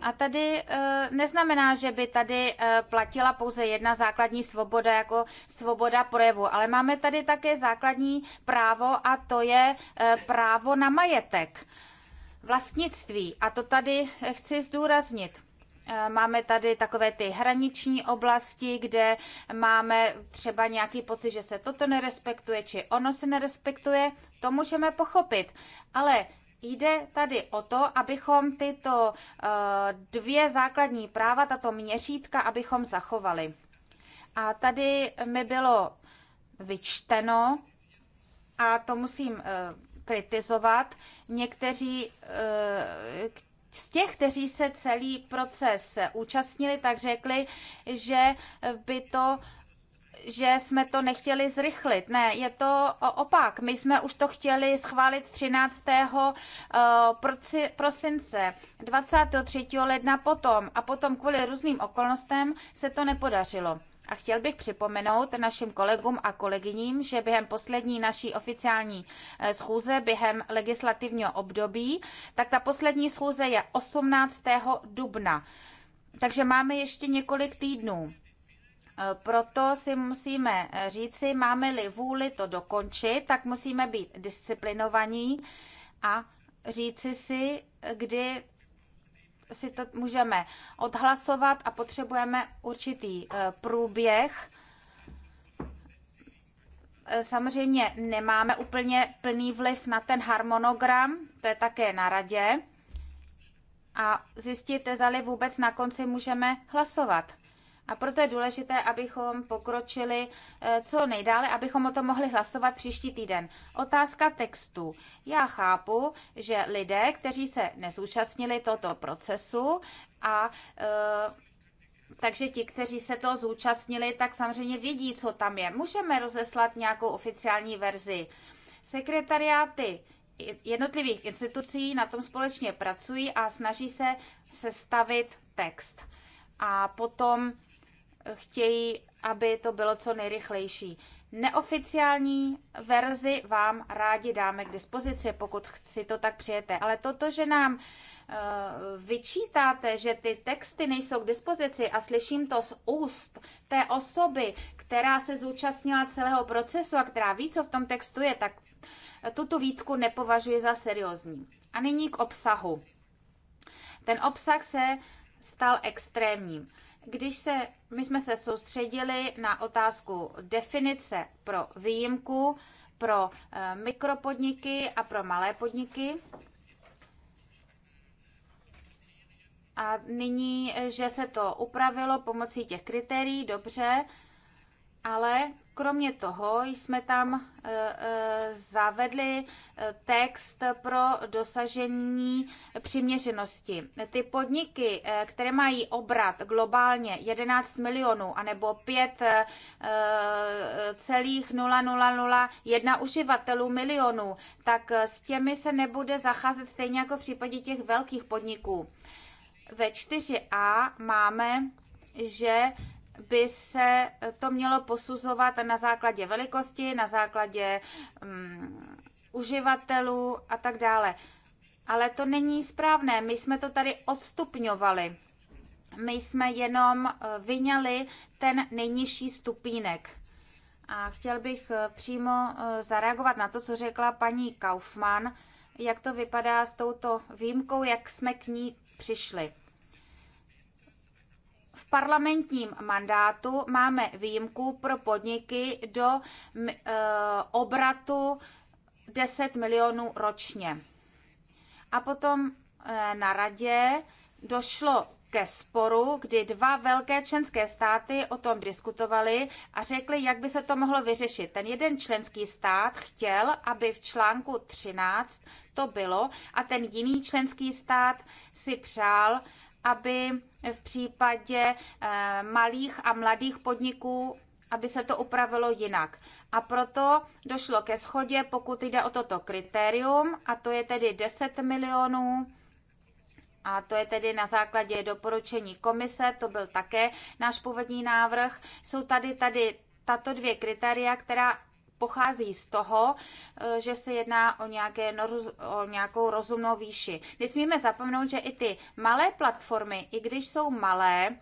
A tady uh, neznamená, že by tady uh, platila pouze jedna základní svoboda, jako svoboda projevu, ale máme tady také základní právo a to je uh, právo na majetek, vlastnictví. A to tady chci zdůraznit. Máme tady takové ty hraniční oblasti, kde máme třeba nějaký pocit, že se toto nerespektuje, či ono se nerespektuje. To můžeme pochopit. Ale Jde tady o to, abychom tyto eh, dvě základní práva, tato měřítka, abychom zachovali. A tady mi bylo vyčteno, a to musím eh, kritizovat, někteří eh, z těch, kteří se celý proces účastnili, tak řekli, že by to že jsme to nechtěli zrychlit. Ne, je to opak. My jsme už to chtěli schválit 13. Eh, prosince, 23. ledna potom a potom kvůli různým okolnostem se to nepodařilo. A chtěl bych připomenout našim kolegům a kolegyním, že během poslední naší oficiální eh, schůze, během legislativního období, tak ta poslední schůze je 18. dubna. Takže máme ještě několik týdnů. Eh, proto si musíme eh, říci, máme-li vůli to dokončit, tak musíme být disciplinovaní a říci si, kdy si to můžeme odhlasovat a potřebujeme určitý eh, průběh. Samozřejmě nemáme úplně plný vliv na ten harmonogram, to je také na radě. A zjistíte, zali vůbec na konci můžeme hlasovat. A proto je důležité, abychom pokročili eh, co nejdále, abychom o tom mohli hlasovat příští týden. Otázka textu. Já chápu, že lidé, kteří se nezúčastnili tohoto procesu a eh, takže ti, kteří se toho zúčastnili, tak samozřejmě vědí, co tam je. Můžeme rozeslat nějakou oficiální verzi. Sekretariáty jednotlivých institucí na tom společně pracují a snaží se sestavit text. A potom chtějí, aby to bylo co nejrychlejší. Neoficiální verzi vám rádi dáme k dispozici, pokud si to tak přijete. Ale toto, že nám eh, vyčítáte, že ty texty nejsou k dispozici a slyším to z úst té osoby, která se zúčastnila celého procesu a která ví, co v tom textu je, tak tuto výtku nepovažuji za seriózní. A nyní k obsahu. Ten obsah se stal extrémním. Když se, my jsme se soustředili na otázku definice pro výjimku, pro eh, mikropodniky a pro malé podniky. A nyní, eh, že se to upravilo pomocí těch kritérií, dobře, ale Kromě toho jsme tam e, e, zavedli e, text pro dosažení přiměřenosti. Ty podniky, které mají obrat globálně 11 milionů anebo 5,001 uživatelů milionů, tak s těmi se nebude zacházet stejně jako v případě těch velkých podniků. Ve 4a máme, že by se to mělo posuzovat na základě velikosti, na základě um, uživatelů a tak dále. Ale to není správné. My jsme to tady odstupňovali. My jsme jenom eh, vyňali ten nejnižší stupínek. A chtěl bych eh, přímo eh, zareagovat na to, co řekla paní Kaufmann, jak to vypadá s touto výjimkou, jak jsme k ní přišli v parlamentním mandátu máme výjimku pro podniky do e, obratu 10 milionů ročně. A potom e, na radě došlo ke sporu, kdy dva velké členské státy o tom diskutovali a řekli, jak by se to mohlo vyřešit. Ten jeden členský stát chtěl, aby v článku 13 to bylo a ten jiný členský stát si přál, aby v případě eh, malých a mladých podniků aby se to upravilo jinak. A proto došlo ke schodě, pokud jde o toto kritérium, a to je tedy 10 milionů a to je tedy na základě doporučení komise, to byl také náš původní návrh. Jsou tady tady tato dvě kritéria, která pochází z toho, eh, že se jedná o, nějaké, o nějakou rozumnou výši. Nesmíme zapomenout, že i ty malé platformy, i když jsou malé,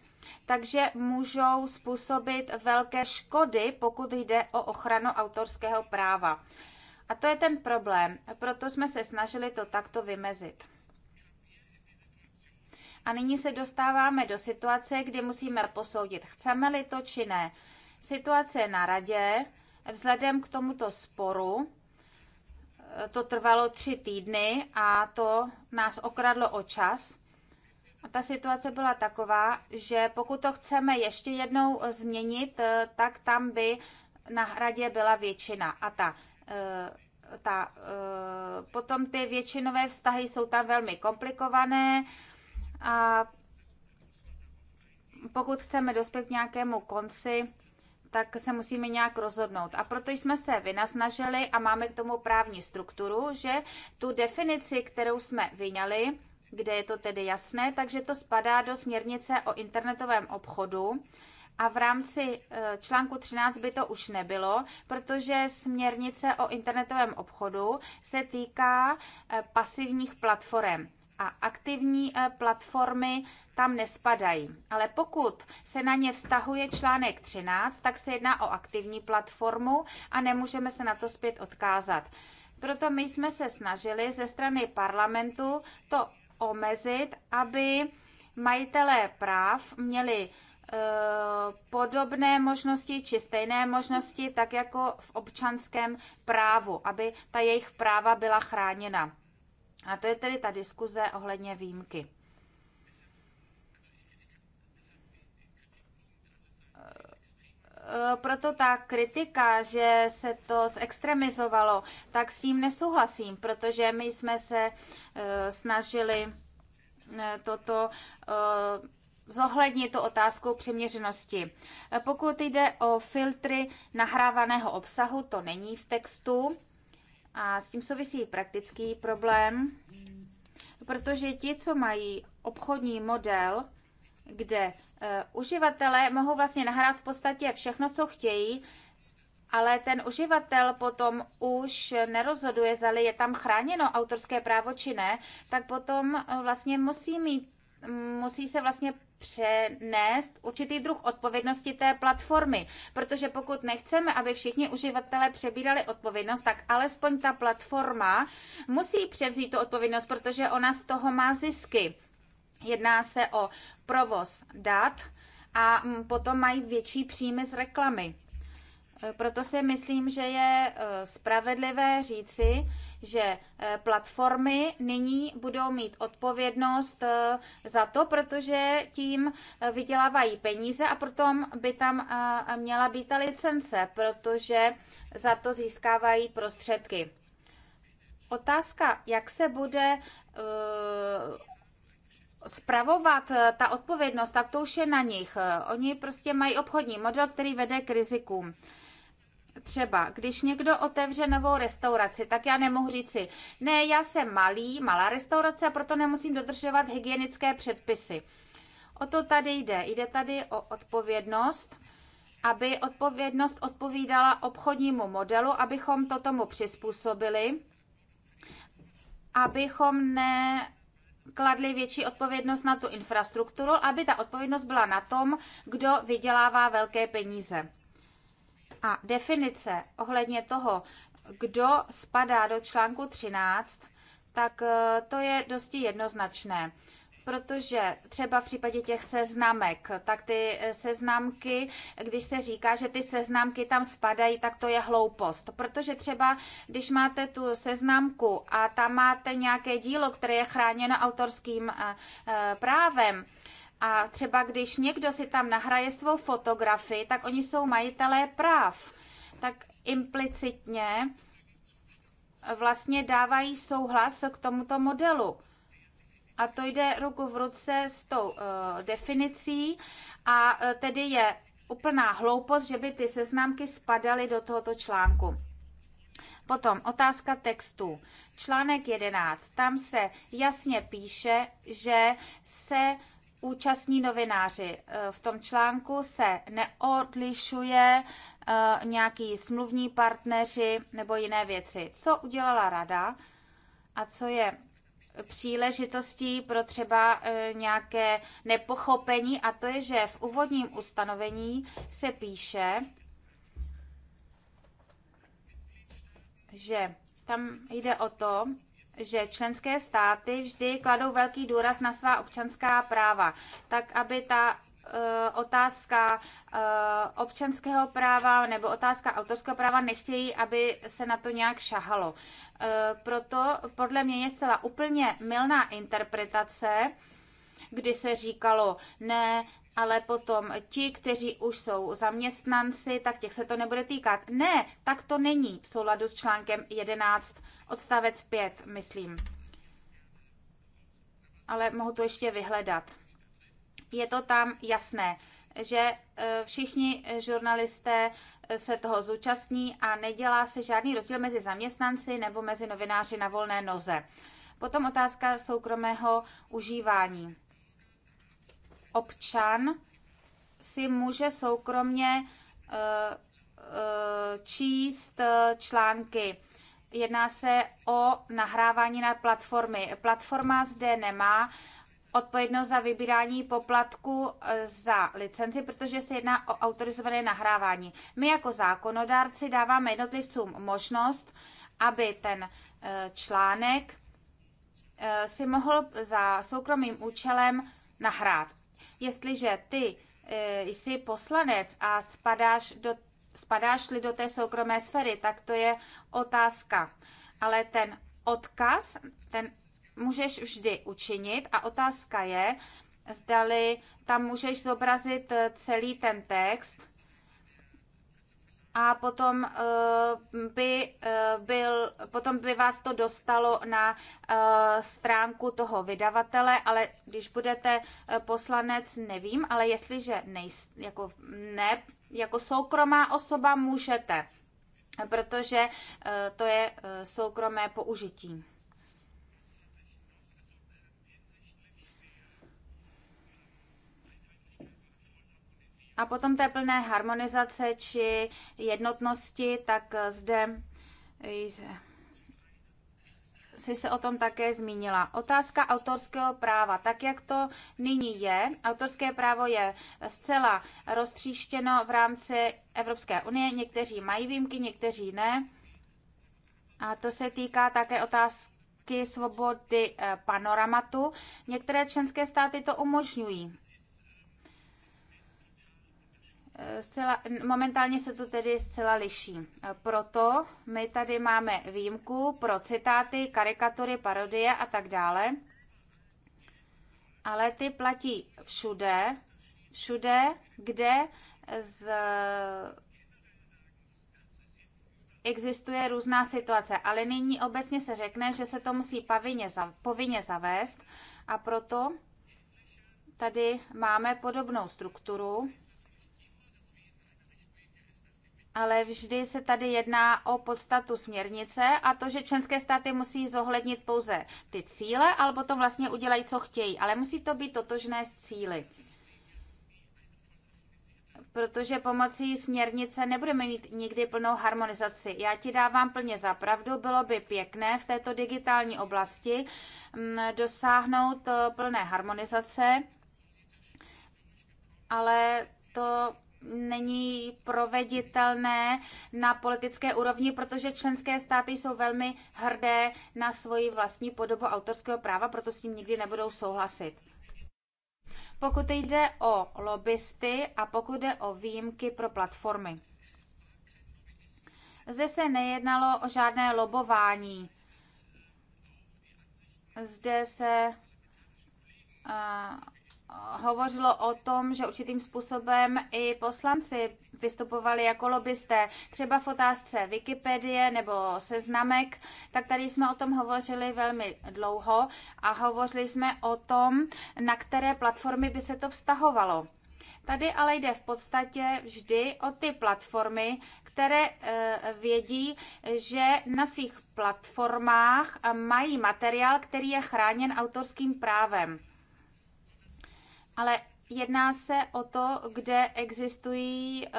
takže můžou způsobit velké škody, pokud jde o ochranu autorského práva. A to je ten problém, proto jsme se snažili to takto vymezit. A nyní se dostáváme do situace, kdy musíme posoudit, chceme-li to či ne. Situace na radě Vzhledem k tomuto sporu eh, to trvalo tři týdny a to nás okradlo o čas. A ta situace byla taková, že pokud to chceme ještě jednou eh, změnit, eh, tak tam by na hradě byla většina. A ta, ta, potom ty většinové vztahy jsou tam velmi komplikované a pokud chceme dospět k nějakému konci, tak se musíme nějak rozhodnout. A proto jsme se vynasnažili a máme k tomu právní strukturu, že tu definici, kterou jsme vyňali, kde je to tedy jasné, takže to spadá do směrnice o internetovém obchodu. A v rámci e, článku 13 by to už nebylo, protože směrnice o internetovém obchodu se týká e, pasivních platform a aktivní eh, platformy tam nespadají. Ale pokud se na ně vztahuje článek 13, tak se jedná o aktivní platformu a nemůžeme se na to zpět odkázat. Proto my jsme se snažili ze strany parlamentu to omezit, aby majitelé práv měli eh, podobné možnosti či stejné možnosti, tak jako v občanském právu, aby ta jejich práva byla chráněna. A to je tedy ta diskuze ohledně výjimky. E, e, proto ta kritika, že se to zextremizovalo, tak s tím nesouhlasím, protože my jsme se e, snažili toto zohlednit tu otázku přiměřenosti. Pokud jde o filtry nahrávaného obsahu, to není v textu, a s tím souvisí praktický problém, protože ti, co mají obchodní model, kde e, uživatelé mohou vlastně nahrát v podstatě všechno, co chtějí, ale ten uživatel potom už nerozhoduje, zda je tam chráněno autorské právo či ne, tak potom e, vlastně musí mít musí se vlastně přenést určitý druh odpovědnosti té platformy, protože pokud nechceme, aby všichni uživatelé přebírali odpovědnost, tak alespoň ta platforma musí převzít tu odpovědnost, protože ona z toho má zisky. Jedná se o provoz dat a potom mají větší příjmy z reklamy. Proto si myslím, že je eh, spravedlivé říci, že eh, platformy nyní budou mít odpovědnost eh, za to, protože tím vydělávají peníze a proto by tam měla být ta licence, protože za to získávají prostředky. Otázka, jak se bude spravovat ta odpovědnost, tak to už je na nich. Oni prostě mají obchodní model, který vede k rizikům. Třeba, když někdo otevře novou restauraci, tak já nemohu říci, ne, já jsem malý, malá restaurace a proto nemusím dodržovat hygienické předpisy. O to tady jde. Jde tady o odpovědnost, aby odpovědnost odpovídala obchodnímu modelu, abychom to tomu přizpůsobili, abychom ne kladli větší odpovědnost na tu infrastrukturu, aby ta odpovědnost byla na tom, kdo vydělává velké peníze a definice ohledně toho, kdo spadá do článku 13, tak eh, to je dosti jednoznačné. Protože třeba v případě těch seznamek, tak ty eh, seznamky, když se říká, že ty seznamky tam spadají, tak to je hloupost. Protože třeba, když máte tu seznamku a tam máte nějaké dílo, které je chráněno autorským eh, právem, a třeba když někdo si tam nahraje svou fotografii, tak oni jsou majitelé práv. Tak implicitně vlastně dávají souhlas k tomuto modelu. A to jde ruku v ruce s tou uh, definicí a uh, tedy je úplná hloupost, že by ty seznámky spadaly do tohoto článku. Potom otázka textu. Článek 11. Tam se jasně píše, že se účastní novináři. Eh, v tom článku se neodlišuje eh, nějaký smluvní partneři nebo jiné věci. Co udělala rada a co je příležitostí pro třeba eh, nějaké nepochopení a to je, že v úvodním ustanovení se píše, že tam jde o to, že členské státy vždy kladou velký důraz na svá občanská práva, tak aby ta eh, otázka eh, občanského práva nebo otázka autorského práva nechtějí, aby se na to nějak šahalo. Eh, proto podle mě je zcela úplně milná interpretace, kdy se říkalo ne, ale potom ti, kteří už jsou zaměstnanci, tak těch se to nebude týkat. Ne, tak to není v souladu s článkem 11 odstavec 5, myslím. Ale mohu to ještě vyhledat. Je to tam jasné, že e, všichni žurnalisté e, se toho zúčastní a nedělá se žádný rozdíl mezi zaměstnanci nebo mezi novináři na volné noze. Potom otázka soukromého užívání občan si může soukromně eh, eh, číst eh, články. Jedná se o nahrávání na platformy. Platforma zde nemá odpovědnost za vybírání poplatku za licenci, protože se jedná o autorizované nahrávání. My jako zákonodárci dáváme jednotlivcům možnost, aby ten článek si mohl za soukromým účelem nahrát jestliže ty e, jsi poslanec a spadáš do spadáš-li do té soukromé sféry, tak to je otázka. Ale ten odkaz, ten můžeš vždy učinit a otázka je, zdali tam můžeš zobrazit e, celý ten text, a potom eh, by, eh, byl, potom by vás to dostalo na eh, stránku toho vydavatele, ale když budete poslanec, nevím, ale jestliže nej jako, ne, jako soukromá osoba můžete, protože to je soukromé použití. A potom té plné harmonizace či jednotnosti, tak zde si se o tom také zmínila. Otázka autorského práva. Tak, jak to nyní je, autorské právo je zcela roztříštěno v rámci Evropské unie. Někteří mají výjimky, někteří ne. A to se týká také otázky svobody eh, panoramatu. Některé členské státy to umožňují. Eh, zcela, momentálně se to tedy zcela liší. Eh, proto my tady máme výjimku pro citáty, karikatury, parodie a tak dále. Ale ty platí všude, všude, kde z, existuje různá situace. Ale nyní obecně se řekne, že se to musí pavině, povinně zavést a proto tady máme podobnou strukturu ale vždy se tady jedná o podstatu směrnice a to, že členské státy musí zohlednit pouze ty cíle, ale potom vlastně udělají, co chtějí. Ale musí to být totožné s cíly. Protože pomocí směrnice nebudeme mít nikdy plnou harmonizaci. Já ti dávám plně za pravdu, bylo by pěkné v této digitální oblasti mm, dosáhnout eh, plné harmonizace, ale to není proveditelné na politické úrovni, protože členské státy jsou velmi hrdé na svoji vlastní podobu autorského práva, proto s tím nikdy nebudou souhlasit. Pokud jde o lobbysty a pokud jde o výjimky pro platformy. Zde se nejednalo o žádné lobování. Zde se hovořilo o tom, že určitým způsobem i poslanci vystupovali jako lobbysté, třeba v otázce Wikipedie nebo seznamek, tak tady jsme o tom hovořili velmi dlouho a hovořili jsme o tom, na které platformy by se to vztahovalo. Tady ale jde v podstatě vždy o ty platformy, které eh, vědí, že na svých platformách mají materiál, který je chráněn autorským právem ale jedná se o to, kde existují eh,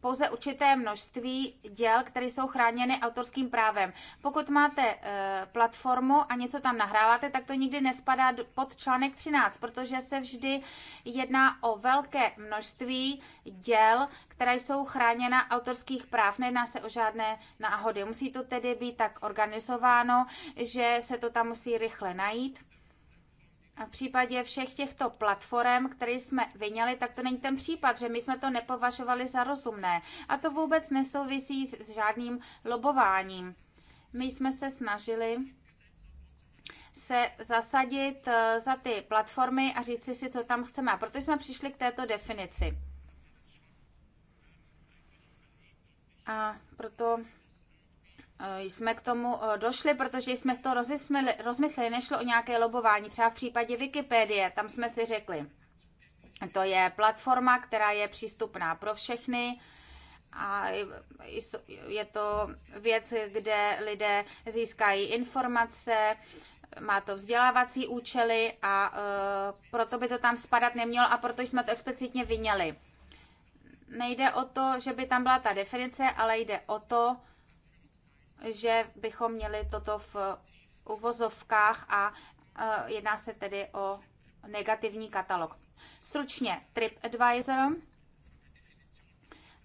pouze určité množství děl, které jsou chráněny autorským právem. Pokud máte eh, platformu a něco tam nahráváte, tak to nikdy nespadá pod článek 13, protože se vždy jedná o velké množství děl, která jsou chráněna autorských práv. Nejedná se o žádné náhody. Musí to tedy být tak organizováno, že se to tam musí rychle najít. A v případě všech těchto platform, které jsme vyňali, tak to není ten případ, že my jsme to nepovažovali za rozumné. A to vůbec nesouvisí s, s žádným lobováním. My jsme se snažili se zasadit eh, za ty platformy a říci si, co tam chceme. A proto jsme přišli k této definici. A proto jsme k tomu eh, došli, protože jsme z toho rozmysleli, rozmysleli, nešlo o nějaké lobování. Třeba v případě Wikipedie, tam jsme si řekli, to je platforma, která je přístupná pro všechny a je to věc, kde lidé získají informace, má to vzdělávací účely a eh, proto by to tam spadat nemělo a proto jsme to explicitně vyněli. Nejde o to, že by tam byla ta definice, ale jde o to, že bychom měli toto v uvozovkách a e, jedná se tedy o negativní katalog. Stručně TripAdvisor.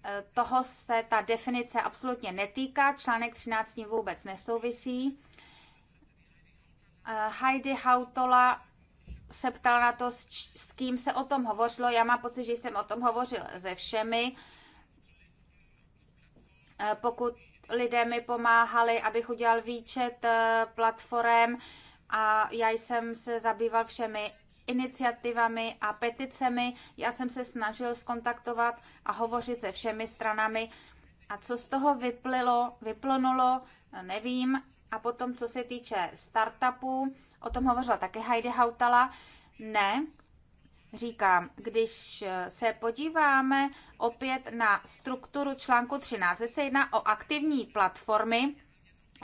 E, toho se ta definice absolutně netýká, článek 13 vůbec nesouvisí. E, Heidi Hautola se ptala na to, s kým se o tom hovořilo. Já mám pocit, že jsem o tom hovořil se všemi. Pokud lidé mi pomáhali, abych udělal výčet eh, platform a já jsem se zabýval všemi iniciativami a peticemi. Já jsem se snažil skontaktovat a hovořit se všemi stranami. A co z toho vyplilo, vyplnulo, nevím. A potom, co se týče startupů, o tom hovořila také Heidi Hautala, ne, říkám, když eh, se podíváme opět na strukturu článku 13, se jedná o aktivní platformy,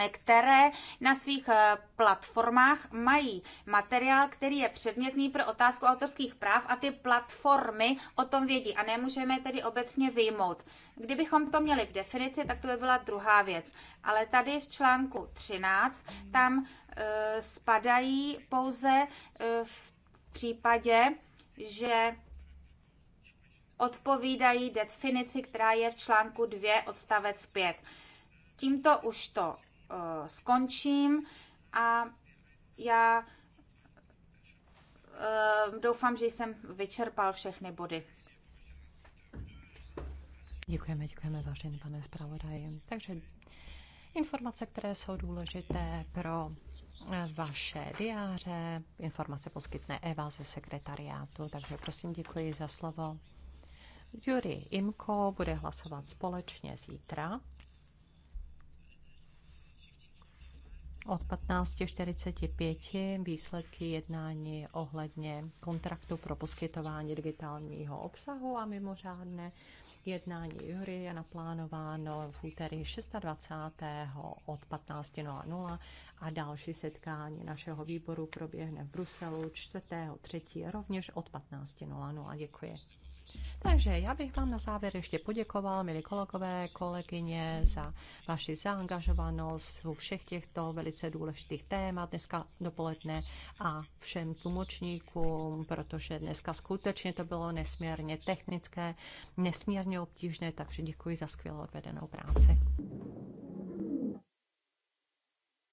eh, které na svých eh, platformách mají materiál, který je předmětný pro otázku autorských práv a ty platformy o tom vědí a nemůžeme tedy obecně vyjmout. Kdybychom to měli v definici, tak to by byla druhá věc. Ale tady v článku 13 tam spadají pouze v případě, že odpovídají definici, která je v článku 2 odstavec 5. Tímto už to uh, skončím a já uh, doufám, že jsem vyčerpal všechny body. Děkujeme, děkujeme, vážený pane zpravodaji. Takže informace, které jsou důležité pro vaše diáře, informace poskytne Eva ze sekretariátu, takže prosím děkuji za slovo. Jury Imko bude hlasovat společně zítra od 15.45 výsledky jednání ohledně kontraktu pro poskytování digitálního obsahu a mimořádné Jednání jury je naplánováno v úterý 26. od 15.00 a další setkání našeho výboru proběhne v Bruselu 4.3. rovněž od 15.00. Děkuji. Takže já bych vám na závěr ještě poděkoval, milí kolegové, kolegyně, za vaši zaangažovanost u všech těchto velice důležitých témat dneska dopoledne a všem tlumočníkům, protože dneska skutečně to bylo nesmírně technické, nesmírně obtížné, takže děkuji za skvělou odvedenou práci.